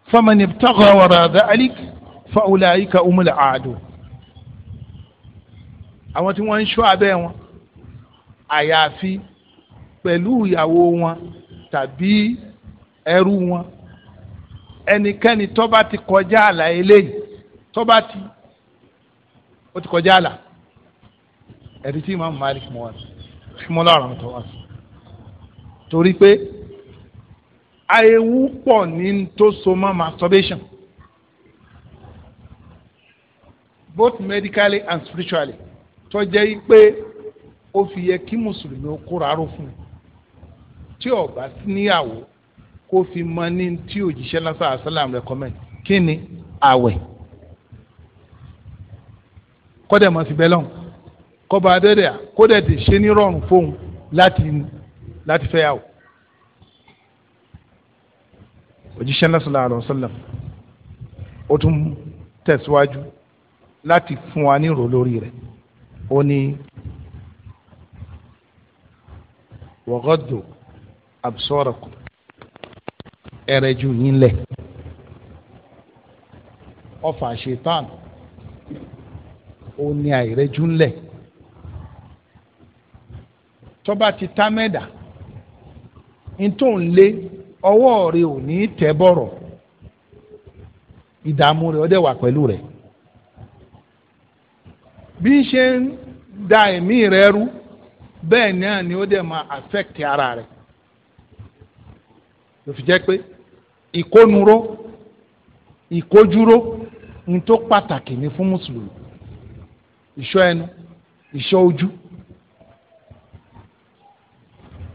faman ibtagha wara dhalik fa ulaika umul aadu àwọn tí wọ́n ń ṣọ́ abẹ́ wọn àyàfi pẹ̀lú ìyàwó wọn tàbí ẹrú wọn ẹnikẹ́ni tó bá ti kọjá àlà eléyìí tó ti ó ti kọjá àlà ẹ̀rí tí Imam Malik mọ́ wọn rahimahullah rahmatullah torí pé àìwú pọ̀ ní tó so mọ́ masturbation both medically and spiritually tó jẹ́ pé ó fi yẹ kí mùsùlùmí ó kóra ró fún un tí ó bá níyàwó kó fi mọ ní tí òjíṣẹ́ lásán àṣàlám recommend kí ni àwẹ̀ kọ́dẹ̀ mọ́ sí bẹ́ẹ̀ kọba adẹ́dẹ́ kó dẹ̀ ti ṣe ní rọrùn fóun láti láti fẹ́ yàwó. òjíṣẹ́ lọ́sọ̀lá àlọ́sọ̀lá ó tún tẹ̀síwájú láti fún wa ní ìrò lórí rẹ̀ ó ní wọ́gọ́dọ̀ absorakun ẹrẹ́jú yín lẹ̀ ọfà ṣetán ó ní àìrẹ́jú ńlẹ̀. tọ́ba ti tá mẹ́dà ntòun lé ọwọ́ rẹ ò ní tẹ́ bọ́rọ̀ ìdààmú rẹ ọdẹ wà pẹ̀lú rẹ bí ń ṣe ń da ẹ̀mí rẹ rú bẹ́ẹ̀ náà ni ó dẹ̀ máa affect ara rẹ ló fi jẹ́ pé ìkónuró ìkójúró ń pàtàkì ní fún mùsùlùmí ìṣọ́ ẹnu ìṣọ́ ojú.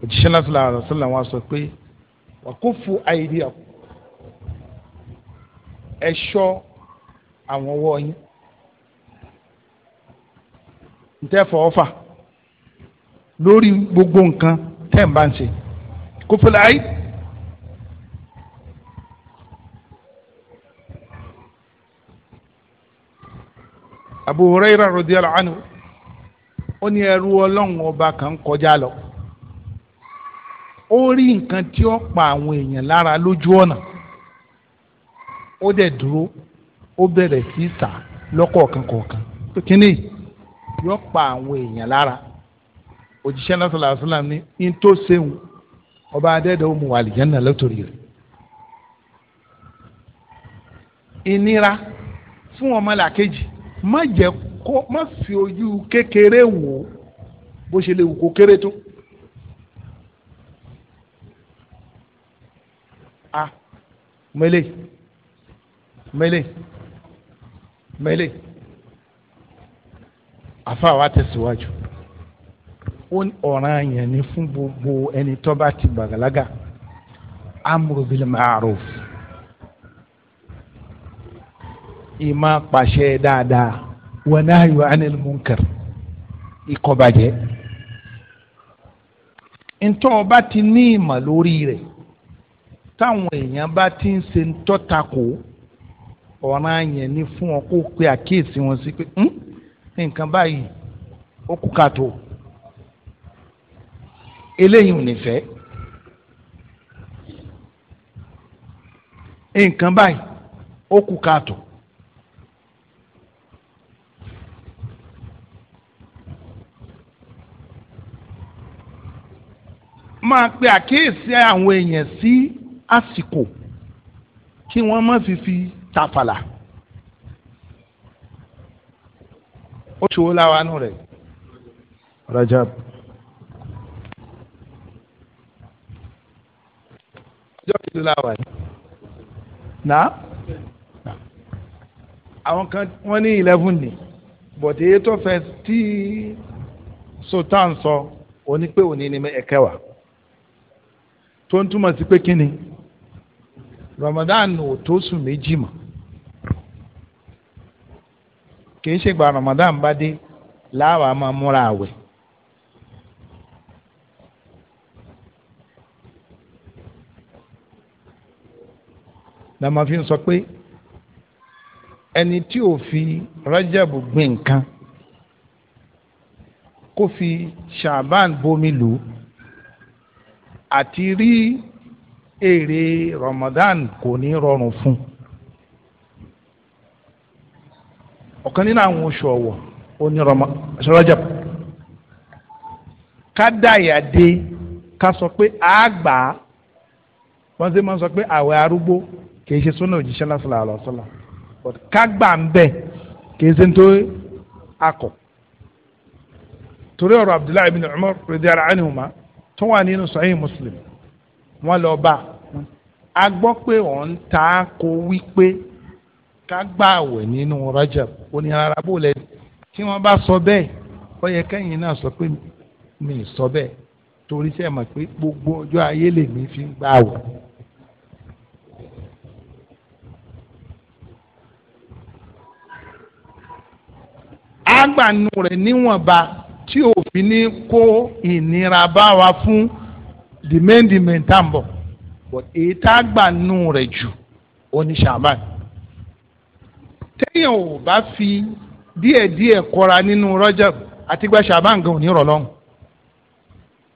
òjíṣẹ́ náà sọ̀rọ̀ àrùn sọ̀rọ̀ wọn sọ pé wàkófù àìrí ẹ̀ṣọ́ àwọn ọwọ́ yín ntẹ́fọ̀ ọ̀fà lórí gbogbo nǹkan tẹ́ ń bá ń ṣe kófù Abu Hurairah radiyallahu anhu ó ní ẹrú ọlọ́run ọba kan kọjá lọ. ó rí nǹkan tí ó pa àwọn èèyàn lára lójú ọ̀nà ó dẹ̀ dúró ó bẹ̀rẹ̀ sí sà lọ́kọ̀ọ̀kan kọ̀ọ̀kan kíní yóò pa àwọn èèyàn lára òjíṣẹ́ náà sọ̀rọ̀ àṣọ làmì ní tó ṣeun ọba adẹ́dẹ́ ó mú wà lìjánná rẹ̀ ìnira fún ọmọlàkejì má jẹ́ kó má fi ojú kékeré wò bó ṣe lè wù kó kéré tó. mele mele mele afa wa tẹ̀síwájú ọ̀ràn yẹn ni fún gbogbo ẹni tó bá ti bàgàlagà amru bil ma'ruf ìmá pàṣẹ dáadáa wa nahyu anil munkar ìkọ̀bàjẹ́ ntọ́ ọba ti ní ìmọ̀ lórí rẹ̀ táwọn èèyàn bá ti ń ṣe tọ́ta kò ọ̀ràn àyàn ni fún wọn kó pe àkíyèsí wọn sí pé hmm, nǹkan báyìí ó kú kàtó eléyìí ò ní fẹ́ nǹkan báyìí ó kú kàtó. máa pe àkíyèsí àwọn èèyàn sí. Si, àsìkò kí wọ́n má fi fi tàfàlà ó ṣòwò láwanú rẹ̀ Rajab. ọjọ́ kìlú láwa ni. na àwọn kan wọ́n ní eleven ni but èyí tó fẹ́ tí sultan sọ òní òní ni ẹ̀kẹwàá tó ń túmọ̀ sí pé kí ni. Ramadan ò tó sùn méjì mọ́ kìí ṣe gba Ramadan bá dé láwa máa múra àwẹ̀. la máa fi sọ pé ẹni tí ò fi Rajabu gbìn nǹkan kó fi Shaban bomi lù àti rí. èrè Ramadan kò ní rọrùn fún ọ̀kan nínú àwọn oṣù ọ̀wọ̀ ó ní Rajab ká ká sọ pé a wọ́n ṣe máa ń sọ pé àwẹ̀ arúgbó kì í ṣe súnà òjíṣẹ́ lásìlá àlọ́sọ́là ká gbà ń bẹ̀ kì í ṣe tó akọ̀ torí ọ̀rọ̀ Abdullahi bin Umar radiyallahu anhuma tó wà nínú Muslim. wọ́n lọ bá a gbọ́ pé òun ta ko wípé ká gbààwẹ̀ nínú Rajab onírara bó lẹ tí wọ́n bá sọ bẹ́ẹ̀ ó yẹ kẹ́yìn náà sọ pé mi sọ bẹ́ẹ̀ torí sẹ́ mọ̀ pé gbogbo ọjọ́ ayé lèmi fi ń gbààwẹ̀. agbanu rẹ̀ níwọ̀nba tí òfin ní kó ìnira bá wa fún the main the main tá n but èyí tá a gbà nù rẹ̀ jù ó ní ṣàbàn téèyàn ò bá fi díẹ̀díẹ̀ kọra nínú Rajab àti gba ṣàbàn gan òní rọ̀lọ́hùn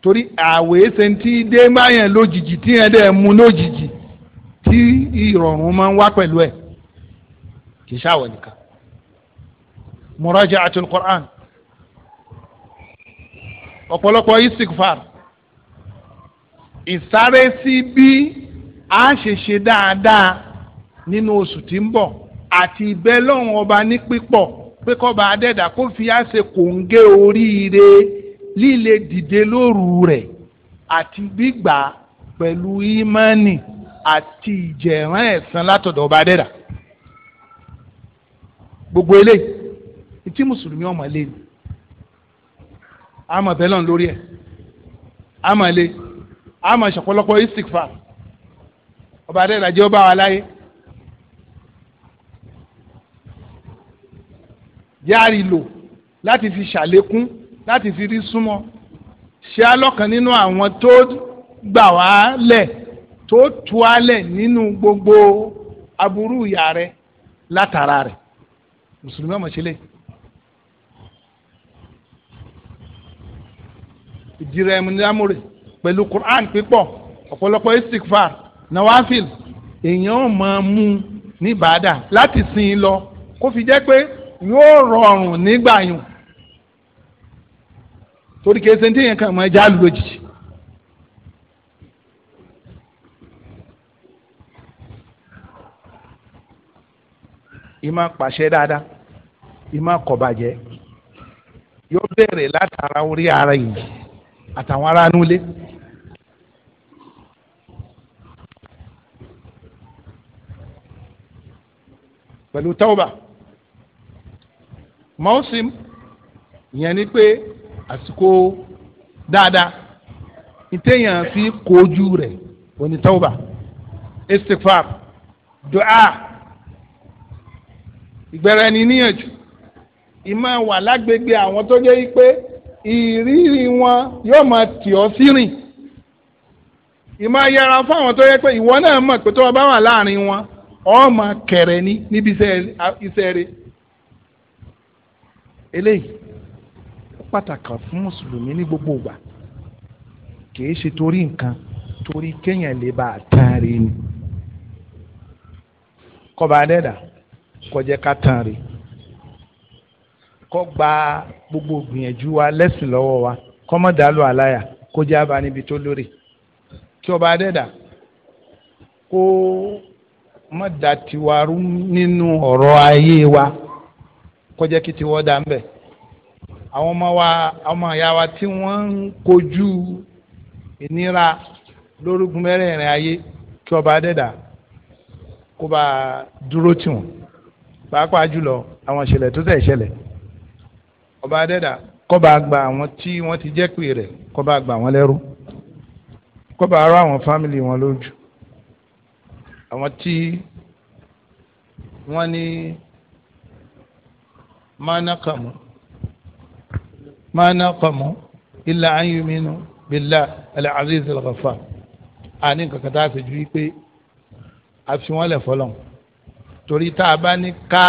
torí àwẹ̀ sẹ́ńtì dé máyẹn lójijì tí yẹn dẹ̀ mú lójijì tí ìrọ̀rùn máa ń wá pẹ̀lú ẹ̀ kì í ṣàwẹ̀ nìkan muraja'atul Qur'an ọ̀pọ̀lọpọ̀ istighfar. ìsáré sí bí a ṣe ṣe dáadáa nínú oṣù tí ń bọ̀ àti ìbẹ́ ọba ní pípọ̀ pé kọ́ba adẹ́dà kó fi á ṣe oríire líle dìde lóru rẹ̀ àti gbígbà pẹ̀lú ímánì àti ìjẹ̀rán ẹ̀sán látọ̀dọ̀ ọba adẹ́dà gbogbo ama máa ṣọ̀pọ̀lọpọ̀ istikfar ọba adéèdájẹ́ ó bá wa láyé yáàrí lò láti fi ṣàlékún láti fi rí súnmọ́ ṣe alọ́kan nínú àwọn tó gbà wá lẹ̀ tó tú á lẹ̀ nínú gbogbo aburú ìyá rẹ̀ látara rẹ̀ mùsùlùmí ọmọ ṣe lè. ìdírẹ́mu ní amúre. pẹ̀lú Quran pípọ̀ ọ̀pọ̀lọpọ̀ istikfar nawafil èèyàn ò máa mú un ní lati láti sin in lọ kó fi jẹ́ pé yóò rọrùn nígbà yùn torí kìí ṣe ní téèyàn kan Ima ẹja lójijì. ìmọ̀ pàṣẹ dáadáa ìmọ̀ kọ̀bàjẹ́ yóò bẹ̀rẹ̀ látara orí ara yìí àtàwọn ará nulẹ̀. pẹ̀lú tọ́wọ́bà mọ́ọ́sìm ìyẹn ni pé àsìkò dáadáa ìtẹ̀yàn fi kojú rẹ̀ òní tọ́wọ́bà istikfar dua ìgbẹ́rẹ́ ni níyànjú ìmọ̀ wà lágbègbè àwọn tó jẹ́ pé ìrírí wọn yóò máa tì ọ́ sí rìn ìmọ̀ yẹra fún àwọn tó yẹ pé ìwọ náà mọ̀ pé tó bá wà láàrin wọn ọmọ kẹrẹ ni níbi iṣẹ́ rẹ eléyìí pàtàkì fún mùsùlùmí ní gbogbo ìgbà kìí ṣe torí nǹkan torí kéèyàn lè bá a tán rí ni kọba adẹ́dà kọjẹ ká tán rí kó gba gbogbo gbìyànjú wa lẹ́sìn lọ́wọ́ wa kọ́mọ́dálù àláyà kó jẹ́ abá níbi tó lórí kí ọba adẹ́dà kó. Ko má da tiwa rú nínú ọ̀rọ̀ ayé wa kọjá kí tiwọ́ dá mbẹ́ àwọn ọmọ wa ọmọ ìyá wa tí wọ́n ń kojú ìnira lórúkún mẹ́rẹ̀ẹ̀rin ayé kí ọba adẹ́dà kó bá dúró tì wọ́n pàápàá jùlọ àwọn ìṣẹ̀lẹ̀ tó tẹ̀ ṣẹlẹ̀ ọba adẹ́dà kó bá gba àwọn tí wọ́n ti jẹ́ pè rẹ̀ kó bá gba àwọn lẹ́rú kó bá rọ àwọn fámìlì wọn lójú àwọn tí wọ́n ní mánàkàmù mánàkàmù ilà ayùmínú bílà al-aziz al-ghaffar àní kankan tá a fi ju pé a fi wọ́n lẹ̀ fọlọ́n torí tá a bá ní ká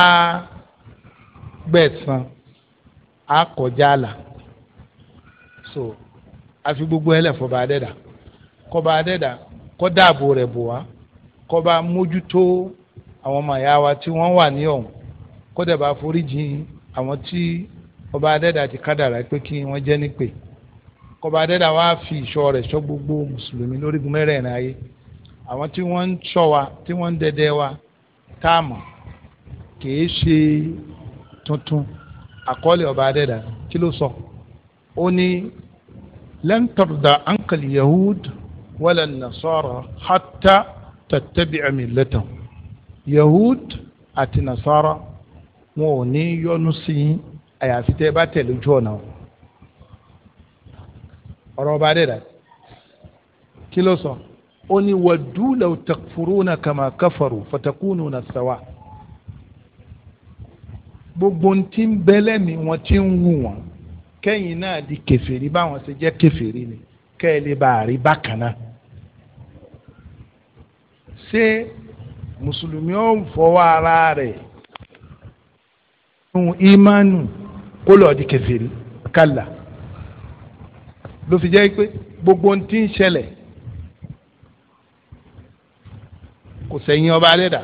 gbẹ̀sán a kọjá àlà so a fi gbogbo ẹlẹ́fọ̀ bá a dẹ́dà kọ́ bá a dẹ́dà kọ́ dáàbò rẹ̀ bò wá kó bá mójútó àwọn ọmọ ìyá wa tí wọ́n wà ní ọ̀hún kó dẹ̀ bá foríjì àwọn tí ọba adẹ́dà ti kádàrá pé kí wọ́n jẹ́ nípè kó bá adẹ́dà wá fi ìṣọ́ rẹ̀ ṣọ́ gbogbo mùsùlùmí lórígun mẹ́rẹ̀ẹ̀rin ayé àwọn tí wọ́n ń ṣọ́ wa tí wọ́n ń dẹdẹ wa táàmù kìí ṣe tuntun àkọọ́lẹ̀ ọba adẹ́dà kí ló sọ ó ní lẹ́ńtọ̀dà ankal yahud wala nasara hatta tattabi'a millatahum yahud àti nasara wọn ò ní yọ́nú sí yín àyàfi tẹ́ ẹ bá tẹ̀lé ojú ọ̀nà o ọ̀rọ̀ ọba dẹ̀ dà kí ló sọ ó ní wàdú law takfuruna kama kafaru fatakununa sawa gbogbo ti ń bẹ́lẹ̀ mi wọ́n ti ń wù wọ́n kẹ́yìn náà di kèfèrí báwọn ṣe jẹ́ kèfèrí ni kẹ́ lè bá a rí bákan náà ṣé mùsùlùmí ó ń fọwọ́ ara rẹ̀ nínú ìmánu kó lọ́ọ́ di kèfèrí kálá ló fi jẹ́ pé gbogbo ohun tí ń ṣẹlẹ̀ kò sẹ́yìn ọba alẹ́dà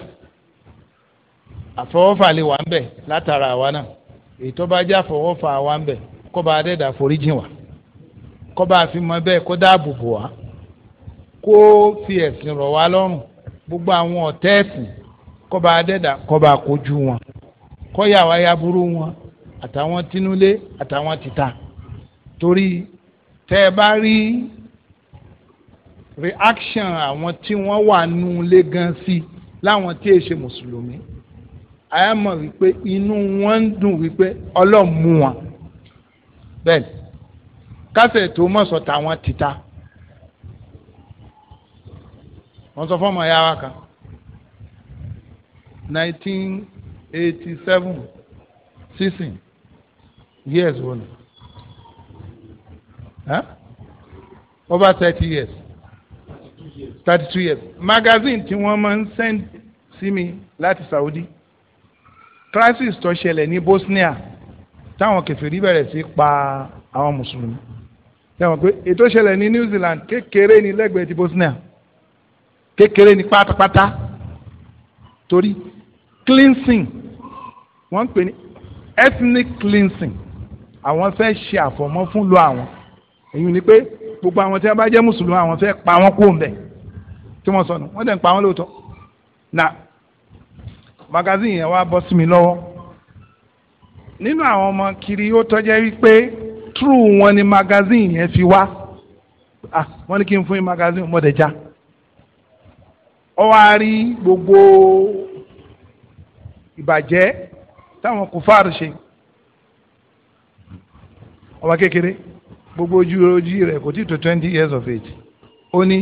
àfọwọ́fà lè wà ń bẹ̀ látara àwa náà èyí tó bá jẹ́ àfọwọ́fà àwa ń bẹ̀ kọ́ba alẹ́dà foríjìn wá kọ́ba àfimọ́ bẹ́ẹ̀ kó dáàbò bò wá kó fi ẹ̀sìn rọ̀ wá lọ́rùn gbogbo àwọn ọ̀tẹ́ẹ̀fù kọba adẹ́dà kọba kojú wọn kọ́yàwá yaburú wọn àtàwọn tinúlé àtàwọn títà torí tẹ́ ẹ bá rí reaction àwọn tí wọ́n wà núlé gan sí láwọn tí èṣe mùsùlùmí àyà mọ̀ wípé inú wọn ń dùn wípé ọlọ́run wọn bẹ́ẹ̀ kásẹ̀ tó mọ̀ sọ tàwọn títà wọ́n sọ fọ́ọ̀mù ẹ̀yà wa kan nineteen eighty seven sísìn years wọn ni over thirty years thirty two years magazine tí wọ́n máa ń send sí mi láti Saudi crisis tó ṣẹlẹ̀ ní Bosnia táwọn kèfèrí bẹ̀rẹ̀ sí pa àwọn mùsùlùmí táwọn pé ètò ṣẹlẹ̀ ní New Zealand kékeré ní lẹ́gbẹ̀ẹ́ ti Bosnia kékeré ní pátápátá torí cleansing wọ́n ń pè ní ethnic cleansing àwọn fẹ́ ṣe àfọ̀mọ́ fún lu àwọn èyí ni pé gbogbo àwọn tí wọ́n bá jẹ́ mùsùlùmí àwọn fẹ́ pa wọ́n kó ń bẹ̀ tí wọ́n sọnù wọ́n dẹ̀ ń pa wọ́n lóòótọ́ na magazine yẹn wá bọ́ sí mi lọ́wọ́ nínú àwọn ọmọ kiri ó tọ́jẹ́ wípé true wọn ni magazine yẹn fi wá ah wọ́n ní kí n fún yín magazine mo dẹ̀ Ja ó wá rí gbogbo ìbàjẹ́ táwọn kùfàr ṣe ọba kékeré gbogbo ojú ojú rẹ̀ kò tí tó twenty years of age ó ní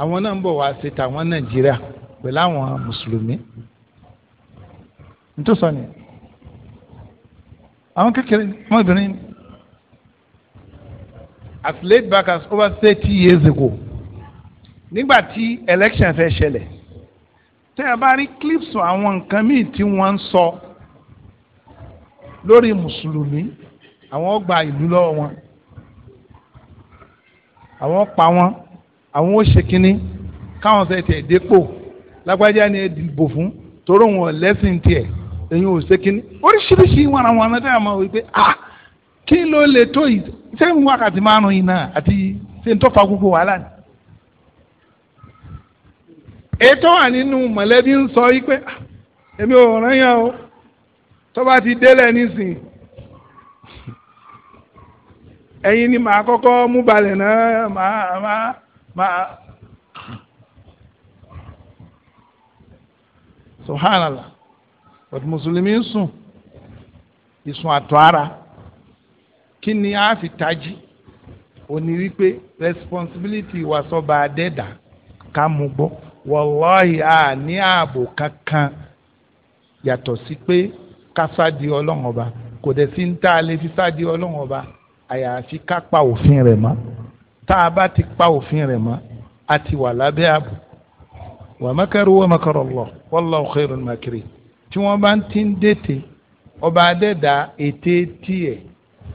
àwọn náà ń bọ̀ wá ṣe tàwọn nàìjíríà pẹ̀lú àwọn mùsùlùmí nítòsọ ni àwọn kékeré ọmọbìnrin as late back as over thirty years ago nígbà tí election fẹ́ ṣẹlẹ̀ tẹ́ ẹ bá rí clips àwọn nǹkan míì tí wọ́n ń sọ lórí mùsùlùmí àwọn gba ìlú lọ́wọ́ wọn àwọn pa wọn àwọn ó ṣe kínní káwọn fẹ́ tẹ̀ dépò lágbájá ni ẹ dìbò fún toró wọn lẹ́sìn tiẹ̀ èyí ò ṣe kínní oríṣiríṣi wọn àwọn ọmọdé àmọ́ wípé ah kí ló lè tó yìí sẹ́yìn wákàtí márùn-ún yìí náà àti sẹ́yìn tó fa gbogbo wàhálà ni ètò wà nínú mọ̀lẹ́bí ń sọ yí pé ah, èmi ò rán yàn o tó bá ti délẹ̀ nísìnyí ẹ̀yin ni màá kọ́kọ́ mú balẹ̀ náà màá màá màá. subhanallah but mùsùlùmí ń sùn ìsùn àtọ̀ ara kí ni a fi tají òní wípé responsibility wa sọba adẹ́dà ká mú gbọ́ wàláhì a ní ààbò kankan yàtọ̀ sí pé kásádi ọlọ́run ọba kò dẹ̀ sí ń tá a lè fi sádi ọlọ́run ọba àyàfi ká pa òfin rẹ̀ mọ́ tá a bá ti pa òfin rẹ̀ mọ́ a ti wà lábẹ́ ààbò wa makaru wa makarallahu wallahu khairul makirin tí wọ́n bá ti ń dètè ọba adẹ́dà ète tiẹ̀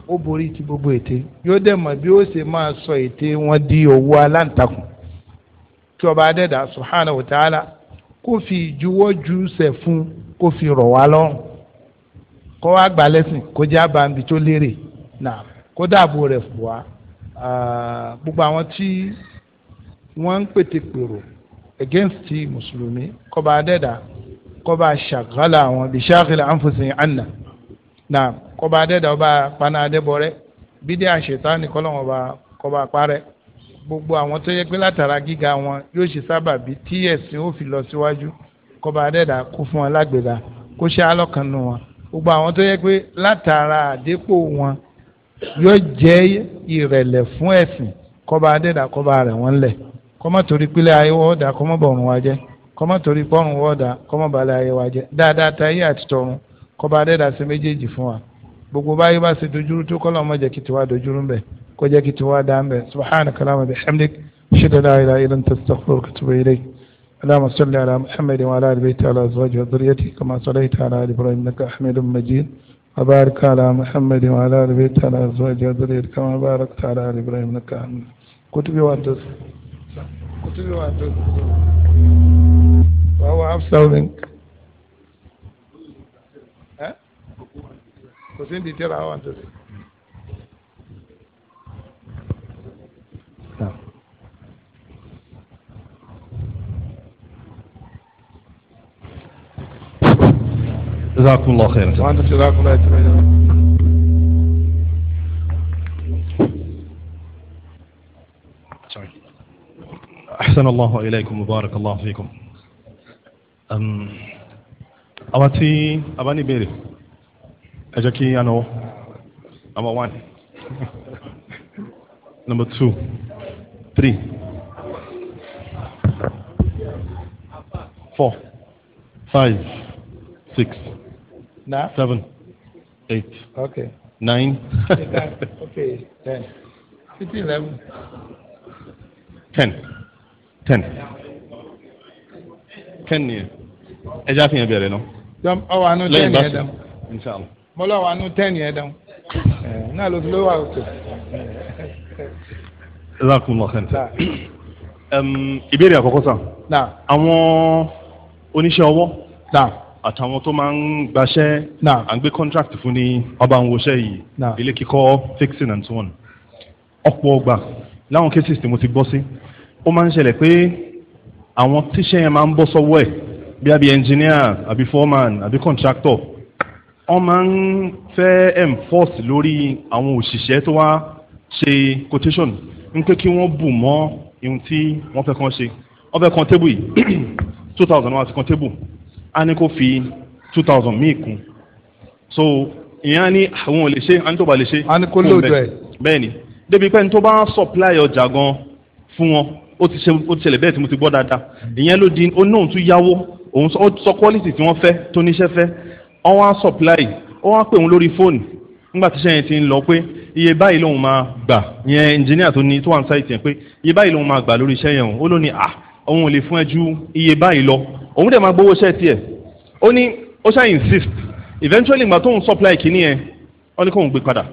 ó borí ti gbogbo ète yóò dẹ̀ mọ̀ bí ó ṣe máa sọ ète wọn di owó aláǹtakùn kí ọba adẹ́dà subhanahu wa ta'ala kó fi ìjuwọ́ ju sẹ̀ fún kó fi rọ̀ wá lọ́rùn kó wá gbà lẹ́sìn kó jẹ́ àbàǹbì tó lérè náà kó dáàbò rẹ̀ fò wá ah, gbogbo àwọn tí wọ́n ń pètè pèrò against ti mùsùlùmí kọba adẹ́dà kọba ṣàgálà àwọn bíi ṣáàkìlà ànfọ̀sìn àná náà kọba adẹ́dà ọba paná bídẹ́ àṣetá ní ọba parẹ́ gbogbo àwọn tó yẹ pé látara gíga wọn yóò ṣe sábàbí tí ẹ̀sìn ó fi lọ síwájú kọba adẹ́dà kó fún wọn lágbèdà kó ṣe alọ́kànnù wọn gbogbo àwọn tó yẹ pé látara àdépò wọn yóò jẹ́ ìrẹ̀lẹ̀ fún ẹ̀sìn kọba adẹ́dà kọba rẹ̀ wọ́n lẹ̀ kọ́mọ́ torí pílẹ̀ ayé wọ́n dà kọ́mọ́ bọ̀rùn wa jẹ́ kọ́mọ́ torí pọ́rùn wọ́n dà kọ́mọ́ balẹ̀ ayé wa jẹ́ dáadáa ta ayé àti kọba adẹ́dà ṣe méjèèjì fún wa gbogbo báyìí bá ṣe dojúrú tó kọ́ lọ́mọ jẹ́ kí tiwa dojúrú ń kó jẹ́ kí tiwa dáa ń bẹ̀ subhanaka allahumma bihamdik ashhadu an la ilaha illa anta astaghfiruka wa atubu ilayk. اللهم صل على محمد وعلى ال بيته وعلى ازواجه وذريته كما صليت على ال ابراهيم انك حميد مجيد وبارك على محمد وعلى ال بيته وعلى ازواجه وذريته كما باركت على ال ابراهيم انك حميد كتبي وانت كتبي وانت وهو افسر منك ها كنت ترى وانت جزاكم الله خيرا أحسن الله إليكم مبارك الله فيكم أباتي أباني بيري أجاكي أنا أما وان نمبر تو تري فور فايف سكس Nine. Seven. Eight. Okay. Nine. *laughs* okay. Ten. Fifteen. Eleven. Ten. Ten. Ten ni ẹ jẹ́ àfihàn bẹ̀rẹ̀ lọ. ọwọ́ àánú ten yẹn dán. Inshallah. mo lọ wà àánú ten yẹn dán. náà ló ti ló wà òkè. Jazakumullah khairan. Ìbéèrè àkọ́kọ́ sàn. Àwọn oníṣẹ́ ọwọ́ àtàwọn tó máa ń gbaṣẹ́ à ń gbé contract fún ní ọba ń woṣẹ́ yìí ilé kíkọ́ fixing and so on ọ̀pọ̀ ọgbà láwọn cases tí mo ti gbọ́ sí ó máa ń ṣẹlẹ̀ pé àwọn tíṣẹ́ yẹn máa ń bọ́ sọ́wọ́ ẹ̀ bí àbí engineer àbí foreman àbí contractor wọ́n máa ń fẹ́ enforce lórí àwọn òṣìṣẹ́ tó wá ṣe quotation ń pé kí wọ́n bù mọ́ ohun tí wọ́n fẹ́ kàn ṣe wọ́n fẹ́ kàn table yìí *clears throat* two thousand wọ́n á kàn table a ní fi two thousand míì kún so ìyẹn ní àwọn ò lè ṣe àní tó bá lè ṣe. a ní kó lóòjọ ẹ. bẹ́ẹ̀ni débi pẹ́ni tó bá ń supply ọjà gan fún wọn ó ti ṣẹlẹ̀ bẹ́ẹ̀ tí mo ti gbọ́ dáadáa ìyẹn ló di oníhùn tún yáwó òun sọ quality tí wọ́n fẹ́ tó níṣẹ́ fẹ́ wọ́n wá supply wọ́n wá pè wọ́n lórí fóònù nígbà tí sẹ́yìn ti ń lọ pé iye báyìí lòun máa gbà yẹn engineer tó ní tó wà ní sáìtì yẹn pé iye báyìí lòun máa gbà lórí iṣẹ́ yẹn o ó ló ní à ah, òun ò lè fún ẹ ju iye báyìí lọ òun dẹ̀ máa gbowó iṣẹ́ tiẹ̀ ó ní ó ṣáà insist eventually ìgbà tó ń supply kínní yẹn ó ní kó ń gbé padà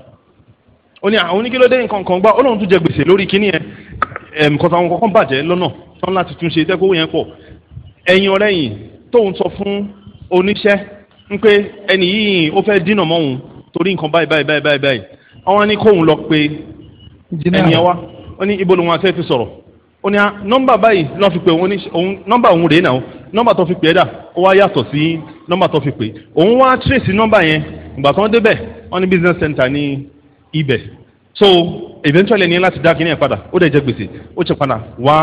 ó ní àwọn oníkílódé nǹkan kan gbá ó lóun tún jẹ gbèsè lórí kínní yẹn nǹkan táwọn kọ́kọ́ bàjẹ́ lọ́nà tán láti túnṣe tẹ́kọ̀ọ́ yẹn pọ̀ ẹ̀yìn ọ̀rẹ́yìn tóun sọ fún oníṣẹ́ ń pé ẹni yìí ó mọ́ òun torí nǹkan báyìí báyìí báyìí báyìí àwọn ní kóun lọ ó ní ah, nọ́mbà báyìí lọ́ fi pè òun nọ́mbà òun rèé náà nọ́mbà tó fi pè é dà ó wá yàtọ̀ sí nọ́mbà tó fi pè òun wá tírèsì nọ́mbà yẹn ìgbà tó ń débẹ̀ wọ́n ní business center ní ibẹ̀ so eventually ní láti dá kíní yẹn padà ó dẹ̀ jẹ́ gbèsè ó ti padà wá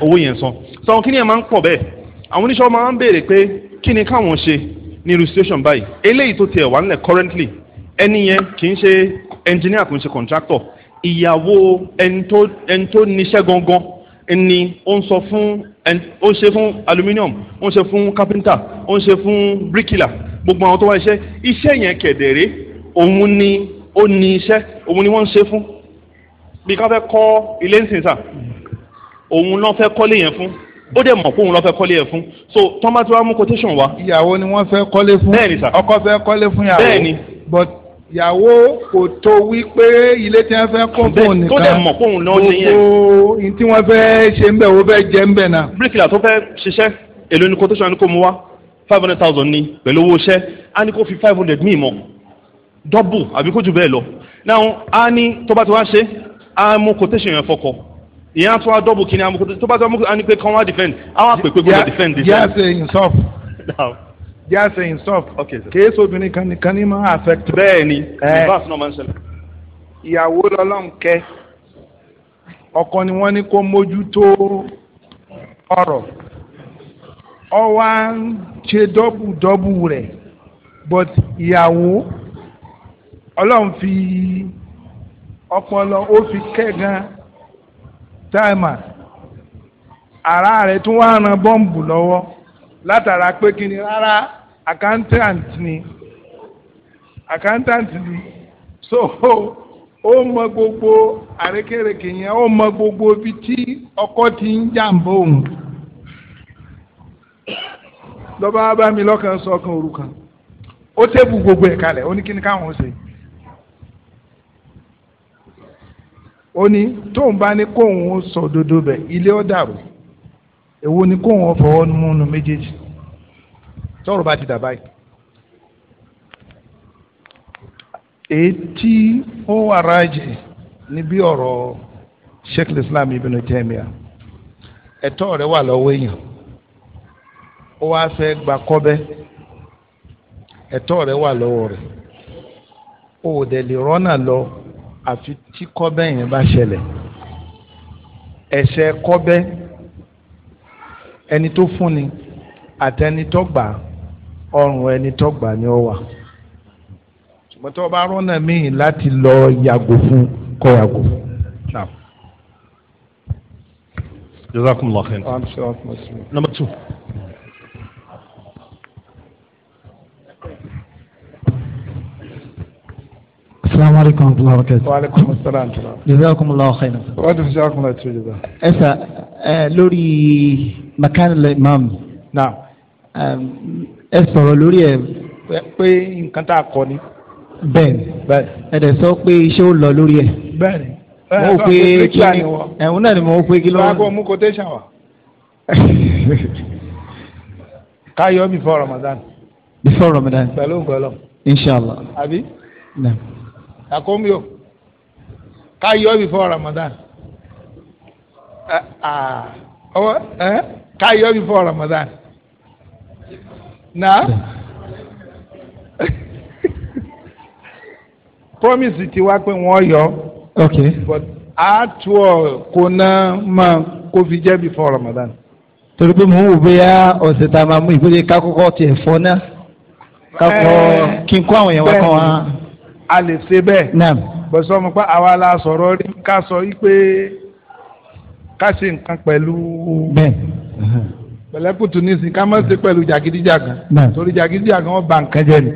owó yẹn san so àwọn kíní yẹn máa ń pọ̀ bẹ́ẹ̀ àwọn oníṣòwò máa ń béèrè pé kí ni káwọn ṣe ní illustration báyìí eléyìí tó tiẹ̀ wà nílẹ̀ currently ẹni yẹn kì í ṣe engineer kì í ṣe contractor ìyàwó ẹni tó níṣẹ́ gangan ni ó ń sọ fún ó ń ṣe fún aluminium ó ń ṣe fún carpenter ó ń ṣe fún bíríkìlà gbogbo àwọn tó wá iṣẹ́ iṣẹ́ yẹn kẹ̀dẹ̀rẹ́ òun ni ó ní iṣẹ́ òun ni wọ́n ń ṣe fún bí ká fẹ́ kọ́ ilé ìsinsà òun náà fẹ́ kọ́lé yẹn fún ó dẹ̀ mọ̀ pé òun ló fẹ́ kọ́lé ẹ̀ fún so tọ́mátì wa mú quotation wa. ìyàwó ni wọ́n fẹ́ kọ́lé fún ọkọ fẹ́ kọ́lé fún ìyàwó but ìyàwó kò tó wípé ilé tí wọ́n fẹ́ kọ́ fóun nìkan tó dẹ̀ mọ̀ fóun náà ní yẹn gbogbo ní tí wọ́n fẹ́ ṣe ń bẹ̀ wọ́n fẹ́ jẹ́ ń bẹ̀ náà. bíríkìlà tó fẹ́ ṣiṣẹ́ èlò ní kótóṣán ni kò mú wá five hundred thousand ní pẹ̀lú owó iṣẹ́ á ní kó fi five hundred míì mọ́ double àbí kó jù bẹ́ẹ̀ lọ náà á ní tó bá ti wá ṣe á mú quotation yẹn fọkọ ìyẹn á wá double kí ni á mú quotation tó bá ti wá mú á ní pé kán wá defend á wá pè pé kó lọ defend. yíyá ṣe ìsọf jáse insof kéésì obìnrin kan nìkan ní máa affect. bẹ́ẹ̀ ni ìbáṣe náà máa ń ṣẹlẹ̀. ìyàwó lọ́lọ́run kẹ́ ọkọ ni wọ́n ní kó mójútó ọ̀rọ̀ ọ wá ń ṣe dọ́bùdọ́bù rẹ̀ but ìyàwó ọlọ́run fi ọpọlọ ó fi kẹ́gan táìmà ara rẹ̀ tún wá ran bọ́ǹbù lọ́wọ́ látara pé kí ni rárá accountant ni ni so ó mọ gbogbo àrékèrèkè yẹn ó mọ gbogbo ibi tí ọkọ ti ń jàǹbá òun lọ́ba bá mi lọ́kàn sọ ọkàn òru kan ó tẹ́bù gbogbo ẹ̀ kalẹ̀ ó ní kí ni káwọn ṣe ó ní tóun bá ní kóun sọ ilé ó dàrú èwo sọ̀rọ̀ bá ti dà báyìí. ètí ó wà ráàjì níbi ọ̀rọ̀ sheikh islam ibn Taymiyyah ẹ̀tọ́ rẹ̀ wà lọ́wọ́ èèyàn ó wá fẹ́ gba kọ́bẹ́ ẹ̀tọ́ rẹ̀ wà lọ́wọ́ rẹ̀ ó dẹ̀ lè rọ́nà lọ àfi tí kọ́bẹ́ yẹn bá ṣẹlẹ̀ ẹ̀ṣẹ̀ kọ́bẹ́ ẹni tó fúnni àtẹni tó ọrùn ẹni tó gbà ni ọ wà ṣùgbọ́n tó bá rọ́nà míì láti lọ yàgò fún kọ́ yàgò fún. Jazakumullah khair. Number two. Assalamu alaikum wa rahmatullahi wa barakatuh. Wa alaikum assalam. Jazakumullah khair. Wa alaikum assalam wa rahmatullahi. Ẹ̀sà eh, lórí Makan al-Imam. Naam. Um, ẹ sọ̀rọ̀ lórí ẹ̀ pé nǹkan tá a kọ ni. bẹ́ẹ̀ni ẹ sọ pé lọ lórí mo pe kí ni náà ni mo pe kí ló. báwo mú quotation *laughs* before Ramadan. before Ramadan. pẹ̀lú nǹkan inshallah. àbí. àkóńbíò káyọ̀ before Ramadan ọwọ ẹ káyọ before Ramadan na promise ti wá pé wọ́n yọ okay but a tún ọ kó náà fi jẹ́ before Ramadan. torí pé mò ń wò bóyá ọ̀sẹ̀ tá a máa mú ìgbélé ká kọ́kọ́ tiẹ̀ fọ́ náà ká kọ́ eh, kí n kó àwọn èèyàn wá kàn wá. a lè ṣe bẹ́ẹ̀ bọ̀sọ́ mo pa àwa la sọ̀rọ̀ rí ká sọ wípé ká ṣe nǹkan pẹ̀lú. bẹ́ẹ̀ pẹ̀lẹ́kùtù ní sin ká má ṣe pẹ̀lú jàgídíjàgan torí jàgídíjàgan wọn bà nǹkan jẹ́ ni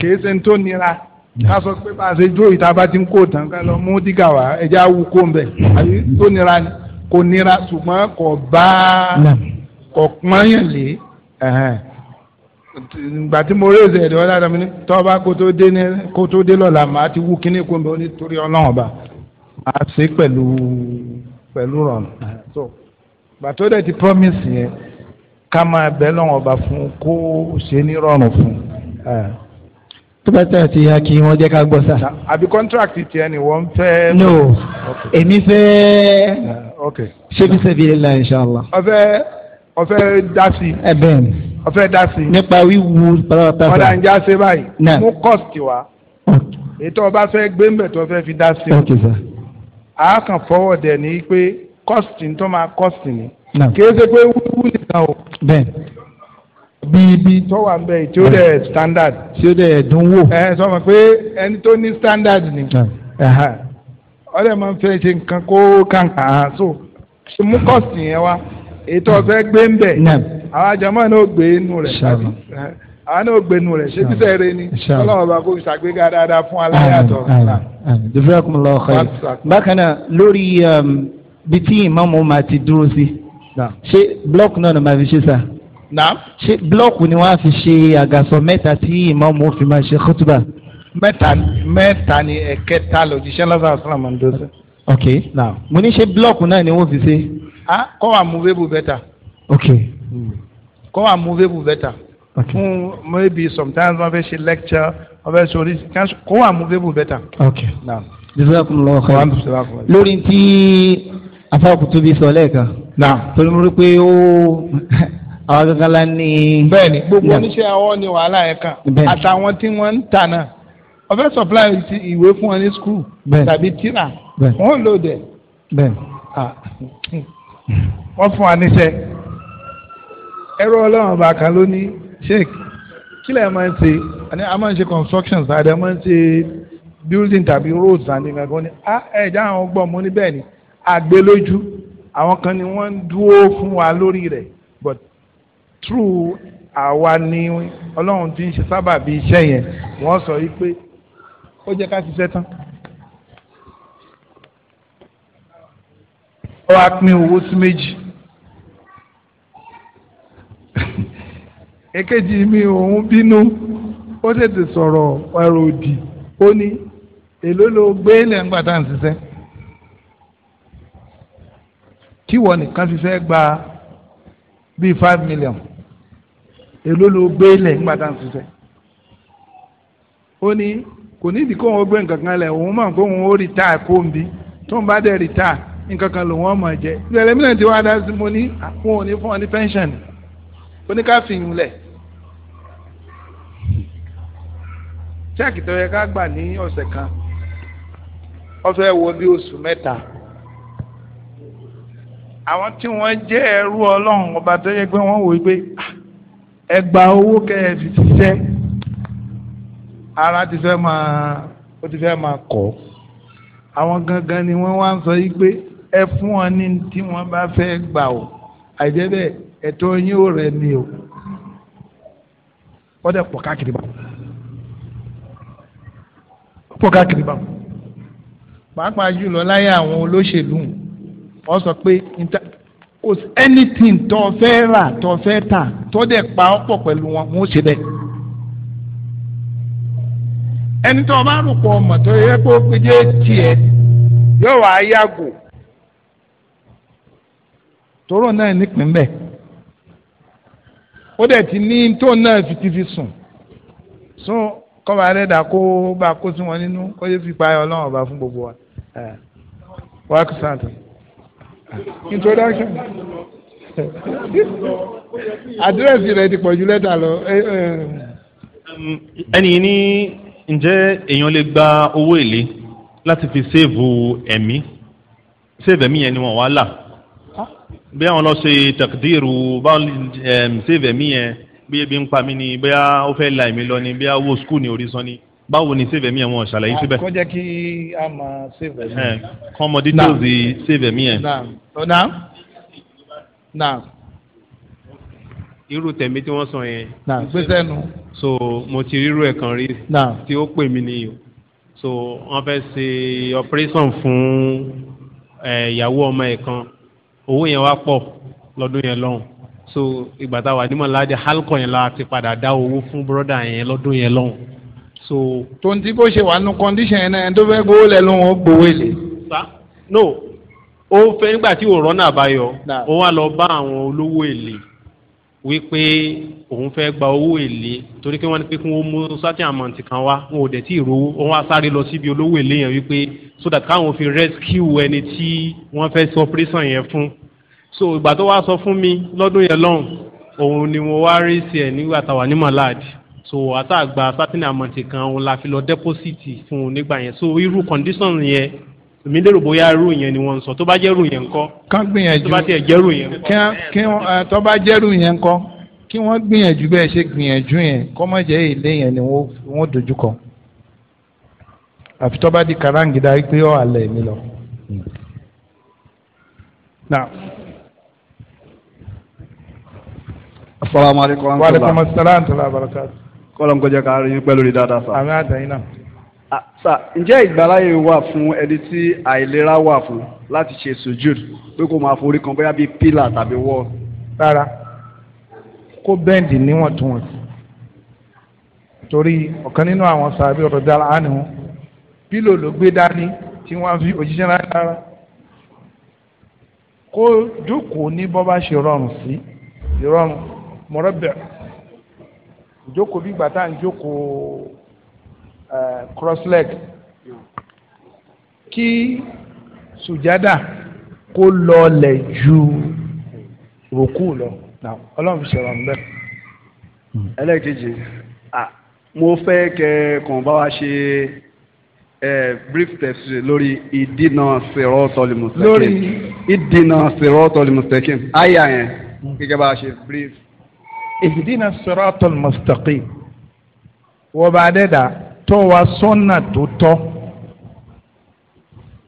kìí ṣe tó nira ká sọ pé bá a ṣe jó ìta bá ti ń kó tán ká lọ mú dígà wá ẹja wú kó ń bẹ àbí tó nira ni kò nira ṣùgbọ́n kò bá kò pọ́nyìn lé ìgbà tí mo rèézè ẹ̀dẹ̀ ọ̀la dàmí ni tọ́ba kó tó dé lọ́la màá ti wú kíní kó ń bẹ ó ní torí ọlọ́run ọba màá ṣe pẹ̀lú pẹ̀lú rọrùn so gbàtọ́ dẹ̀ ti promise yẹn ká máa bẹ lọ́wọ́n ọba fún kó ṣe ní rọrùn fún. Ah. tó bá tẹ̀ ti ya kí wọ́n jẹ́ ká gbọ́ sá. àbí contract tiẹ̀ ni wọ́n fẹ́. no èmi fẹ́ ṣébíṣẹ́bí lè la inṣàlá. ọfẹ ọfẹ dasi. ẹ bẹ́ẹ̀ ni. ọfẹ dasi. nípa wíwu pátápátá. ọ̀dà ń já ṣe báyìí. mú cost wa. ètò ọba fẹ́ gbé tó fẹ́ fi dá a kàn fọwọ́ dẹ̀ ni pé cost tó máa cost ni. kì í ṣe pé wíwú ni náà o. bẹ́ẹ̀. bí ibi tó wà ń bẹ tí ó dẹ̀ standard. tí ó dẹ̀ dùn wò. ẹ sọ ma pé ẹni tó ní standard ni. ọ̀rẹ́ ah. máa ń fẹ́ ṣe nǹkan kó kankan ah, so mú kọ́ọ̀sì yẹn wá ètò ọ̀fẹ́ gbé ń bẹ̀ àwọn àjọmọ́ náà gbé inú rẹ̀ tàbí eh, àwọn náà gbé inú rẹ̀ ṣé bí sẹ́ẹ̀rẹ́ ni ọlọ́run bá kó ìṣàgbéga dáadáa fún aláyàtọ̀. Ah. jazakumullahu khair bákan náà lórí um, bí tí ìmáàmù máa ti dúró sí ṣé blọọkù náà ni màá fi ṣe sà. ṣé blọọkù ni wọ́n á fi ṣe àgàsọ mẹ́ta tí ìmáàmù fi máa ṣe kútùbà. mẹ́ta mẹ́ta ni ẹ̀kẹta lòjíṣẹ́ lọ́sàn-án sọ́nà máa dọ́sẹ̀. ok now mo ní ṣe blọọkù náà ni wọ́n fi ṣe. ah kọ́ wa movable better. ok. kọ́ wa movable better. ok fún maybe sometimes wọ́n fẹ́ ṣe lecture wọ́n fẹ́ ṣe orí kọ́ wa movable better. ok now. bisimilá kun lọ́wọ́ kan lórí ti afáàkùtù bíi sọ lẹ́ẹ̀kan náà torí mo rí pé ó àwọn kankan la ní. bẹ́ẹ̀ni gbogbo oníṣẹ́ ọwọ́ ni wàhálà yẹn kan àtàwọn tí wọ́n ń tà náà ọfẹ supply ti ìwé fún ọ ní school tàbí tírà wọ́n lò dẹ wọ́n fún wa níṣẹ́ ẹrú Ọlọ́run ọba kan ló ní sheik kí lẹ máa ń ṣe a máa ń ṣe constructions àti a máa ń ṣe building tàbí roads àti nǹkan kan ní ẹ jẹ́ àwọn ọgbọ́n mo ní bẹ́ẹ̀ ni àgbélójú àwọn kan ni wọ́n ń dúró fún wa lórí rẹ̀ but through àwa ni ọlọ́run ti ń ṣe sábà bí iṣẹ́ yẹn wọ́n sọ yìí pé ó jẹ́ ká ṣiṣẹ́ tán. ó wá pín owó sí méjì. *laughs* èkejì mi òun bínú ó tètè sọ̀rọ̀ ọ̀rọ̀ òdì ó ní èló ló gbé lẹ́ńgbà tá ń ṣiṣẹ́ tí wọ́n nìkan fi fẹ́ gba bíi five million èló ló gbé lẹ̀ nígbà tá à ń ṣiṣẹ́ ó ní kò ní ìdí kó wọn gbé nǹkan kan lẹ̀ òun mọ̀ kó wọn ó retire kó ń bí tó ń bá dẹ̀ retire nǹkan kan lòun ọmọ jẹ ìrẹ̀lẹ̀ mìíràn ti wá dá sí mo ní àwọn òní fún ọ ní pension oníkàfihàn lẹ̀ ṣẹ́ẹ̀kì tó yẹ ká gbà ní ọ̀sẹ̀ kan ó fẹ́ wọ bí oṣù mẹ́ta àwọn tí wọ́n jẹ́ ẹrú ọlọ́run ọba tó yẹ pé wọ́n wò pé ah, ẹ gba owó kẹ́ẹ̀sì ṣiṣẹ́ ara ti fẹ́ máa ó ti fẹ́ máa kọ́ àwọn gangan ni wọ́n wá ń sọ yìí pé ẹ fún wọn ní tí wọ́n bá fẹ́ gbà ó àìjẹ́ bẹ́ẹ̀ ẹ̀tọ́ yín ò rẹ̀ ni o wọ́n dẹ̀ pọ̀ káàkiri bá pọ̀ káàkiri bá pàápàá jùlọ láyé àwọn olóṣèlú wọ́n sọ pé kò sí anything tó o fẹ́ rà tó o fẹ́ tà tó dẹ̀ pa ọ́ pọ̀ pẹ̀lú wọn wọ́n ṣe bẹ́ẹ̀. ẹni tó o bá rò pọ̀ ọmọ tó yẹ kó o pe jẹ́ tiẹ̀ yóò wá yàgò tóró náà nípìn ó dẹ̀ ti ní tó náà fi fi sùn sún kọ́ba rẹ̀dà kó bá kó sí wọn nínú kó yẹ fi pa ọlọ́run ọba fún gbogbo wa wákìsàn introduction Address rẹ̀ ti pọ̀jù lẹ́tà lọ. Eh, eh. ẹni ní ǹjẹ́ èèyàn lè gba owó èlé láti fi séèvù ẹ̀mí séèvù ẹ̀mí yẹn ni wọ́n wá là bí àwọn lọ ṣe tẹkidiru báwọn séèvù ẹ̀mí yẹn bí ebi ń pa mí ni bí ó fẹ́ la ẹ̀mí lọ ni bí ó wò skul ní orí sọ ni báwo ni save ẹ̀mí ẹ̀ wọn ṣàlàyé ah, síbẹ̀. àkọ́jẹ́ kí a máa save ẹ̀mí. ẹ eh, kọ́ mọ details save ẹ̀mí ẹ̀. naam naam. irú tẹ̀mí tí wọ́n sọ yẹn. naam gbèsè nu. so mo ti rírú ẹ̀ kan rí. naam tí ó pè mí nìyí so wọ́n fẹ́ ṣe operation fún eh, ìyàwó ọmọ ẹ̀ kan owó yẹn wá pọ̀ lọ́dún yẹn lọ́hùn so ìgbà táwa nímọ̀ láti halkọ̀ yẹn la ti padà dá owó fún brọ́dà yẹn lọ́dún yẹn lọ́hùn so tonti bó ṣe wà nù kọ́ndíṣàn yẹn náà ẹni tó fẹ́ gbowó lẹ̀ ló ń gbowó èlé. sa no ó fẹ́ nígbà tí òòrọ̀ náà bá yọ ó wá lọ bá àwọn olówó èlé wípé òun fẹ́ gba owó èlé torí kí wọ́n ní pé kí wọ́n mú sátì àmọ̀ǹtì kan wá wọn ò dẹ̀ tí ì rówó wọn wá sáré lọ síbi olówó èlé yẹn wípé so that káwọn fi rescue ẹni tí wọ́n fẹ́ sọ operation yẹn fún so ìgbà tó wá sọ fún mi lọ́dún yẹn lọ́hùn òun ni mo wá rí sí ẹ̀ nígbà táwa ní màláàdì so àtàgbà certain amount kan òun la fi lọ deposit fún un nígbà yẹn so irú condition yẹn èmi lérò bóyá irú yẹn ni wọ́n ń sọ tó bá jẹ́rù yẹn ńkọ́. kán gbìyànjú tó bá tiẹ̀ jẹ́rù yẹn ńkọ́. kí wọ́n tó bá jẹ́rù yẹn ńkọ́ kí wọ́n gbìyànjú bẹ́ẹ̀ ṣe gbìyànjú yẹn kọ́mọ̀jẹ́ ilé yẹn ni wọ́n dojú kọ. àfi tó bá di karangida pé ọ̀ àlẹ́ mi lọ. asalaamualeykum wa rahmatulahi wa barakatuh kọ́lọ́n kọjá ká rí pẹ́ lórí dáadáa sá. àmì àtẹ̀yìn náà. Ah, sá ǹjẹ́ ìgbàláyè wà fún ẹni tí àìlera wà fún láti ṣe sujud pé kó máa forí kan bóyá bíi pílà tàbí wọ́ọ̀. rárá kó bẹ́ǹdì níwọ̀ntúnwọ̀nsì torí ọ̀kan nínú àwọn sàbí ọ̀rọ̀ dára á nìhun pílò ló gbé dání tí wọ́n fi òjíṣẹ́ rárá kó jókòó ní bọ́ bá ṣe rọrùn sí ìrọrùn mọ̀rọ́bẹ̀rẹ̀. Joko bí gbàtà ń jókòó cross leg kí sùjádà kó lọlẹ̀ ju ròkú lọ ọlọ́run fi ṣẹ̀rọ̀ ńbẹ́. ẹlẹ́ẹ̀kejì mo fẹ́ kẹ́ kàn bá wa ṣe brief tẹ̀sí lórí ìdínà sirọ́tọ̀ lè mùsẹ̀kìm lórí ìdínà sirọ́tọ̀ lè mùsẹ̀kìm àyà yẹn gẹ́gẹ́ bá a ṣe brief ihdina sirata المستقيم وبعد ذا bá dẹ́ da tó wa sọ́nà tó tọ́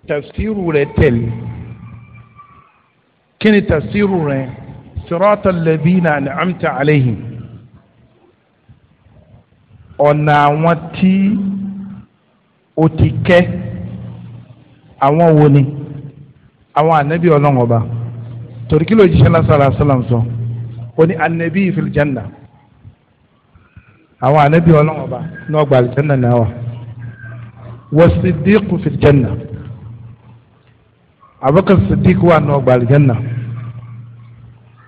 tafsiru rẹ̀ tẹ̀lé kí ni tafsiru rẹ̀ sirata alladhina an'amta alayhim ọ̀nà àwọn tí o ti kẹ́ àwọn wo ni àwọn ànábì ọlọ́run ọba torí kí ló jíṣẹ́ lásán àlàsálàm sọ ó ní anabi fil janna àwọn anabi ọlọ́run ọba ní ọgbà aljanna náà wà wasidiku fil janna abubakar sidiku wà ní ọgbà aljanna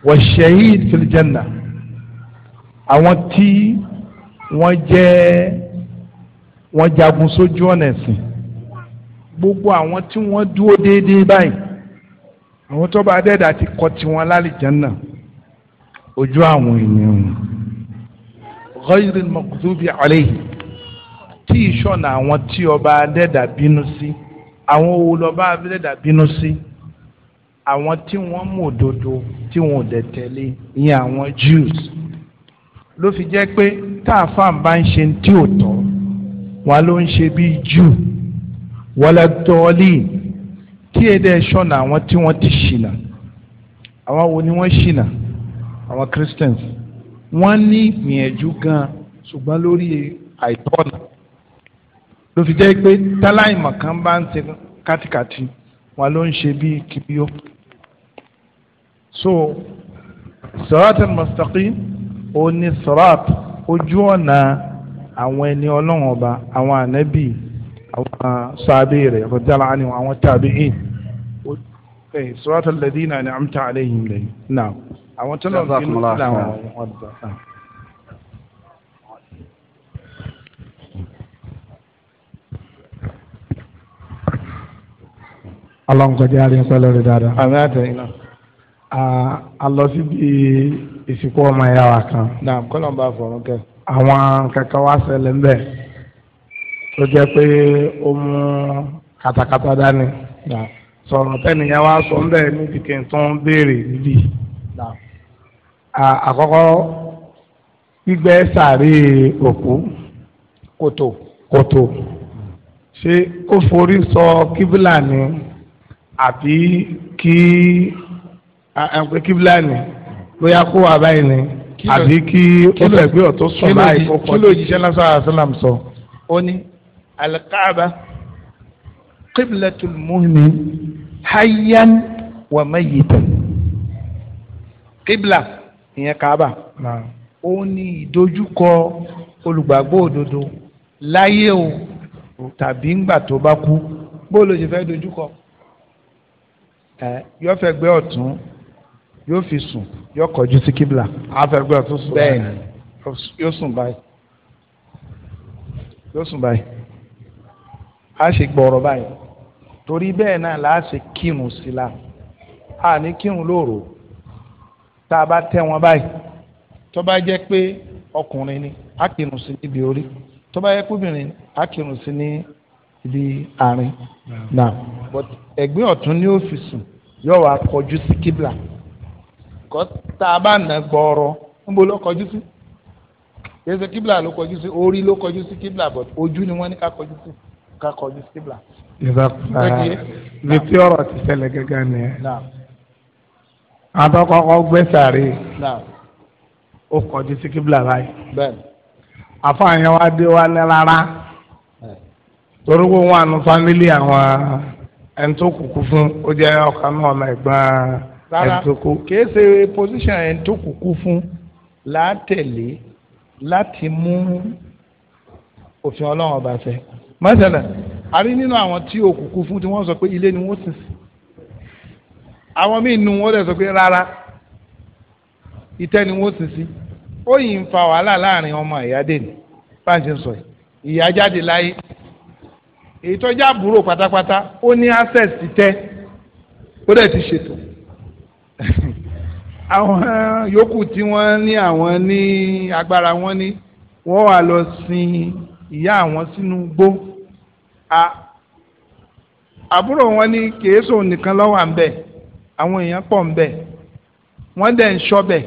washahid fil janna àwọn tí wọ́n jẹ́ wọ́n jagun sójú ọ̀nà ẹ̀sìn gbogbo àwọn tí wọ́n dúró déédéé báyìí àwọn tó bá dẹ́dà ti kọ́ tiwọn lálìjẹ́ náà ojú àwọn ènìyàn ghayril maghdubi alayhi tí ìṣọ̀nà àwọn tí ọba adẹ́dà bínú sí àwọn owó lọ́ba adẹ́dà bínú sí àwọn tí wọ́n mú òdodo tí wọ́n dẹ̀ tẹ̀lé ìyẹn àwọn Jews ló fi jẹ́ pé táàfáà bá ń ṣe tí ò tọ́ wọn ló ń ṣe bíi Jew wọlé tọ́ọ̀lì tí èdè ṣọ̀nà àwọn tí wọ́n ti ṣìnà àwọn wo ni wọ́n ṣìnà àwọn Christians wọ́n ní ìgbìyànjú gan ṣùgbọ́n lórí àìtọ́nà ló fi jẹ́ pé táláìmọ̀ kan bá ń ṣe kátikàti wọn ló ń ṣe bí kìbíó so sọ́ràtì mustaqim ó ní sọ́ràtì ojú ọ̀nà àwọn ẹni ọlọ́run ọba àwọn ànábì àwọn sábẹ́ rẹ̀ rọ̀dálà àníwọ̀ àwọn tàbí in eh, sọ́ràtì alladhina an'amta alayhim lẹ́yìn náà àwọn tó lọ bínú sí làwọn wọn dọ. ọlọ́nkọjá rí nǹkan lórí dáadáa. àmì àtẹ̀yìn náà. a lọ síbi ìsìnkú ọmọ ìyá wa kan. náà kọ́lọ̀ ń bá a fọ̀rọ̀ kẹ́. àwọn kankan wá ṣẹlẹ̀ ń bẹ̀ tó jẹ́ pé ó mú katakata dání. sọ̀rọ̀ tẹ́nìyàn wá sọ ń bẹ̀ níbi kí n tún béèrè níbí. náà àkọ́kọ́ gbígbẹ́ sàárè òkú kòtò kòtò ṣé ó forí sọ kíbílà ni àbí kí ẹnpẹ kíbílà ni bóyá kó wà báyìí ni àbí kí ó lọ ẹgbẹ́ láì fọkọ kí ló jíṣẹ́ lásán àṣàlám sọ. ó ní alikaaba qiblatul mu'min hayyan wa mayyitan qibla. ìyẹn kaaba ó ní ìdojúkọ olùgbàgbọ́ òdodo láyé o tàbí ńgbà tó bá kú bó ló ṣe fẹ́ dojúkọ ẹ yóò fẹ́ gbé ọ̀tún yóò fi sùn yóò kọjú sí kíbla àfẹgbẹ ọ̀tún sùn bẹ́ẹ̀ ni yóò sùn báyìí yóò sùn báyìí a ṣe gbọrọ báyìí torí bẹ́ẹ̀ náà là á ṣe kírun sí la a ní kírun lóòrò tá a bá tẹ́ wọn báyìí tó bá jẹ́ pé ọkùnrin ni a kírun sí níbi orí tó bá jẹ́ pé ni a kírun sí ní ibi àárín náà but ẹ̀gbẹ́ ọ̀tún ní ọ́fíìsì yóò wá kọjú sí kíbla kọ́ tá a bá nà gbọ́ọ̀rọ̀ níbo ló kọjú sí kìí ṣe kíbla ló kọjú sí orí ló kọjú sí kíbla but ojú ni wọ́n ní ká kọjú sí ká kọjú sí kíbla. ìgbà tí ọ̀rọ̀ ti ṣẹlẹ̀ gẹ́gẹ́ ni àtọkọkọ gbẹsàrè ó kọjú sí kíbla báyìí àfààyàn wa dé wa ní rárá torí pé wọn àánú fámílì àwọn ẹni tó kúkú fún ó jẹ ọkàn náà ọmọ ẹ̀gbọ́n ẹni tó kú. kìí ṣe pòsíṣàn ẹni tó kúkú fún látẹ̀lé láti mú òfin ọlọ́run ọba fẹ́. mọ́sálà a rí nínú àwọn tí ó fún tí wọ́n sọ pé ilé ni wọ́n sìn àwọn míì nu wọn lè sọ pé rárá ìtẹ́ ni ó yìí fa wàhálà láàrin ọmọ ìyáde ni báńkì ń sọ yìí ìyá jáde láyé èyí tó já àbúrò pátápátá ó ní access ti tẹ́ ó dẹ̀ ti ṣètò *laughs* àwọn yòókù tí wọ́n ní àwọn ní agbára wọn ní wọ́n wà lọ sin ìyá àwọn sínú gbó àbúrò wọn ní kèésò nìkan lọ́wọ́ à ń bẹ̀ àwọn èèyàn pọ̀ ń bẹ̀ wọ́n dẹ̀ ń ṣọ́bẹ̀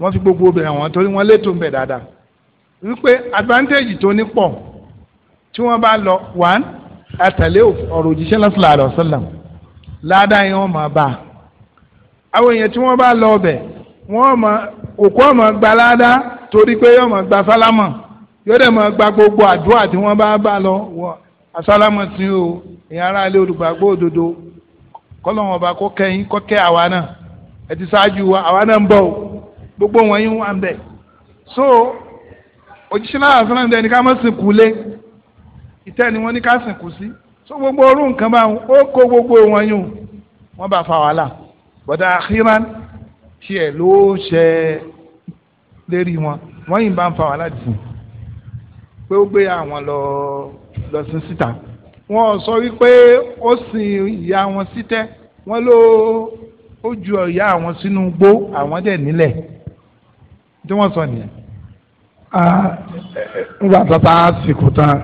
wọ́n fi gbogbo obìnrin àwọn torí wọ́n létò ń bẹ̀ dáadáa wípé advantage tó ní pọ̀ tí wọ́n bá lọ one àtẹ̀lé ọ̀rọ̀ òjíṣẹ́ lọ́sọ̀lá àlọ́sọ̀lá ládàá yẹn wọ́n máa bá a àwọn èèyàn tí wọ́n bá lọ ọbẹ̀ wọ́n mọ òkú ọmọ gba ládàá torí pé yóò mọ gba sálámà yóò dẹ̀ mọ gba gbogbo àdúrà tí wọ́n bá bá lọ wọ asálámà sí o ìyára ilé olùgbàgbọ́ òdodo kọ́lọ́wọ́n ọba kó kẹ́yìn kó kẹ́ àwa náà ẹ ti ṣáájú wa àwa náà ń bọ̀ o gbogbo wọn yín wà ń bẹ̀ so òjíṣẹ́ náà sọ́nà ní ẹni ká má sìnkú lé ìtẹ́ ni wọ́n ní ká sìnkú sí so gbogbo orú nǹkan bá ó kó gbogbo wọn yín o wọ́n bá fa wàhálà bọ̀dà àkíran tiẹ̀ ló ṣẹ lérí wọn wọ́n yìí bá ń fa wàhálà dì pé ó gbé àwọn lọ lọ sí síta wọn sọ wípé ó sin ìyá wọn sítẹ́ wọn ló ó ju ìyá àwọn sínú gbó àwọn dẹ̀ nílẹ̀ tí wọ́n sọ nìyẹn. nígbà tó tá a sìnkú tán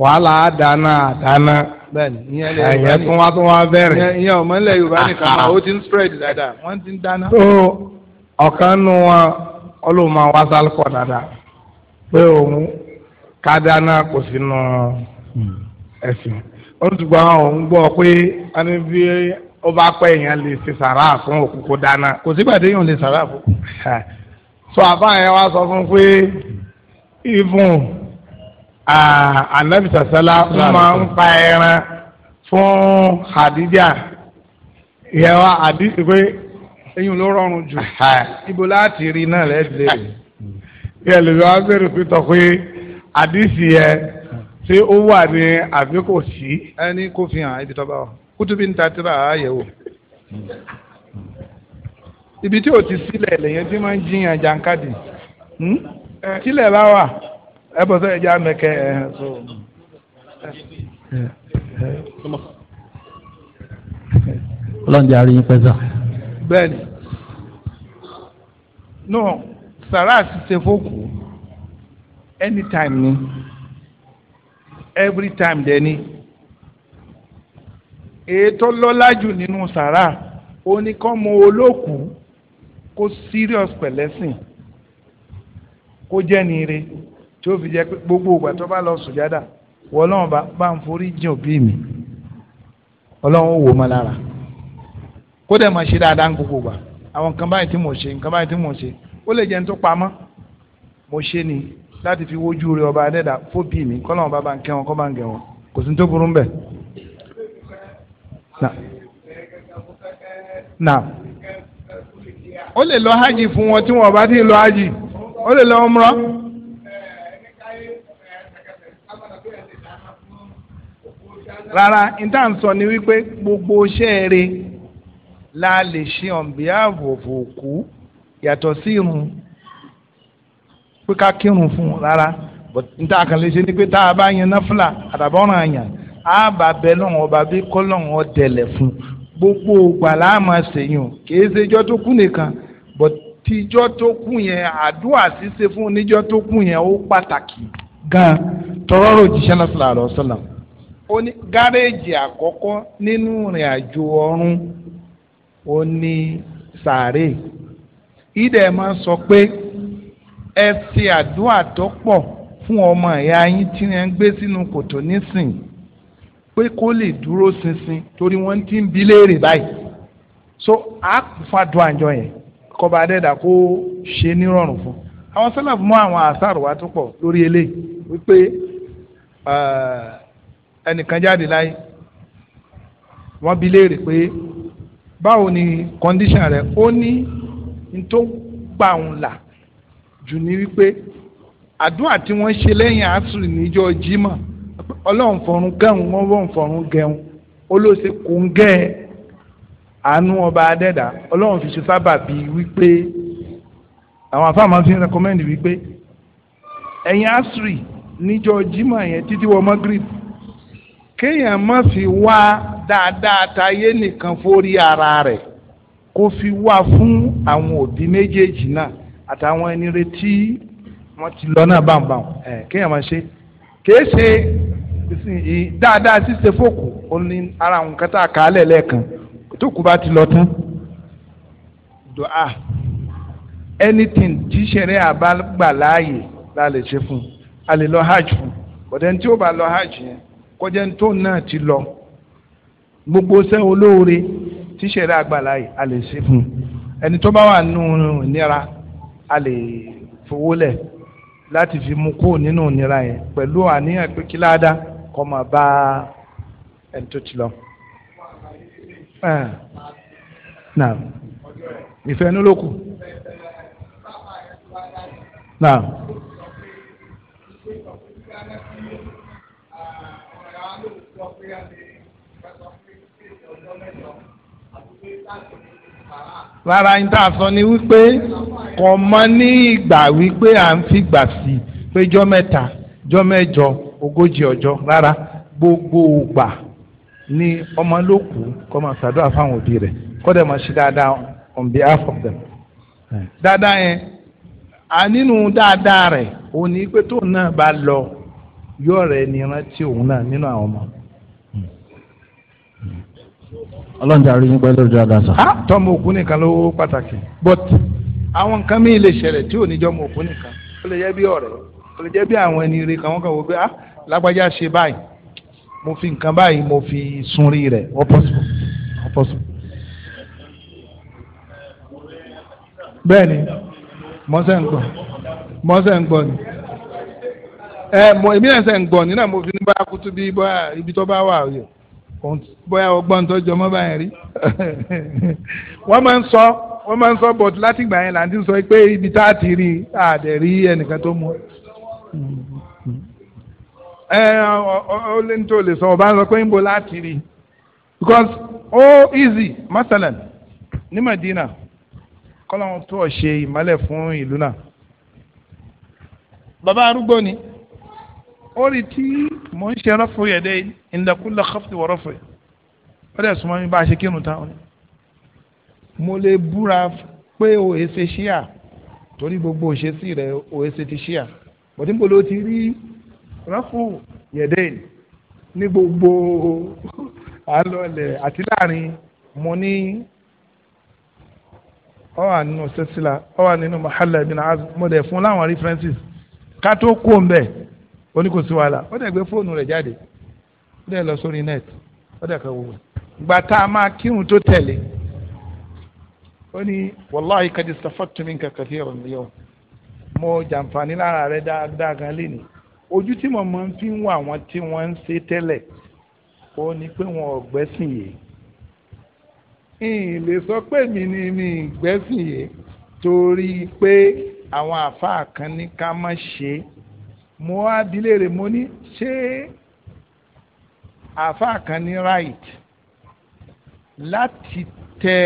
wàhálà àdáná àdáná ẹ̀yẹ tún wá tún wá bẹ̀rẹ̀. ìyẹn ọmọ ilẹ̀ Yorùbá nìkan ah, máa ah. ó ti ń spread dáadáa wọ́n ti ń dáná. tó ọ̀kan nu wọn ọlọ́mọ wa sálùkọ̀ pé òun ká dáná kò sínú. Hmm ẹ̀sìn ó ti gba òun gbọ́ pé a ní bí ó bá pẹ́ èèyàn lè ṣe sàrà fún òkú kó dáná kò sígbà tí èèyàn lè sàrà fún òkú so àbá yẹn wá sọ fún pé even anabi sasala máa ń pa ẹran fún Khadija ìyẹn wá àdìsí pé eyín ló rọrùn jù ibo láti rí náà lẹ́ẹ̀dẹ́ yẹn lè wá bẹ̀rẹ̀ pé tọ́ pé àdìsí yẹn ṣé ó wà ní àbí kò sí. ẹni kò fi hàn ibi tó bá wà kútùbí ń ta tíra àyẹ̀wò ibi tí ò ti sílẹ̀ lèyẹn tí máa ń jiyàn jàǹkadì sílẹ̀ hmm? bá wà ẹ bọ̀ sọ ẹja mẹ́kẹ́ ẹ so. ọlọ́run jẹ́ àríyìn pẹ́sà. bẹ́ẹ̀ni no Sarah, àti ṣe fókù anytime ni every time dẹ́ni ètò lọ́lá jù nínú sàrà oníkọ́mọ olókùú kó serious pẹ̀lẹ́sìn kó jẹ́ ní ire tí ó fi jẹ́ pé gbogbo ìgbà tó bá lọ sùjádà wọ́n lọ́wọ́n bá bá ń forí jìn òbí mi ọlọ́wọ́n wò mọ́ lára kó dẹ̀ máa ṣe dáadáa ń gbogbo ìgbà àwọn nǹkan báyìí tí mo ṣe nǹkan báyìí tí mo ṣe ó lè jẹ́ ní tó pamọ́ mo ṣe ni láti fi wojú rẹ ọba adẹ́dà fóbi mi kọ́ làwọn bá bá ń kẹ́ wọn kọ́ bá ń gẹ̀ wọn kò sí tó burú ń bẹ̀. na ó lè lọ hajj fún wọn tí wọn bá ti lọ hajj ó lè lọ ọmọ rárá níta ń sọ ni wípé gbogbo iṣẹ́ la lè ṣe ọ̀nbíàbò òkú yàtọ̀ sí irun. pé ká kírun fún un rárá níta kan lè ṣe ni pé tá a bá yan náfìlà àtàbọ̀ràn àyàn á bà bẹ lọ́wọ́n ọba bí kọ́ fún gbogbo ògbà láàmú ṣèyàn se ṣe ijọ́ tó kú nìkan bọ̀ tíjọ́ tó kú yẹn àdúrà ṣíṣe fún oníjọ́ tó kú yẹn ó pàtàkì gan tọrọ ó ní gáréèjì àkọ́kọ́ nínú ìrìn àjò sọ pé. ẹ ṣe àdúrà tó pọ̀ fún ọmọ ìyá yín tí ẹ ń gbé sínú kòtò nísìn pé kó lè dúró ṣinṣin torí wọ́n ti ń bi léèrè báyìí so a fàdúrà àjọ yẹn kọba adẹ́dà kó ṣe nírọ̀rùn fún àwọn sẹ́lẹ̀f mú àwọn àṣàrò wa tó pọ̀ lórí eléyìí wípé eh, ẹnìkan jáde láyé wọ́n bi léèrè pé báwo ni kọ́ndíṣàn rẹ̀ ó ní n tó gbà ń là jù ní wípé àdúrà tí wọ́n ṣe lẹ́yìn asùn níjọ́ Jímọ̀ ọlọ́run fọ̀run gẹ̀hún wọ́n wọ́n fọ̀run gẹ̀hún ó ló ṣe kó ń gẹ̀ àánú ọba adẹ́dà ọlọ́run fi ṣe sábà bíi wípé àwọn afáàmọ́ fi ń rẹ́kọ́mẹ́ndì wípé ẹ̀yin asùn níjọ́ Jímọ̀ yẹn títí wọ Magrib kéèyàn má fi wá dáadáa tayé nìkan fórí ara rẹ̀ kó fi wá fún àwọn òbí méjèèjì náà àtàwọn ẹni retí wọ́n ti lọ náà bámbám ẹ̀ kéèyàn máa ṣe kèé dáadáa ṣíṣe fòkù ó ní ara àwọn nǹkan tá a kà á lẹ̀ tó kù bá ti lọ tán dùá anything jíṣẹ̀rẹ́ àbágbà láàyè la lè ṣe fún un a lè lọ hajj fún un kọ̀dẹ́ tí ó bá lọ hajj yẹn kọjá tó náà ti lọ gbogbo ṣẹ́ olóore tíṣẹ̀rẹ́ àgbà láàyè a lè ṣe fún un ẹni tó bá wà nù nira a lè fowó lẹ̀ láti fi mú kúrò nínú ìnira yẹn pẹ̀lú àníyàn pé kí láàdá kọ́ máa bá ẹni tó ti lọ. ìfẹ́ inú ló kù. Thank you rárá ní tá a sọ ni wípé kò mọ ní ìgbà wípé à ń fi gbà sí i pé jọ́ mẹ́ta jọ́ mẹ́jọ ogójì ọjọ́ rárá gbogbo ògbà ni ọmọ ló kù kó máa ṣàdúrà fáwọn òbí rẹ̀ kó dẹ̀ máa ṣe dáadáa on behalf of them. dáadáa yẹn ànínú dáadáa rẹ̀ òun ní pé tóun náà bá lọ yọ̀ọ̀rẹ́ ni rántí òun náà nínú àwọn ọmọ ọlọ́run ti àríyìn pẹ́ lórí dáadáa sọ. a tọ́ ọmọ òkú nìkan ló pàtàkì but àwọn nǹkan mi lè ṣẹlẹ̀ tí ò ní jọ́ ọmọ òkú nìkan ó lè jẹ́ bí ọ̀rẹ́ ó lè jẹ́ bí àwọn ẹni rẹ kàn wọ́n kàn wọ́n pé a lágbájá ṣe báyìí mo fi nǹkan báyìí mo fi sunrí rẹ̀ ó possible ó possible. bẹ́ẹ̀ni mọ́sẹ̀ ń gbọ́ mọ́sẹ̀ ń gbọ́ ni ẹ mọ èmi náà sẹ̀ ń gbọ́ ni náà mo fi ní bá kutu bí ibi tó bá wà yìí bóyá ọgbọ́n tó jọmọ́ báyẹn rí wọ́n máa ń sọ wọ́n máa ń sọ bọ̀t látìgbà yẹn là ń ti sọ pé ibi tá a ti rí àdẹ̀ rí ẹnìkan tó mú ẹ ọ lé ní tó lè sọ ọba ń sọ pé ń bo láti rí because ó easy masalan ní Madina kọ́lọ́n tó ọ̀ ṣe ìmọ́lẹ̀ fún ìlú náà bàbá arúgbó ni ó rí tí mò ń ṣe rọ́fù yẹ̀ dé ìdàkúlẹ̀ kọ́fù wọ̀ rọ́fù yẹ̀ ó dẹ̀ súnmọ́ mi bá a ṣe kírun táwọn ni mo lè búra pé o è ṣe ṣíà torí gbogbo òṣèṣì rẹ o è ṣe ti ṣíà bọ̀dé ń bolo ti rí rọ́fù yẹ̀dẹ́ ní gbogbo àlọ́lẹ̀ àti láàrin mo ní ó wà nínú sẹ́sílà ó wà nínú mahala ibn az mo dẹ̀ fún láwọn references ká tó kó ń bẹ̀ ó ní kò sí wàhálà ó dẹ̀ gbé fóònù rẹ̀ jáde ó dẹ̀ lọ sórí net ó dẹ̀ kẹ́ wò wò gbà tá a máa kírun tó tẹ̀lé ó ní wàláhì kàdí sàfàtú mi kàkà fi ọ̀rọ̀ mi yọ mo jàǹfààní lára rẹ dáadáa gan lé ojú tí mo máa fi ń wọ àwọn tí wọ́n ń ṣe tẹ́lẹ̀ ó ní pé wọn ò gbẹ́sìn yìí ìyìn sọ pé mi ni mi gbẹ́sìn yìí torí pé àwọn àfáà kan ní ká má ṣe é mo wá bilé rẹ̀ mo ní ṣé àáfàá kan ní right láti tẹ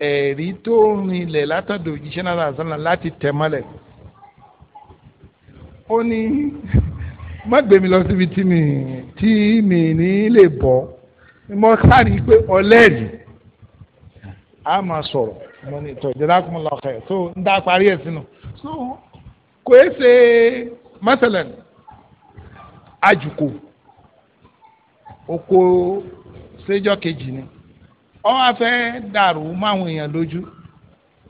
ẹ̀rí tó rinlẹ̀ látọ̀dọ̀ òjíṣẹ́ náà sọ́nà láti tẹ̀ mọ́lẹ̀ ó ní *laughs* má gbé mi lọ síbi tí mi tí mi ní lè bọ́ mo sáré pé ọlẹ́rìí a máa sọ̀rọ̀ mo ní ìtọ́jú dákúnmọ́ lọ́kẹ́ tó ń dá parí ẹ̀ sínú so kò é ṣe. mẹsẹlẹn àjùkò oko sejọ kejì ni ó wá fẹ́ dàrú máwọn èèyàn lójú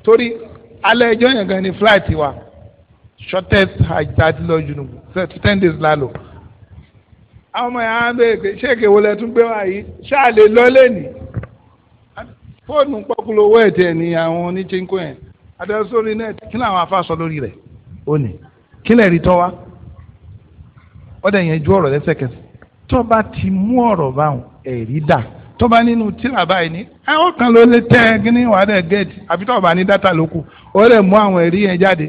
torí alẹ́ ẹjọ́ yẹn flight wa shortest hajj lọ junubu ten days lálọ. àwọn ọmọ yẹn á bẹ̀rẹ̀ pé lẹ tún gbé wá yìí ṣáà lè lọ lẹ́nìí. fóònù pọ́kúlówó ni àwọn yẹn náà kí kílẹ̀ rí tọ́wá ọ̀dà yẹn ju ọ̀rọ̀ lẹ́sẹ̀kẹsẹ̀ tọ́ba ti mú ọ̀rọ̀ báwọn ẹ̀rí dà tọ́ba nínú tíra báyìí ní àwọn kan ló lè tẹ́ ẹ ní wàhálà gẹ̀ẹ́tì àbí tọ́ba ní dátà lókù ó lè mú àwọn ẹ̀rí yẹn jáde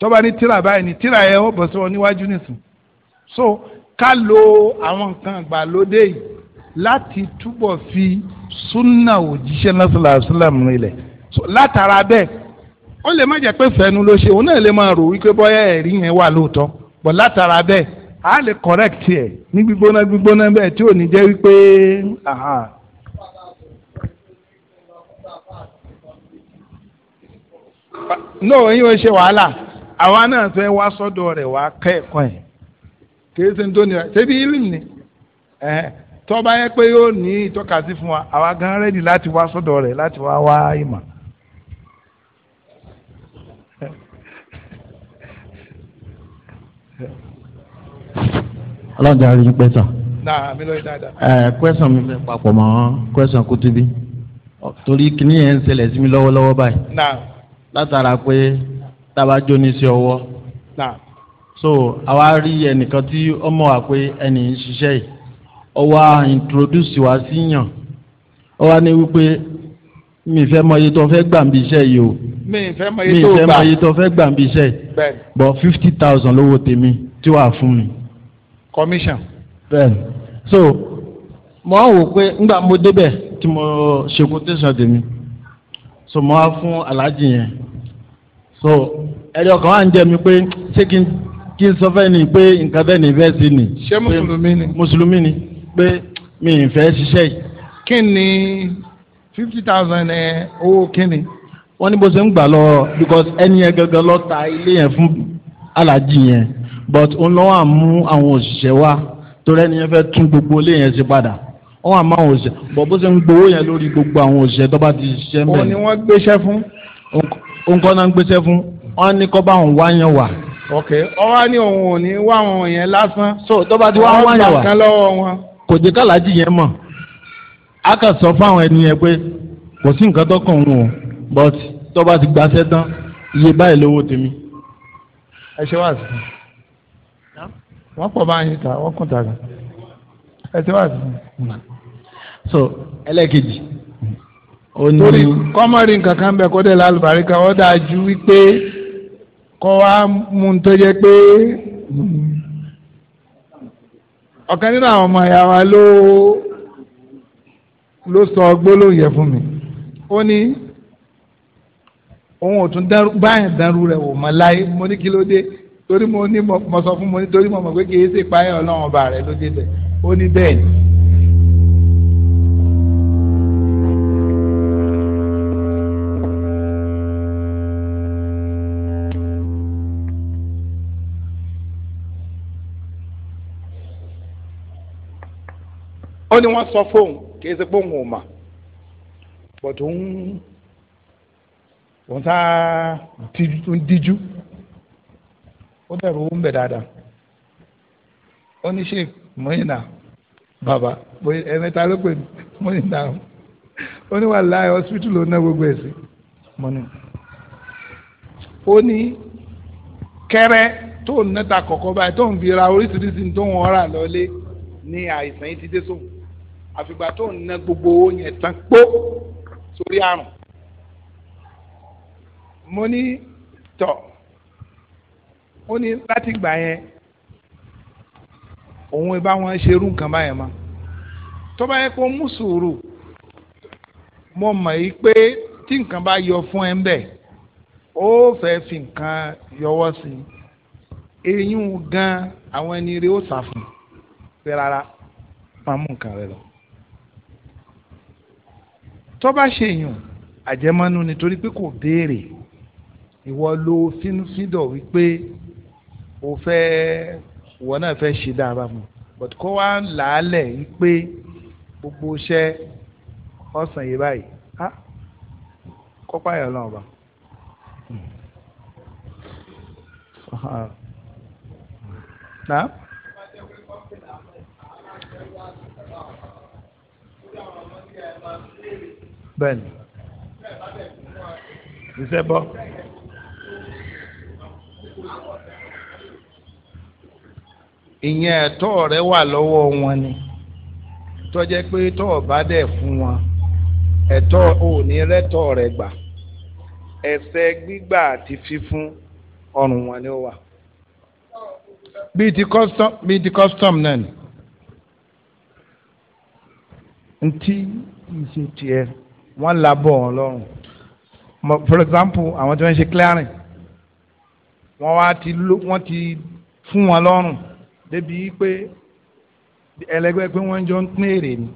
tọ́ba ní tíra báyìí ní tíra yẹn ó bọ̀ sí níwájú nìsín so ká lo àwọn nǹkan àgbàlódé yìí láti túbọ̀ fi súnà òjíṣẹ́ náà sọ̀rọ̀ àṣìlẹ̀ mú ilẹ̀ látara bẹ́ẹ̀ ó lè má pe pé lo ló ṣe òun náà lè máa rò wípé bóyá ẹ̀rí yẹn wà lóòótọ́ bọ̀ látara bẹ́ẹ̀ a lè correct ẹ̀ ní gbígbóná gbígbóná bẹ́ẹ̀ tí ò ní jẹ́ no eyín o ṣe wàhálà àwa náà fẹ́ wá sọ́dọ̀ rẹ̀ wá kẹ́ẹ̀kọ́ ẹ̀ ṣe tó nira ṣébi ni tọ́ba yẹ pé yóò ní ìtọ́kasí fún wa àwa gan láti wá sọ́dọ̀ rẹ̀ láti wá wá ọlọ́run jẹ́ àríyìn pẹ́sàn. náà mi lóye dáadáa. ẹ kwẹsàn mi fẹ́ papọ̀ mọ́ kwẹsàn Kutubi torí kìnìún yẹn ń ṣẹlẹ̀ sí mi lọ́wọ́lọ́wọ́ báyìí. náà. látara pé tába jó ní sí ọwọ́. so àwa rí ẹnìkan tí ó mọ̀ wá pé ẹnì ń ṣiṣẹ́ yìí ó wá introduce wá síyàn ó wá ní wípé mi fẹ́ mọ iye tó fẹ́ gbà bí iṣẹ́ yìí o mi fẹ́ mọ iye tó fẹ́ gbà bí iṣẹ́ yìí bọ̀ fifty thousand lówó tèmi tí wàá fún mi commission. bẹ́ẹ̀ni so mo á wò pé ńgbà mo débẹ̀ tí mo ṣe quotation tèmi so mo á fún aláàjì yẹn so ẹ̀rí ọkàn wa ń jẹ́ mi pé ṣé kí n kí n sọ fẹ́ ni pé nǹkan bẹ́ẹ̀ ni bẹ́ẹ̀ sí ni. ṣé mùsùlùmí ni. mùsùlùmí ni pé mi ì fẹ́ ṣiṣẹ́ yìí. kí ni fifty thousand ẹ owó kí ni. wọ́n ní bó ṣe ń gbà lọ because ẹni yẹn gangan ló ta ilé yẹn fún aláàjì yẹn but òun lọ́wọ́ à mú àwọn òṣìṣẹ́ wa torí ẹni yẹn fẹ́ tún gbogbo ilé yẹn ṣe padà wọ́n àmọ́ àwọn òṣìṣẹ́ bọ̀ bó ṣe ń gbowó yẹn lórí gbogbo àwọn òṣìṣẹ́ tó bá ti ṣiṣẹ́ mẹ́rin. òun ni wọ́n gbéṣẹ́ fún. òun kọ́ náà ń gbéṣẹ́ fún wọ́n ní kọ́ bá òun wá yẹn wà. ok ọwọ́ ni òun ò ní wá àwọn yẹn lásán. so tó bá ti wá wá yẹn wà kò jẹ́ kálàájì yẹn mọ̀ a kà sọ fáwọn ẹni yẹn pé kò sí nǹkan tó kàn òun but tó bá ti gbaṣẹ́ tán iye báyìí lówó tèmi. ẹ ṣe wá sí i wọ́n pọ̀ bá yín ta wọ́n kún tàgà ẹ ti wá sí. so ẹlẹ́kejì. torí kọ́mọ́rì nǹkan kan bẹ́ẹ̀ kó dé lálùbáríkà ó dáa ju wípé kọ́ wa mú un tó jẹ́ pé ọ̀kan nínú àwọn ọmọ ìyá wa ló ló sọ gbólóhùn yẹn fún mi ó ní òun ò tún báyìí dánrú rẹ̀ wò mọ́ láyé mo ní kí ló dé torí mo ní mo sọ fún mo ní torí mo mọ̀ pé kì í ṣe ìpáyà ọlọ́run ọba rẹ ló dé bẹ̀ ó ní bẹ́ẹ̀ ni. ó ní wọ́n sọ fóun kì í ṣe ò mà pọ̀ tó ń òun sáà ń díjú ó dẹ̀ rówó ń bẹ̀ dáadáa ó ní ṣe mọ́yìnà bàbá ẹ̀mẹ́ta ló pè mọ́yìnà ó ní wà láàyè hospital ló ná gbogbo ẹ̀ sí mọ́nì ó ní kẹ́rẹ́ tó ń nẹ́ta kọ̀ọ̀kan báyìí tó ń fi ra oríṣiríṣi tó ń rà lọ́lé ní àìsàn yìí ti dé sóhun àfìgbà tó ń ná gbogbo owó yẹn tán sórí àrùn mo tọ̀ ó ní láti gbà yẹn òun bá wọn ṣe irú nǹkan báyẹn mọ́ tó bá yẹ kó mú sùúrù mo mọ̀ yìí pé tí nǹkan bá yọ fún ẹ ń bẹ̀ ó fẹ́ fi nǹkan yọwọ́ sí i eyín gan àwọn ẹni rí ó sàfún pé rárá máa mú nǹkan rẹ lọ tó bá ṣe èèyàn àjẹmọ́nú nítorí pé kò béèrè ìwọ ló fínfíndọ̀ wípé o fẹ́ ìwọ náà fẹ́ ṣe dára mu but kó wá làálẹ̀ pé gbogbo iṣẹ́ ọ̀sán yìí báyìí á kópa yọ̀ náà bá. Naam. Bẹ́ẹ̀ni. Ìṣẹ́ bọ́. ìyẹn ẹ̀tọ́ rẹ wà lọ́wọ́ wọn ni tọ́jẹ́ pé tọ́ ọ bá dẹ̀ fún wọn ẹ̀tọ́ ò ní rẹ́tọ́ rẹ gbà ẹsẹ̀ gbígbà àti fífún ọrùn wọn ni ó wà. bíi ti custom náà ni ntí ìṣe tiẹ̀ wọ́n labọ̀ wọn for example àwọn tí wọ́n ń ṣe clearing wọ́n ti fún wọn lọ́rùn débi pé ẹlẹgbẹ́ pé wọ́n jọ ń pín èrè ni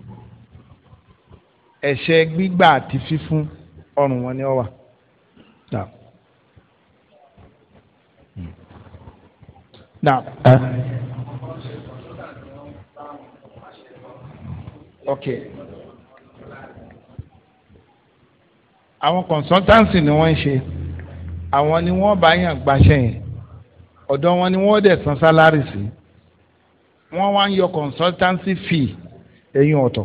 ẹ̀ṣẹ̀ gbígbà àti fífún ọrùn wọn ni ọ wà. Now, okay. Àwọn consultancy ni wọ́n ń ṣe, àwọn ni wọ́n bá yàn gbaṣẹ́ yẹn, ọ̀dọ̀ wọn ni wọ́n dẹ̀ san sálárì sí. Si wọ́n wá ń yọ consultancy fee ẹ̀yìn ọ̀tọ̀.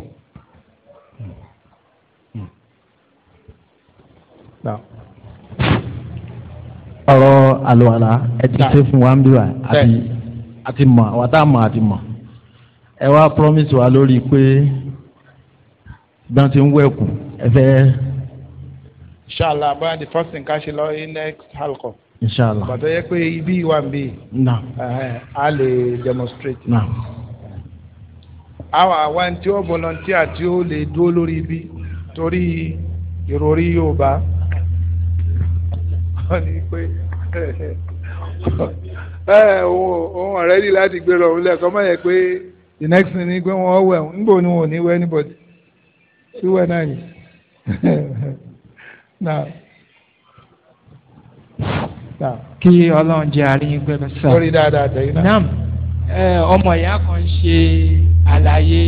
ọ̀rọ̀ àlùwàlà ẹ ti ṣe fún wa ń bí wa àti mọ̀ àwọn tá a mọ̀ àti mọ̀ ẹ wá promise wa lórí pé bí wọ́n ti ń wẹ̀kùn ẹ fẹ́. inshallah bóyá the first thing ká ṣe lọ in next halkọ. inshallah. bàtà yẹ pé ibi wà ń bí. na eh, a lè demonstrate. na. awa eh, wa tí ó volunteer tí ó lè dúró lori ibi torí ìròrí Yorùbá wọ́n ní pé ẹ *laughs* eh, òun ọ̀rẹ́ yìí láti gbé lọ òun lẹ́kọ̀ọ́ mọ̀ yẹ pé the next thing ni pé wọ́n wẹ̀ níbo ni ò ní *laughs* kí ọlọ́run jẹ́ àríyìn pẹ́pẹ́ sá. lórí dáadáa tẹ̀yìn náà. naam ọmọ ìyá kan ń ṣe àlàyé.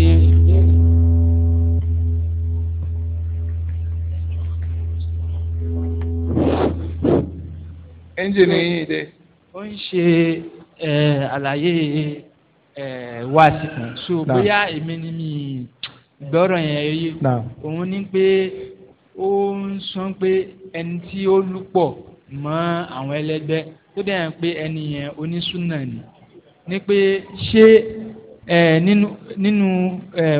ẹ́ńjìnì yìí dé. ó ń ṣe àlàyé wáàsí kan so bóyá èmi ni mi gbọ́rọ̀ yẹn yé òun ní pé ó ń sọ pé ẹni tí ó lù pọ̀ mọ́ àwọn ẹlẹ́gbẹ́ tó dẹ̀ ń pé ẹni yẹn onísùnà ni ni pé ṣé nínú nínú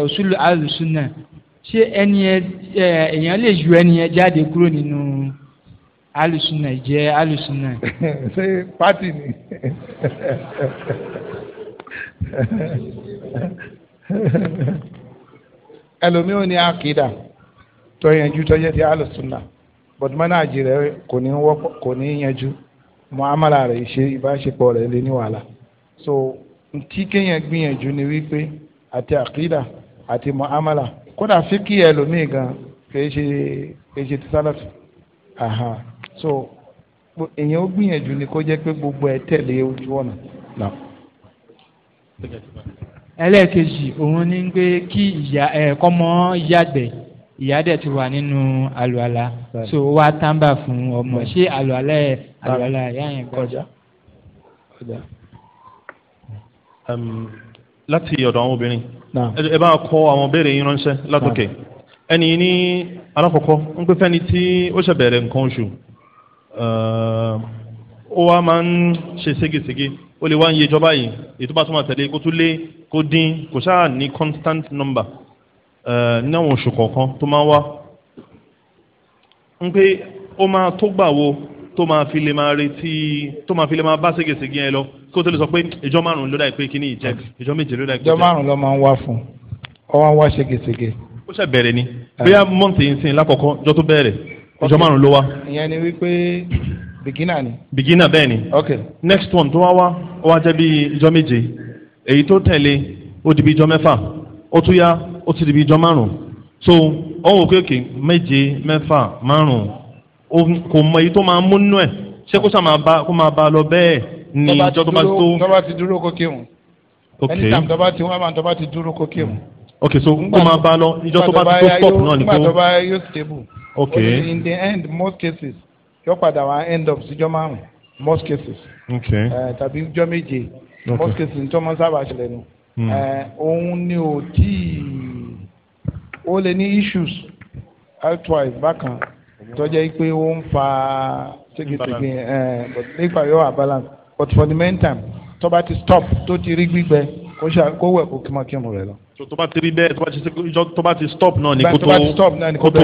òṣùlù àlùsùnà ṣé ẹni yẹn èèyàn lè ju ẹni yẹn jáde kúrò nínú àlùsùnà jẹ́ àlùsùnà. *laughs* ṣé pátì ni *laughs* ẹlòmíràn ní àkìdá tó yanjú tó yẹ ti àlùsùnà bọ̀dùmánájì rẹ̀ kò ní wọ́pọ̀ kò ní yanjú muamala rẹ̀ ṣe ìbáṣepọ̀ rẹ̀ lé ní wàhálà so ntí kéèyàn gbìyànjú ni wípé àti àkídà àti muamala kódà fíkì ẹlòmíì gan kìí ṣe kìí ṣe ti aha so èèyàn ó gbìyànjú ni kó jẹ́ pé gbogbo ẹ tẹ̀lé ojú ọ̀nà náà. ẹlẹ́ẹ̀kejì òun ní pé kí ìyá ẹ̀ẹ́kọ́mọ yàgbẹ́ ìyá dẹ̀ ti wà nínú àlùwàlà so ó wá tàǹbà fún ọmọ ṣé àlùwàlà ẹ̀ àlùwàlà ìyá yẹn kọjá. láti ọ̀dọ̀ àwọn obìnrin ẹ bá kọ àwọn béèrè yín ránṣẹ́ látòkè ẹni ní alákọ̀ọ́kọ́ ń pẹ́ fẹ́ni tí ó ṣẹ̀ bẹ̀rẹ̀ nǹkan oṣù ó wá máa ń ṣe ségesège ó lè wá ń yejọ́ báyìí ètò bá tún máa tẹ̀lé kó tún lé kó dín kò ṣáà ní constant number. Eh, ní àwọn oṣù kọ̀ọ̀kan tó máa ń wá ń pé ó máa tó gbà wo tó máa fi lè máa retí tó máa fi lè máa bá ségesège yẹn lọ kó tó lè sọ pé ìjọ márùn ló dà pé kíní ìjẹ ìjọ méje ló dà pé ìjọ márùn-ún máa ń wá fún ọ wá ń wá ségesège. ó ṣe bẹ̀rẹ̀ ni bóyá mọ́ǹtì yìí ń sìn lákọ̀ọ́kọ́ jọ tó bẹ̀rẹ̀ ìjọ márùn ló wá. ìyẹn ni wípé beginner ni. beginner bẹ́ẹ̀ ni. next one tó wá wá ó wá jẹ́ bí ìjọ méje èyí tó tẹ̀lé ó di bí ìjọ mẹ́fà ó tún yá ó ti di bí ijọ́ márùn-ún so ọ̀hún òkèèkè méje mẹ́fà márùn-ún kò mọ èyí tó máa mú nú ẹ̀ ṣé kó sàmà bá kó máa bá lọ bẹ́ẹ̀ ni ìjọ tó bá tó. tọ́ba ti dúró kó kírun ẹni tàbí tọ́ba ti wọ́n máa tọ́ba ti dúró kó kírun. ok so kó máa bá lọ ìjọ tó bá ti tó mm. stop náà ni kó. nígbà tó bá yóò stable. ok in the end most cases yóò padà wá end up síjọ́ márùn most cases. ok eh, tàbí ìjọ méje most cases ní tọ́mọ sábà ṣẹlẹ̀ nu. Hmm. Eh, òun ni ò tíì ó lè ní issues health-wise bákan tó jẹ́ pé ó ń fa ségesège nípa yóò wà balance but for the meantime tó bá ti stop tó ti rí gbígbẹ kó ṣe kó wẹ̀ kó kímọ kímọ rẹ lọ. tó bá ti rí bẹ́ẹ̀ tó bá ti stop náà ni kó tó kó tó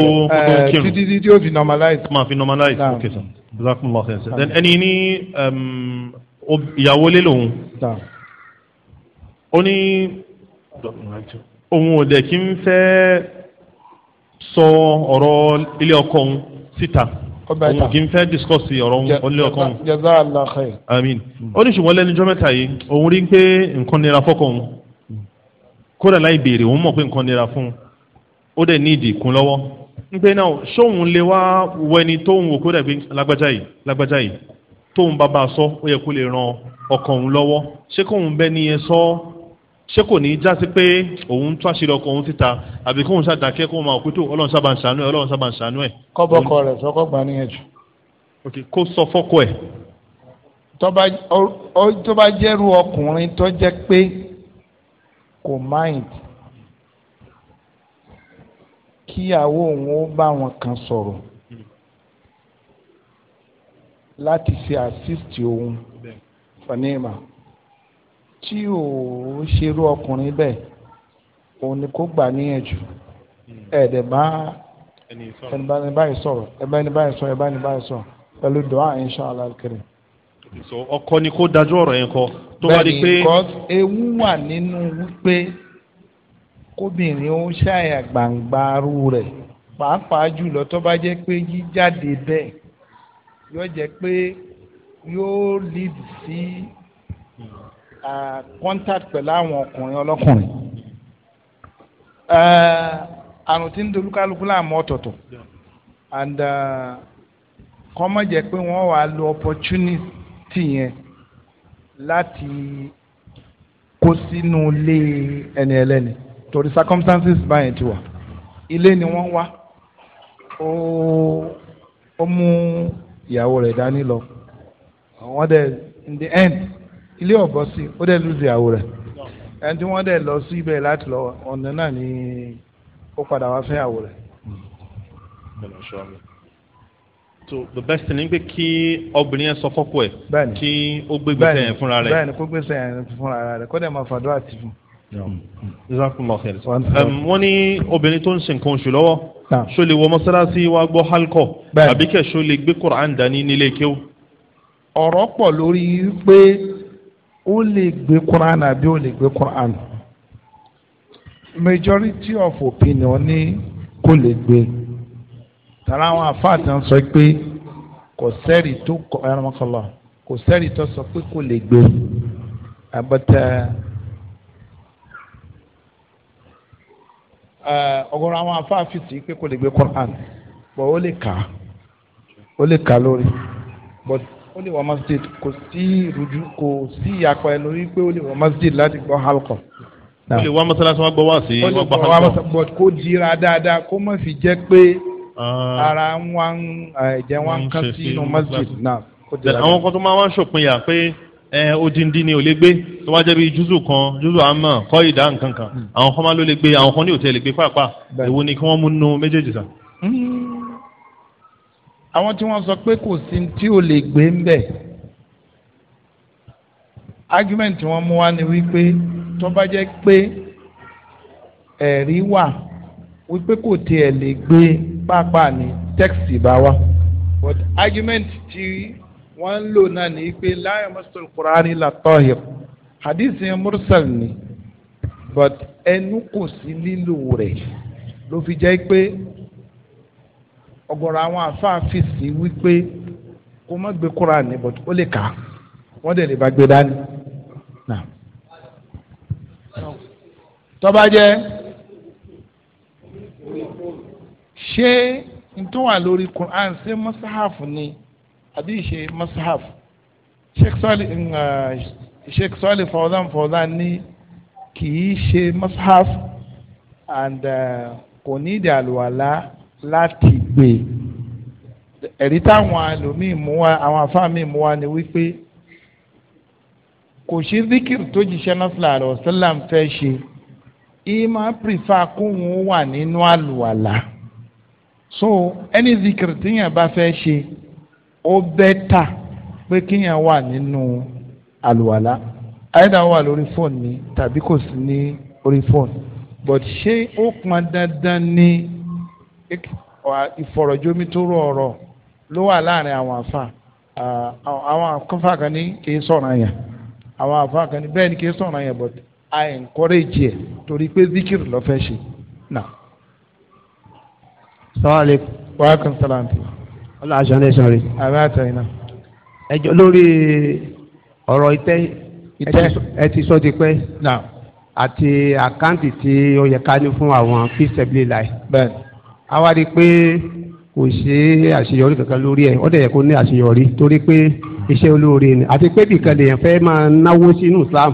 kírun títí títí ó fi normalize. máa fi normalize ok sir jazakumullah khair then ẹni ní um, ìyàwó lé lòun ó ní òun ò dẹ̀ kí ń fẹ́ sọ ọ̀rọ̀ ilé ọkọ òun síta òun kì í fẹ́ discuss ọ̀rọ̀ ilé ọkọ òun. jazakallah khair. àmín mm. ó ní mẹ́ta yìí òun rí i pé nǹkan nira fọ́kọ òun kódà láì béèrè òun mọ̀ pé nǹkan nira fún un ó dẹ̀ ní ìdí ìkún lọ́wọ́ ń pé náà ṣóun lè wá wẹni tóun wò kó dẹ̀ pé lágbájá yìí lágbájá yìí tóun bá bá a sọ ó yẹ kó lè ran ọkọ òun lọ́wọ́ ṣé kóun bẹ́ẹ̀ ni ẹ sọ ṣé kò ní í já sí pé òun tó àṣírí ọkọ òun síta àbí kóun ṣàdákẹ́ kóun máa òkú tó ọlọ́run sábà ń ṣàánú ẹ̀ ọlọ́run sábà ń ṣàánú ẹ̀. kọ́bọ̀kọ rẹ̀ sọ́kọ́ gbà níyẹn jù. ok kó sọ fọ́kọ ẹ̀. tó bá jẹ́rú ọkùnrin tó jẹ́ pé kò mind kíyàwó òun ó bá wọn kan sọ̀rọ̀ láti ṣe assist òun fọ́nẹ́ẹ̀mà tí ò ṣerú ọkùnrin bẹ́ẹ̀ òun ni kó gbà níyànjú ẹ̀ẹ́dẹ̀ bá ẹni báyìí sọ̀rọ̀ ẹ̀bá ẹni báyìí sọ̀rọ̀ ẹ̀bá ẹni báyìí sọ̀rọ̀ pẹ̀lú dùn án inṣàlá ọkọ ni kó dájú ọ̀rọ̀ yẹn kọ tó bá di pé. bẹ́ẹ̀ni kọ ewu wà nínú wípé kóbìnrin ó ṣàyà gbàǹgbàrú rẹ̀ pàápàá jùlọ tó bá jẹ́ pé jíjáde bẹ́ẹ̀ yóò jẹ́ pé yóò lead sí. Si contact pẹ̀lú àwọn ọkùnrin ọlọ́kùnrin àrùn tí ń dolúkálukú láàmú ọ̀tọ̀ọ̀tọ̀ and uh, kọ́mọ̀ jẹ́ pé wọ́n wàá lo opportunity yẹn láti kó sínú ilé ẹni ẹlẹ́ni torí circumstances báyẹn ti wà ilé ni wọ́n wá ó ó mú ìyàwó rẹ̀ dání lọ wọ́n dẹ̀ in the end ilé ọ̀bọ sí ó dẹ̀ lùzì àwò rẹ̀ ẹni tí wọ́n dẹ̀ lọ sí ibẹ̀ láti lọ ọ̀nà náà ni ó padà wá fẹ́ àwò rẹ̀. Mm-hmm. so the best thing ni pé kí obìnrin yẹn sọ fọ́kọ ẹ̀ kí ó gbé gbèsè yẹn fúnra rẹ̀. bẹ́ẹ̀ni kó gbèsè yẹn fúnra rẹ̀ kó dẹ̀ máa fàdúrà tì fún. Mm-hmm. Um, wọ́n ní obìnrin tó ń ṣe nǹkan oṣù lọ́wọ́ ṣó lè wọ mọ́sálásí wa gbọ́ halkọ́ àbíkẹ́ ṣó lè gbé Qur'an dání nílé kéw. ọ̀rọ̀ pọ̀ lórí pé ó lè gbé Quran àbí ó lè gbé Quran majority of opinion ní kò lè gbé tara àwọn afáàtàn sọ pé kò sẹ́rì tó kọ ẹranmọ́kànlá kò sẹ́rì tó sọ pé kò lè gbé abẹ́tẹ́ uh, uh, ọ̀gọ̀rọ̀ àwọn afáàfin sì pé kò lè gbé Quran bọ̀ ó lè kà á ó kà lórí ó lè wọ masjid kò sí ìrújú kò sí ìyapa ẹnu wípé ó lè wọ masjid láti gbọ́ halqa. ó lè wá mọ́sálásí wọn gbọ́ wá sí wọn gbọ́ halqa. but kó dira dáadáa kó má fi jẹ́ pé ah. ara wọn eh, ẹ̀jẹ̀ wọn kán sí inú masjid náà. àwọn kan tó máa wá ń ṣòpinya pé eh, odindi ni ò lè gbé tó wá jẹ́ bí júzù kan júzù àmọ́ kọ́ ìdá nǹkan kan hmm. àwọn kan máa ló lè gbé àwọn kan ní òtẹ́ lè gbé pàápàá èwo ni kí wọ́n mú nú méjèèjì sàn àwọn tí wọ́n sọ pé kò sí tí ò lè gbé ń bẹ̀ argument wọ́n mú wá ni wípé tó bá jẹ́ pé ẹ̀rí wà wípé kò tiẹ̀ lè gbé pápá ní tẹ́kìsì bá wá but argument tí wọ́n ń lò náà ni pé láyé mọ́sítọ́lù kúránì là tọ́hìr hadith yẹn mursal ni but ẹnu kò sí lílò rẹ̀ ló fi jẹ́ pé ọ̀gọ̀rọ̀ àwọn àfáàfin sí wípé kó má gbé kóra ní but ó lè kà á wọ́n dẹ̀ lè bá gbé dání. tọ́ba jẹ́ ṣé nítorí wà lórí Quran ṣé mọ́sáhàfù ni àbí ìṣe mọ́sáhàfù Sheikh Sọ́ọ̀lì uh, Fawzan Fawzan ní kì í ṣe mọ́sáhàfù and uh, kò ní ìdí àlùwàlá láti gbé ẹ̀rí táwọn àlòmíì mú wa àwọn afáàmì mú wa ni wípé kò sí zikir tó jíṣẹ́ náà sílẹ̀ fẹ́ ṣe ìmọ̀ pírífà kóhun wà nínú àlùwàlà so ẹni zikir tíyàn bá fẹ́ ṣe ó bẹ́tà pé kíyàn wà nínú àlùwàlà àyẹ̀dá wà lórí fóònù ni tàbí kò sí ní orí fóònù but ṣé ó pọn dandan ní ìfọ̀rọ̀jomitoro ọ̀rọ̀ ló wà láàrin àwọn àfa àwọn àkọ́fà kan ní kì í sọ̀rọ̀ yẹn àwọn àfa kan ní bẹ́ẹ̀ ni kì í sọ̀rọ̀ but I encourage ẹ̀ torí pé zikiri lọ fẹ́ ṣe na. sọ́wọ́n alẹ́. wàá kan sọ́la ntì. ọlọ́ aṣọ ní a àbẹ́ àtẹ̀yìn náà. ẹjọ́ lórí ọrọ ìtẹ́ ẹ ti sọ ti pẹ́ àti àkáǹtì tí ó yẹ ká ní fún àwọn láì. àwa rí i pé kò ṣe àṣeyọrí kankan lórí ẹ̀ ọ̀dẹ̀ yẹ kó ní àṣeyọrí torí pé iṣẹ́ olóore ni àti pé bìkan lèèyàn fẹ́ máa náwó sínú Islam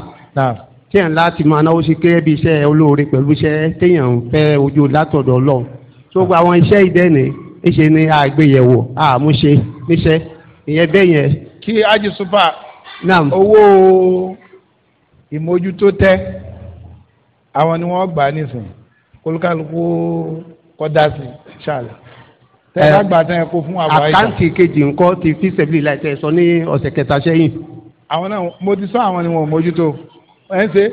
téèyàn láti máa náwó sí kéré bí iṣẹ́ olóore pẹ̀lú iṣẹ́ téèyàn fẹ́ ojú látọ̀dọ̀ Ọlọ́run tó gba àwọn iṣẹ́ ìdẹ́ni ìṣe ni àgbéyẹ̀wò àmúṣe níṣẹ́ ìyẹn bẹ́ẹ̀ yẹn. kí ájú súpà owó ìmójútó tẹ àwọn ni wọ́n gbà nísìnyí kólúkálukú kọ́dá sí ṣáàlà. tẹ́lá eh, gbà tẹ́ ẹ kó fún àbọ̀ àìsàn. àkáǹtì kejì ńkọ́ ti fi sẹ́bìlì láìsẹ̀ sọ ní ọ̀sẹ̀ kẹta sẹ́yìn. àwọn náà mo ti sọ àwọn ni wọn ò mójútó ẹ ń ṣe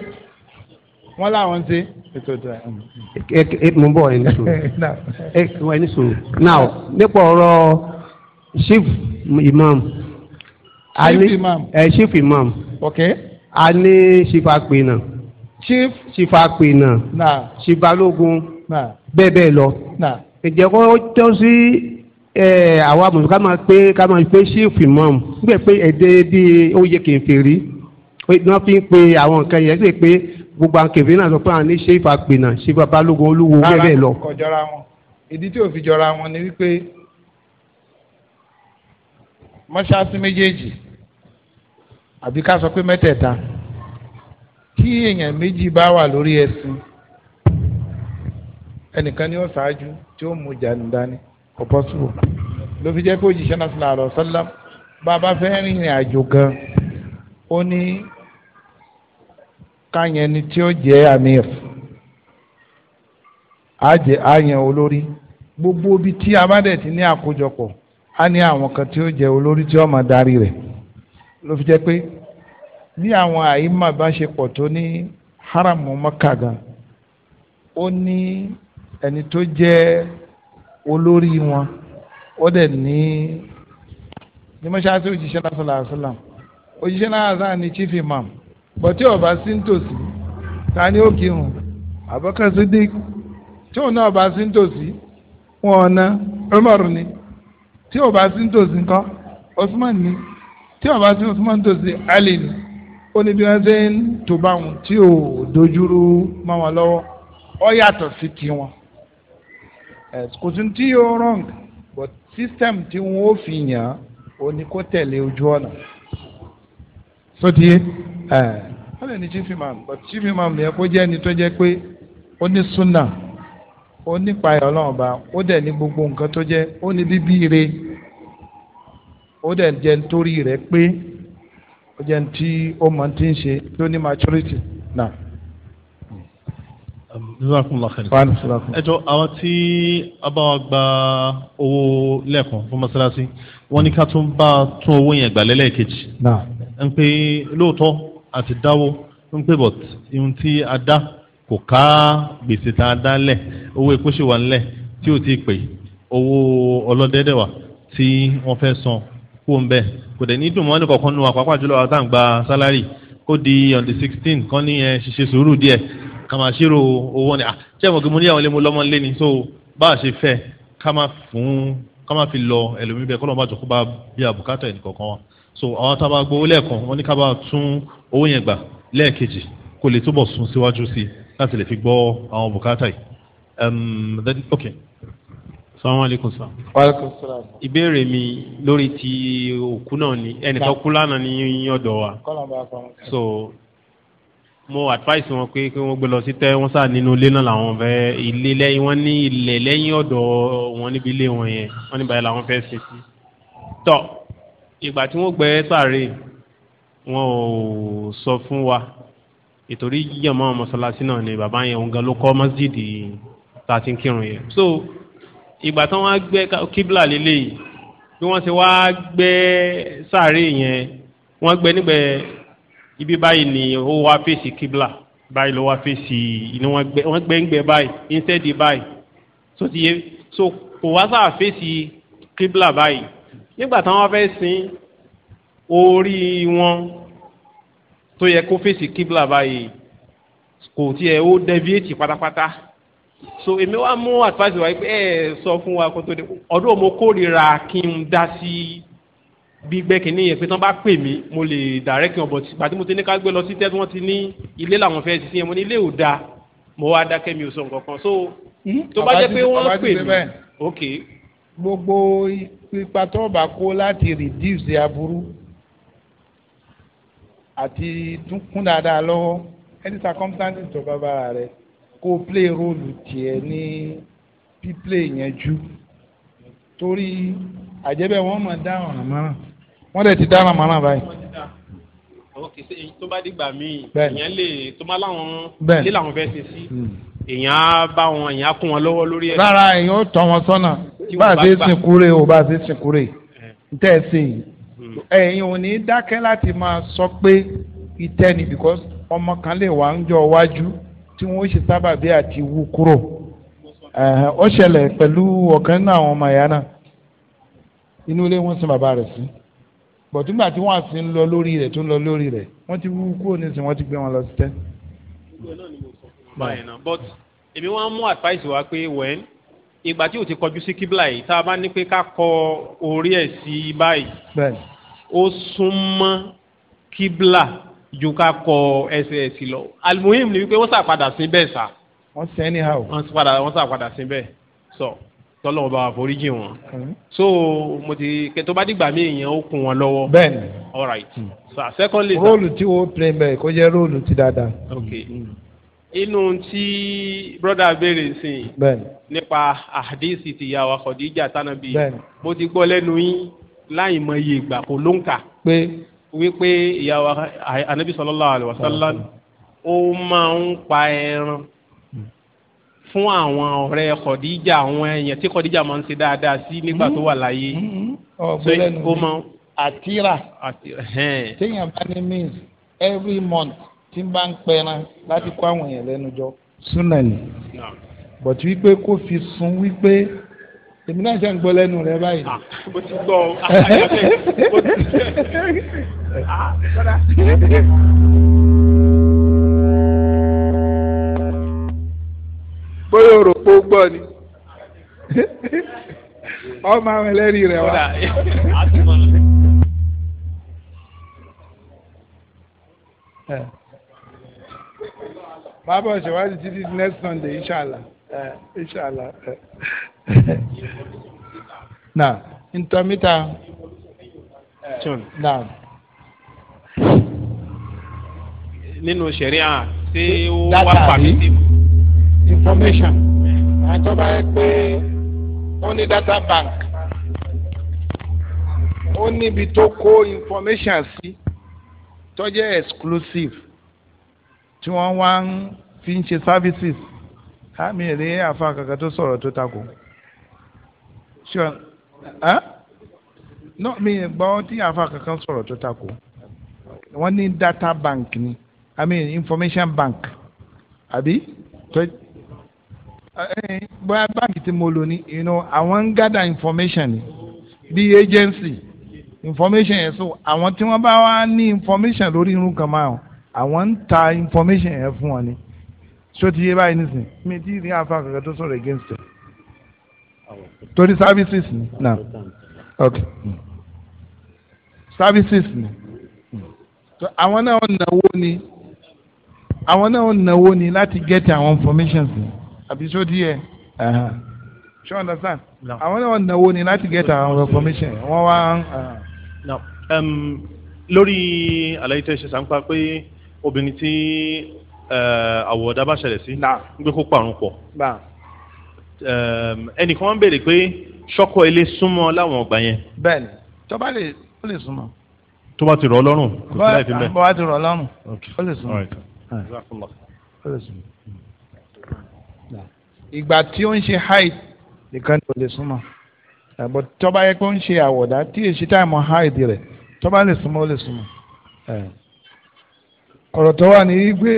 wọn láwọn ń ṣe ètò ètò *laughs* ẹ. ẹ mú sòrò ẹ ẹni sòrò now nípa ọ̀rọ̀ chief imam. chief imam. ẹ chief imam. ok. a ní chief apina. chief. chief apina. na. chief balógun bẹ́ẹ̀ bẹ́ẹ̀ lọ. ìjẹ́ kó tó sí àwa mùsùlùmí ká máa pé ká máa pé ṣífù mọ́ọ̀mù nígbà pé ẹ̀dẹ́ bíi oyè kẹfìrí wọ́n fi ń pe àwọn nǹkan yẹn sí pé gbogbo àwọn kẹfìrí náà sọ pé àwọn ní ṣífù àpènà ṣífù abálógun olúwo bẹ́ẹ̀ bẹ́ẹ̀ lọ. rárá kò jọra wọn ìdí tí ò fi jọra wọn ni wípé mọ́ṣáláṣí méjèèjì àbí ká sọ pé mẹ́tẹ̀ẹ̀ta tí èèyàn méjì bá wà lórí ẹ̀sìn ẹnìkan ni ó ṣáájú tí ó mú ìjànù dání kò pọ́sibò ló fi jẹ́ pé òjíṣẹ́ náà sallallahu alaihi wasallam bá fẹ́ rìnrìn àjò gan ó ní káyẹn ni tí ó jẹ́ amir àjẹ àyẹn olórí gbogbo ibi tí a bá dẹ̀ ti ní àkójọpọ̀ a ní àwọn kan tí ó jẹ́ olórí tí ó máa darí rẹ̀ ló fi jẹ́ pé bí àwọn àyíma bá ṣe pọ̀ tó ní haramu mọ́kà gan ó ní ẹni tó jẹ́ olórí wọn ó dẹ̀ ní ní mọ́ṣáláṣí òjíṣẹ́ lásìlá àṣìlá òjíṣẹ́ lásìlá ni chief imam bọ́tí ọba sí nítòsí ta ni ó kírun Abubakar Siddiq tí òun náà ọba sí nítòsí wọn ọ̀nà Umar ni tí ọba sí nítòsí nǹkan Osman ni tí ọba sí Osman nítòsí Ali ni ó ní bí wọ́n ṣe ń tó bá tí ò dojúrú mọ́ wọn lọ́wọ́ ó yàtọ̀ sí tiwọn. kò sí tí yóò wrong but system tí wọn ó fi yàn ó ní kó tẹ̀lé ojú ọ̀nà ẹ wọ́n ní chief imam but chief imam yẹ e kó jẹ́ ẹni tó jẹ́ pé ó ní sunna ó nípa ẹ̀ e ọlọ́run ba ó dẹ̀ ní gbogbo nǹkan tó jẹ́ ó ní bíbí re ó dẹ̀ jẹ́ nítorí rẹ̀ pé ó jẹ́ ní tí ó mọ̀ ní ti maturity náà. jazakumullah khair. ẹ jọ àwọn tí a bá wa gba owó lẹ́ẹ̀kan fún mọ́sálásí wọ́n ní ká tún bá tún owó yẹn gbà lẹ́lẹ́ẹ̀kejì. ń pè lóòótọ́ àti dáwó ń pè bọ̀t ihun tí a dá kò ká gbèsè tá a dá lẹ̀ owó epo ṣì wà ńlẹ̀ tí ò ti pè owó ọlọ́dẹ́dẹ̀ wà tí wọ́n fẹ́ san kó ń bẹ̀ kò dẹ̀ ní dùn mọ́ kọ̀ọ̀kan nu àpapọ̀ àjọlọ́ àtàǹgbà sálárì kó di on the sixteen kan ní ẹ ṣiṣẹ́ sùúrù díẹ̀ kàmáṣírò owó ni ṣé mo kì mo níyàwó lé mo lọ́mọ lé ni so bá a ṣe fẹ́ ká má fún ká má fi lọ ẹlòmíì bẹ́ẹ̀ kọ́lọ́mọ́ àjọkọ́ bá bí àbùkátà ẹnì kọ̀ọ̀kan wa so àwọn tá a bá gbowó lẹ́ẹ̀kan wọ́n ní ká bá tún owó yẹn gbà lẹ́ẹ̀kejì kó lè túbọ̀ sún síwájú sí i láti lè fi gbọ́ àwọn bùkátà yìí. Um, then okay salamaleykum sa. waaleykum salaam. ìbéèrè mi lórí ti òkú náà ni ẹnìkan kú lánàá ní ọ̀dọ̀ wa. kọ́lá bá a fọ. so mo advice wọn pé kí wọ́n gbé lọ sí tẹ́ wọ́n sá nínú ilé náà làwọn fẹ́ ilé lẹ́yìn wọ́n ní ilẹ̀ lẹ́yìn ọ̀dọ̀ wọn níbi ilé wọn yẹn wọ́n ní báyìí làwọn fẹ́ ṣe sí. tọ́ ìgbà tí wọ́n gbẹ́ sáré wọn ò sọ fún wa ìtorí jẹ̀mọ́ mọ́sálásí náà ni bàbá yẹn òun gan ló kọ́ mọ́sídìí tá a ti ń kírun yẹn. so ìgbà tí wọ́n gbẹ́ kíbla lélẹ́yìí bí wọ́n ti wá gbẹ́ sáré yẹn wọ́n gbẹ́ nígbẹ́ ibi báyìí ni ó wá fèsì kíbla báyìí ló wá fèsì inú wọn gbẹ́ngbẹ́ báyìí instead báyìí so ti yẹ so kò wá sáà fèsì kibla báyìí nígbà táwọn fẹ́ sin orí wọn tó yẹ kó fèsì kíbla báyìí kò tiẹ̀ ó deviate pátápátá so èmi wá mú advice wa pé ẹ sọ fún wa kó tó dé ọdún mo kórìíra kí n dá sí. Si, bí gbẹ́ kìíní yẹn pé tán bá pè mí mo lè direct wọn bọ̀ pàtí mo ti ní ká gbé lọ sí tẹ́tí wọ́n ti ní ilé làwọn fẹ́ ti sí yẹn mo ní ilé ò dáa mo wá dákẹ́ mi ò sọ nǹkan kan so hmm? tó bá jẹ́ pé wọ́n pè mí ok. gbogbo ipa tó bá kó láti reduce aburú àti kún dáadáa lọ́wọ́ any circumstances tó bá bára rẹ kó play role tiẹ̀ ní píplé yẹn jù torí àjẹbẹ́ wọn mọ̀ dáhùn àmọ́ràn. wọ́n dẹ̀ ti dáná mọ́nà báyìí. tó bá dìgbà míì èèyàn lè tó má láwọn lé làwọn fẹ́ sí hmm. èèyàn á bá wọn èèyàn á kún lọ́wọ́ lórí ẹ̀. rárá èèyàn ó tọ́ wọn sọ́nà bá a o bá a eh. tẹ́ ẹ hmm. ò ní dákẹ́ sọ pé ìtẹ́ ni because ọmọ kan lè ń jọ wájú tí wọ́n ṣe sábà bí àti wú kúrò ó ṣẹlẹ̀ pẹ̀lú ọ̀kan ọmọ ìyá náà inú ilé wọn sin bàbá rẹ̀ sí bọ̀túgbà tí wọ́n sì ń lọ lórí rẹ̀ tó ń lọ lórí rẹ̀ wọ́n ti wú kúrò nísìnyí wọ́n ti gbé wọn lọ sí tẹ́. báyìí náà but èmi wá mú advice wá pé wẹ́n ìgbà tí o ti kọjú sí kíbla yìí tá a bá ní pé ká kọ orí ẹ̀ sí báyìí ó súnmọ́ kíbla ju ká kọ ẹsẹ̀ ẹ̀ sí lọ alimuhim ni wípé wọ́n sàpadà sí bẹ́ẹ̀ sà. wọ́n sẹ́ni ha o. wọ́n sàpadà sí bẹ́ẹ̀ sọ. So tọ́lọ́wọ́ bá foríjì wọn. so mo ti tó bá dìgbà míì yẹn ó kun wọn lọ́wọ́. bẹ́ẹ̀ni all right hmm. so secondly. róòlù tí wọ́n play bẹ́ẹ̀ kó jẹ́ róòlù ti dáadáa. ok hmm. inú tí broda béèrè sí i nípa àdéhìsì ti ìyá wa Khadija tánàbí mo ti gbọ́ lẹ́nu yín láì mọ iye ìgbà kò ló ń kà pé wípé ìyá wa anabi sallallahu alaihi ó máa ń pa ẹran fún àwọn ọ̀rẹ́ kọ̀díjà àwọn èèyàn tí kọ̀díjà máa ń ṣe dáadáa sí nígbà tó wà láyé. Mm-hmm. Mm-hmm. ọ̀gbẹ́lẹ́nu àtìrà téèyàn bá ní means every month tí n bá ń pẹran láti kó àwọn èèyàn lẹ́nu jọ súnà ni but wípé kó fi sun wípé èmi náà ṣe ń gbọ́ lẹ́nu rẹ báyìí. Ah, mo ti gbọ́ *laughs* ah, ọ. *laughs* *laughs* bóyá òròpó gbọ́ ni *laughs* ọmọ àwọn ẹlẹ́rìí rẹ̀ wá. Eh. bàbá ọ̀ṣẹ̀wádìí títí next Sunday inshallah eh, inshallah. na ntomita na. nínú sẹ̀ríà ṣé ó wà pàmìtì. information àtọ́ba yẹ pé wọ́n ní data bank ó níbi tó kó information sí tó jẹ́ exclusive tí wọ́n wá ń fi ń ṣe services àmì ah, èrè àfa kankan tó sọ̀rọ̀ tó takò sure ẹ́ no mi gbọ́ tí àfa kankan sọ̀rọ̀ tó takò wọ́n ní data bank ni i mean information bank àbí bóyá báńkì tí mo lò ní you know àwọn ń gather information ni bí agency information yẹn so àwọn tí wọ́n bá wá ní information lórí irun kan máa àwọn ń ta information yẹn fún wọn ni ṣó ti yé báyìí nísìnyí mi ti rí àfa kankan tó sọ̀rọ̀ against it torí services ni na ok services ni so àwọn náà náwó ni àwọn náà náwó ni láti get àwọn informations ni àbí só díẹ̀ ṣé wọn understand àwọn náà náwó ni láti get our information wọn wá. Uh, um, lórí àlàyé tẹ́ ṣe sàǹpà pé obìnrin tí uh, àwọ̀dá bá ṣẹlẹ̀ sí ń gbé kó pàrún pọ̀ um, ẹnìkan wọn béèrè pé ṣọ́kọ ilé súnmọ́ láwọn ọgbà yẹn. bẹ́ẹ̀ni tó bá lè ó lè súnmọ́. tó bá ti rọ̀ lọ́rùn kò sí láì fi bẹ́ẹ̀. bó bá ti rọ̀ lọ́rùn ó lè súnmọ́. ó lè ìgbà tí ó ń ṣe haid nìkan ni kò lè súnmọ́ àbọ̀ tó bá yẹ kó ń ṣe àwọ̀dá tí èsì táìmù haid rẹ̀ tó bá lè súnmọ́ ó lè súnmọ́ ọ̀rọ̀ tó wà ní gbé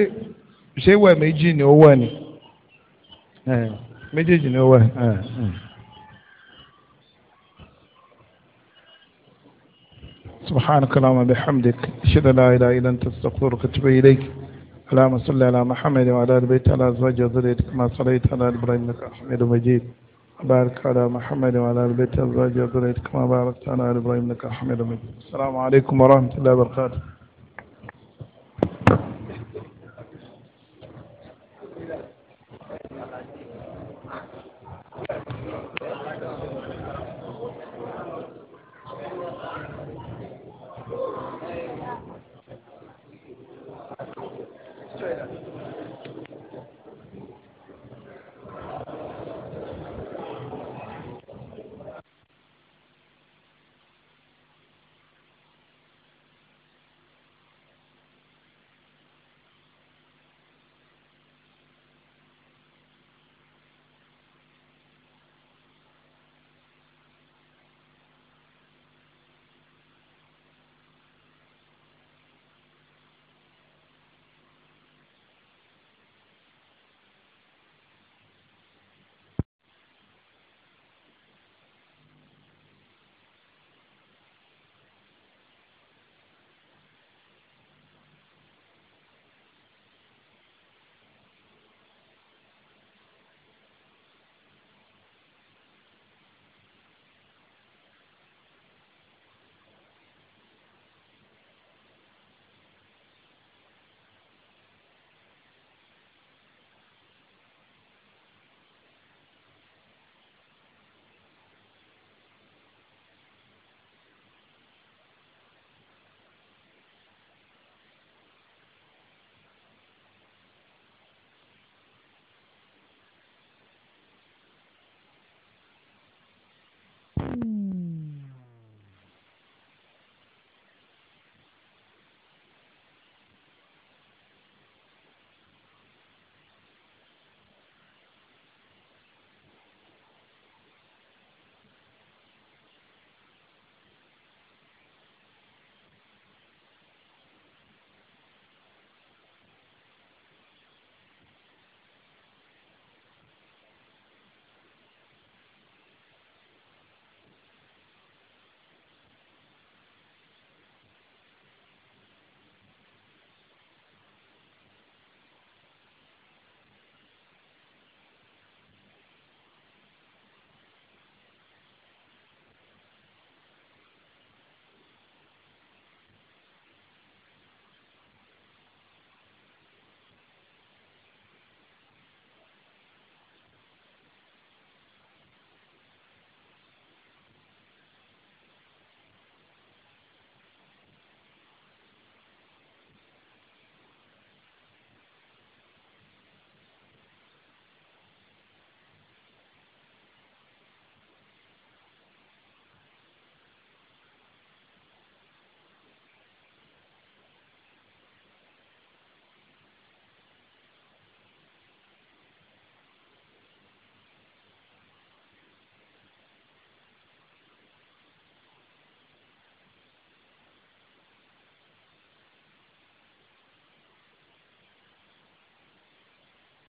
ṣé wẹ̀ méjì ni ó wẹ̀ ni méjèèjì ni ó wẹ̀. سبحانك اللهم وبحمدك اشهد ان لا اله الا انت استغفرك واتوب اليك اللهم صل على محمد وعلى ال بيت على ازواج وذريته كما صليت على ابراهيم انك حميد مجيد وبارك على محمد وعلى ال بيت على ازواج وذريته كما باركت على ابراهيم انك حميد مجيد السلام عليكم ورحمه الله وبركاته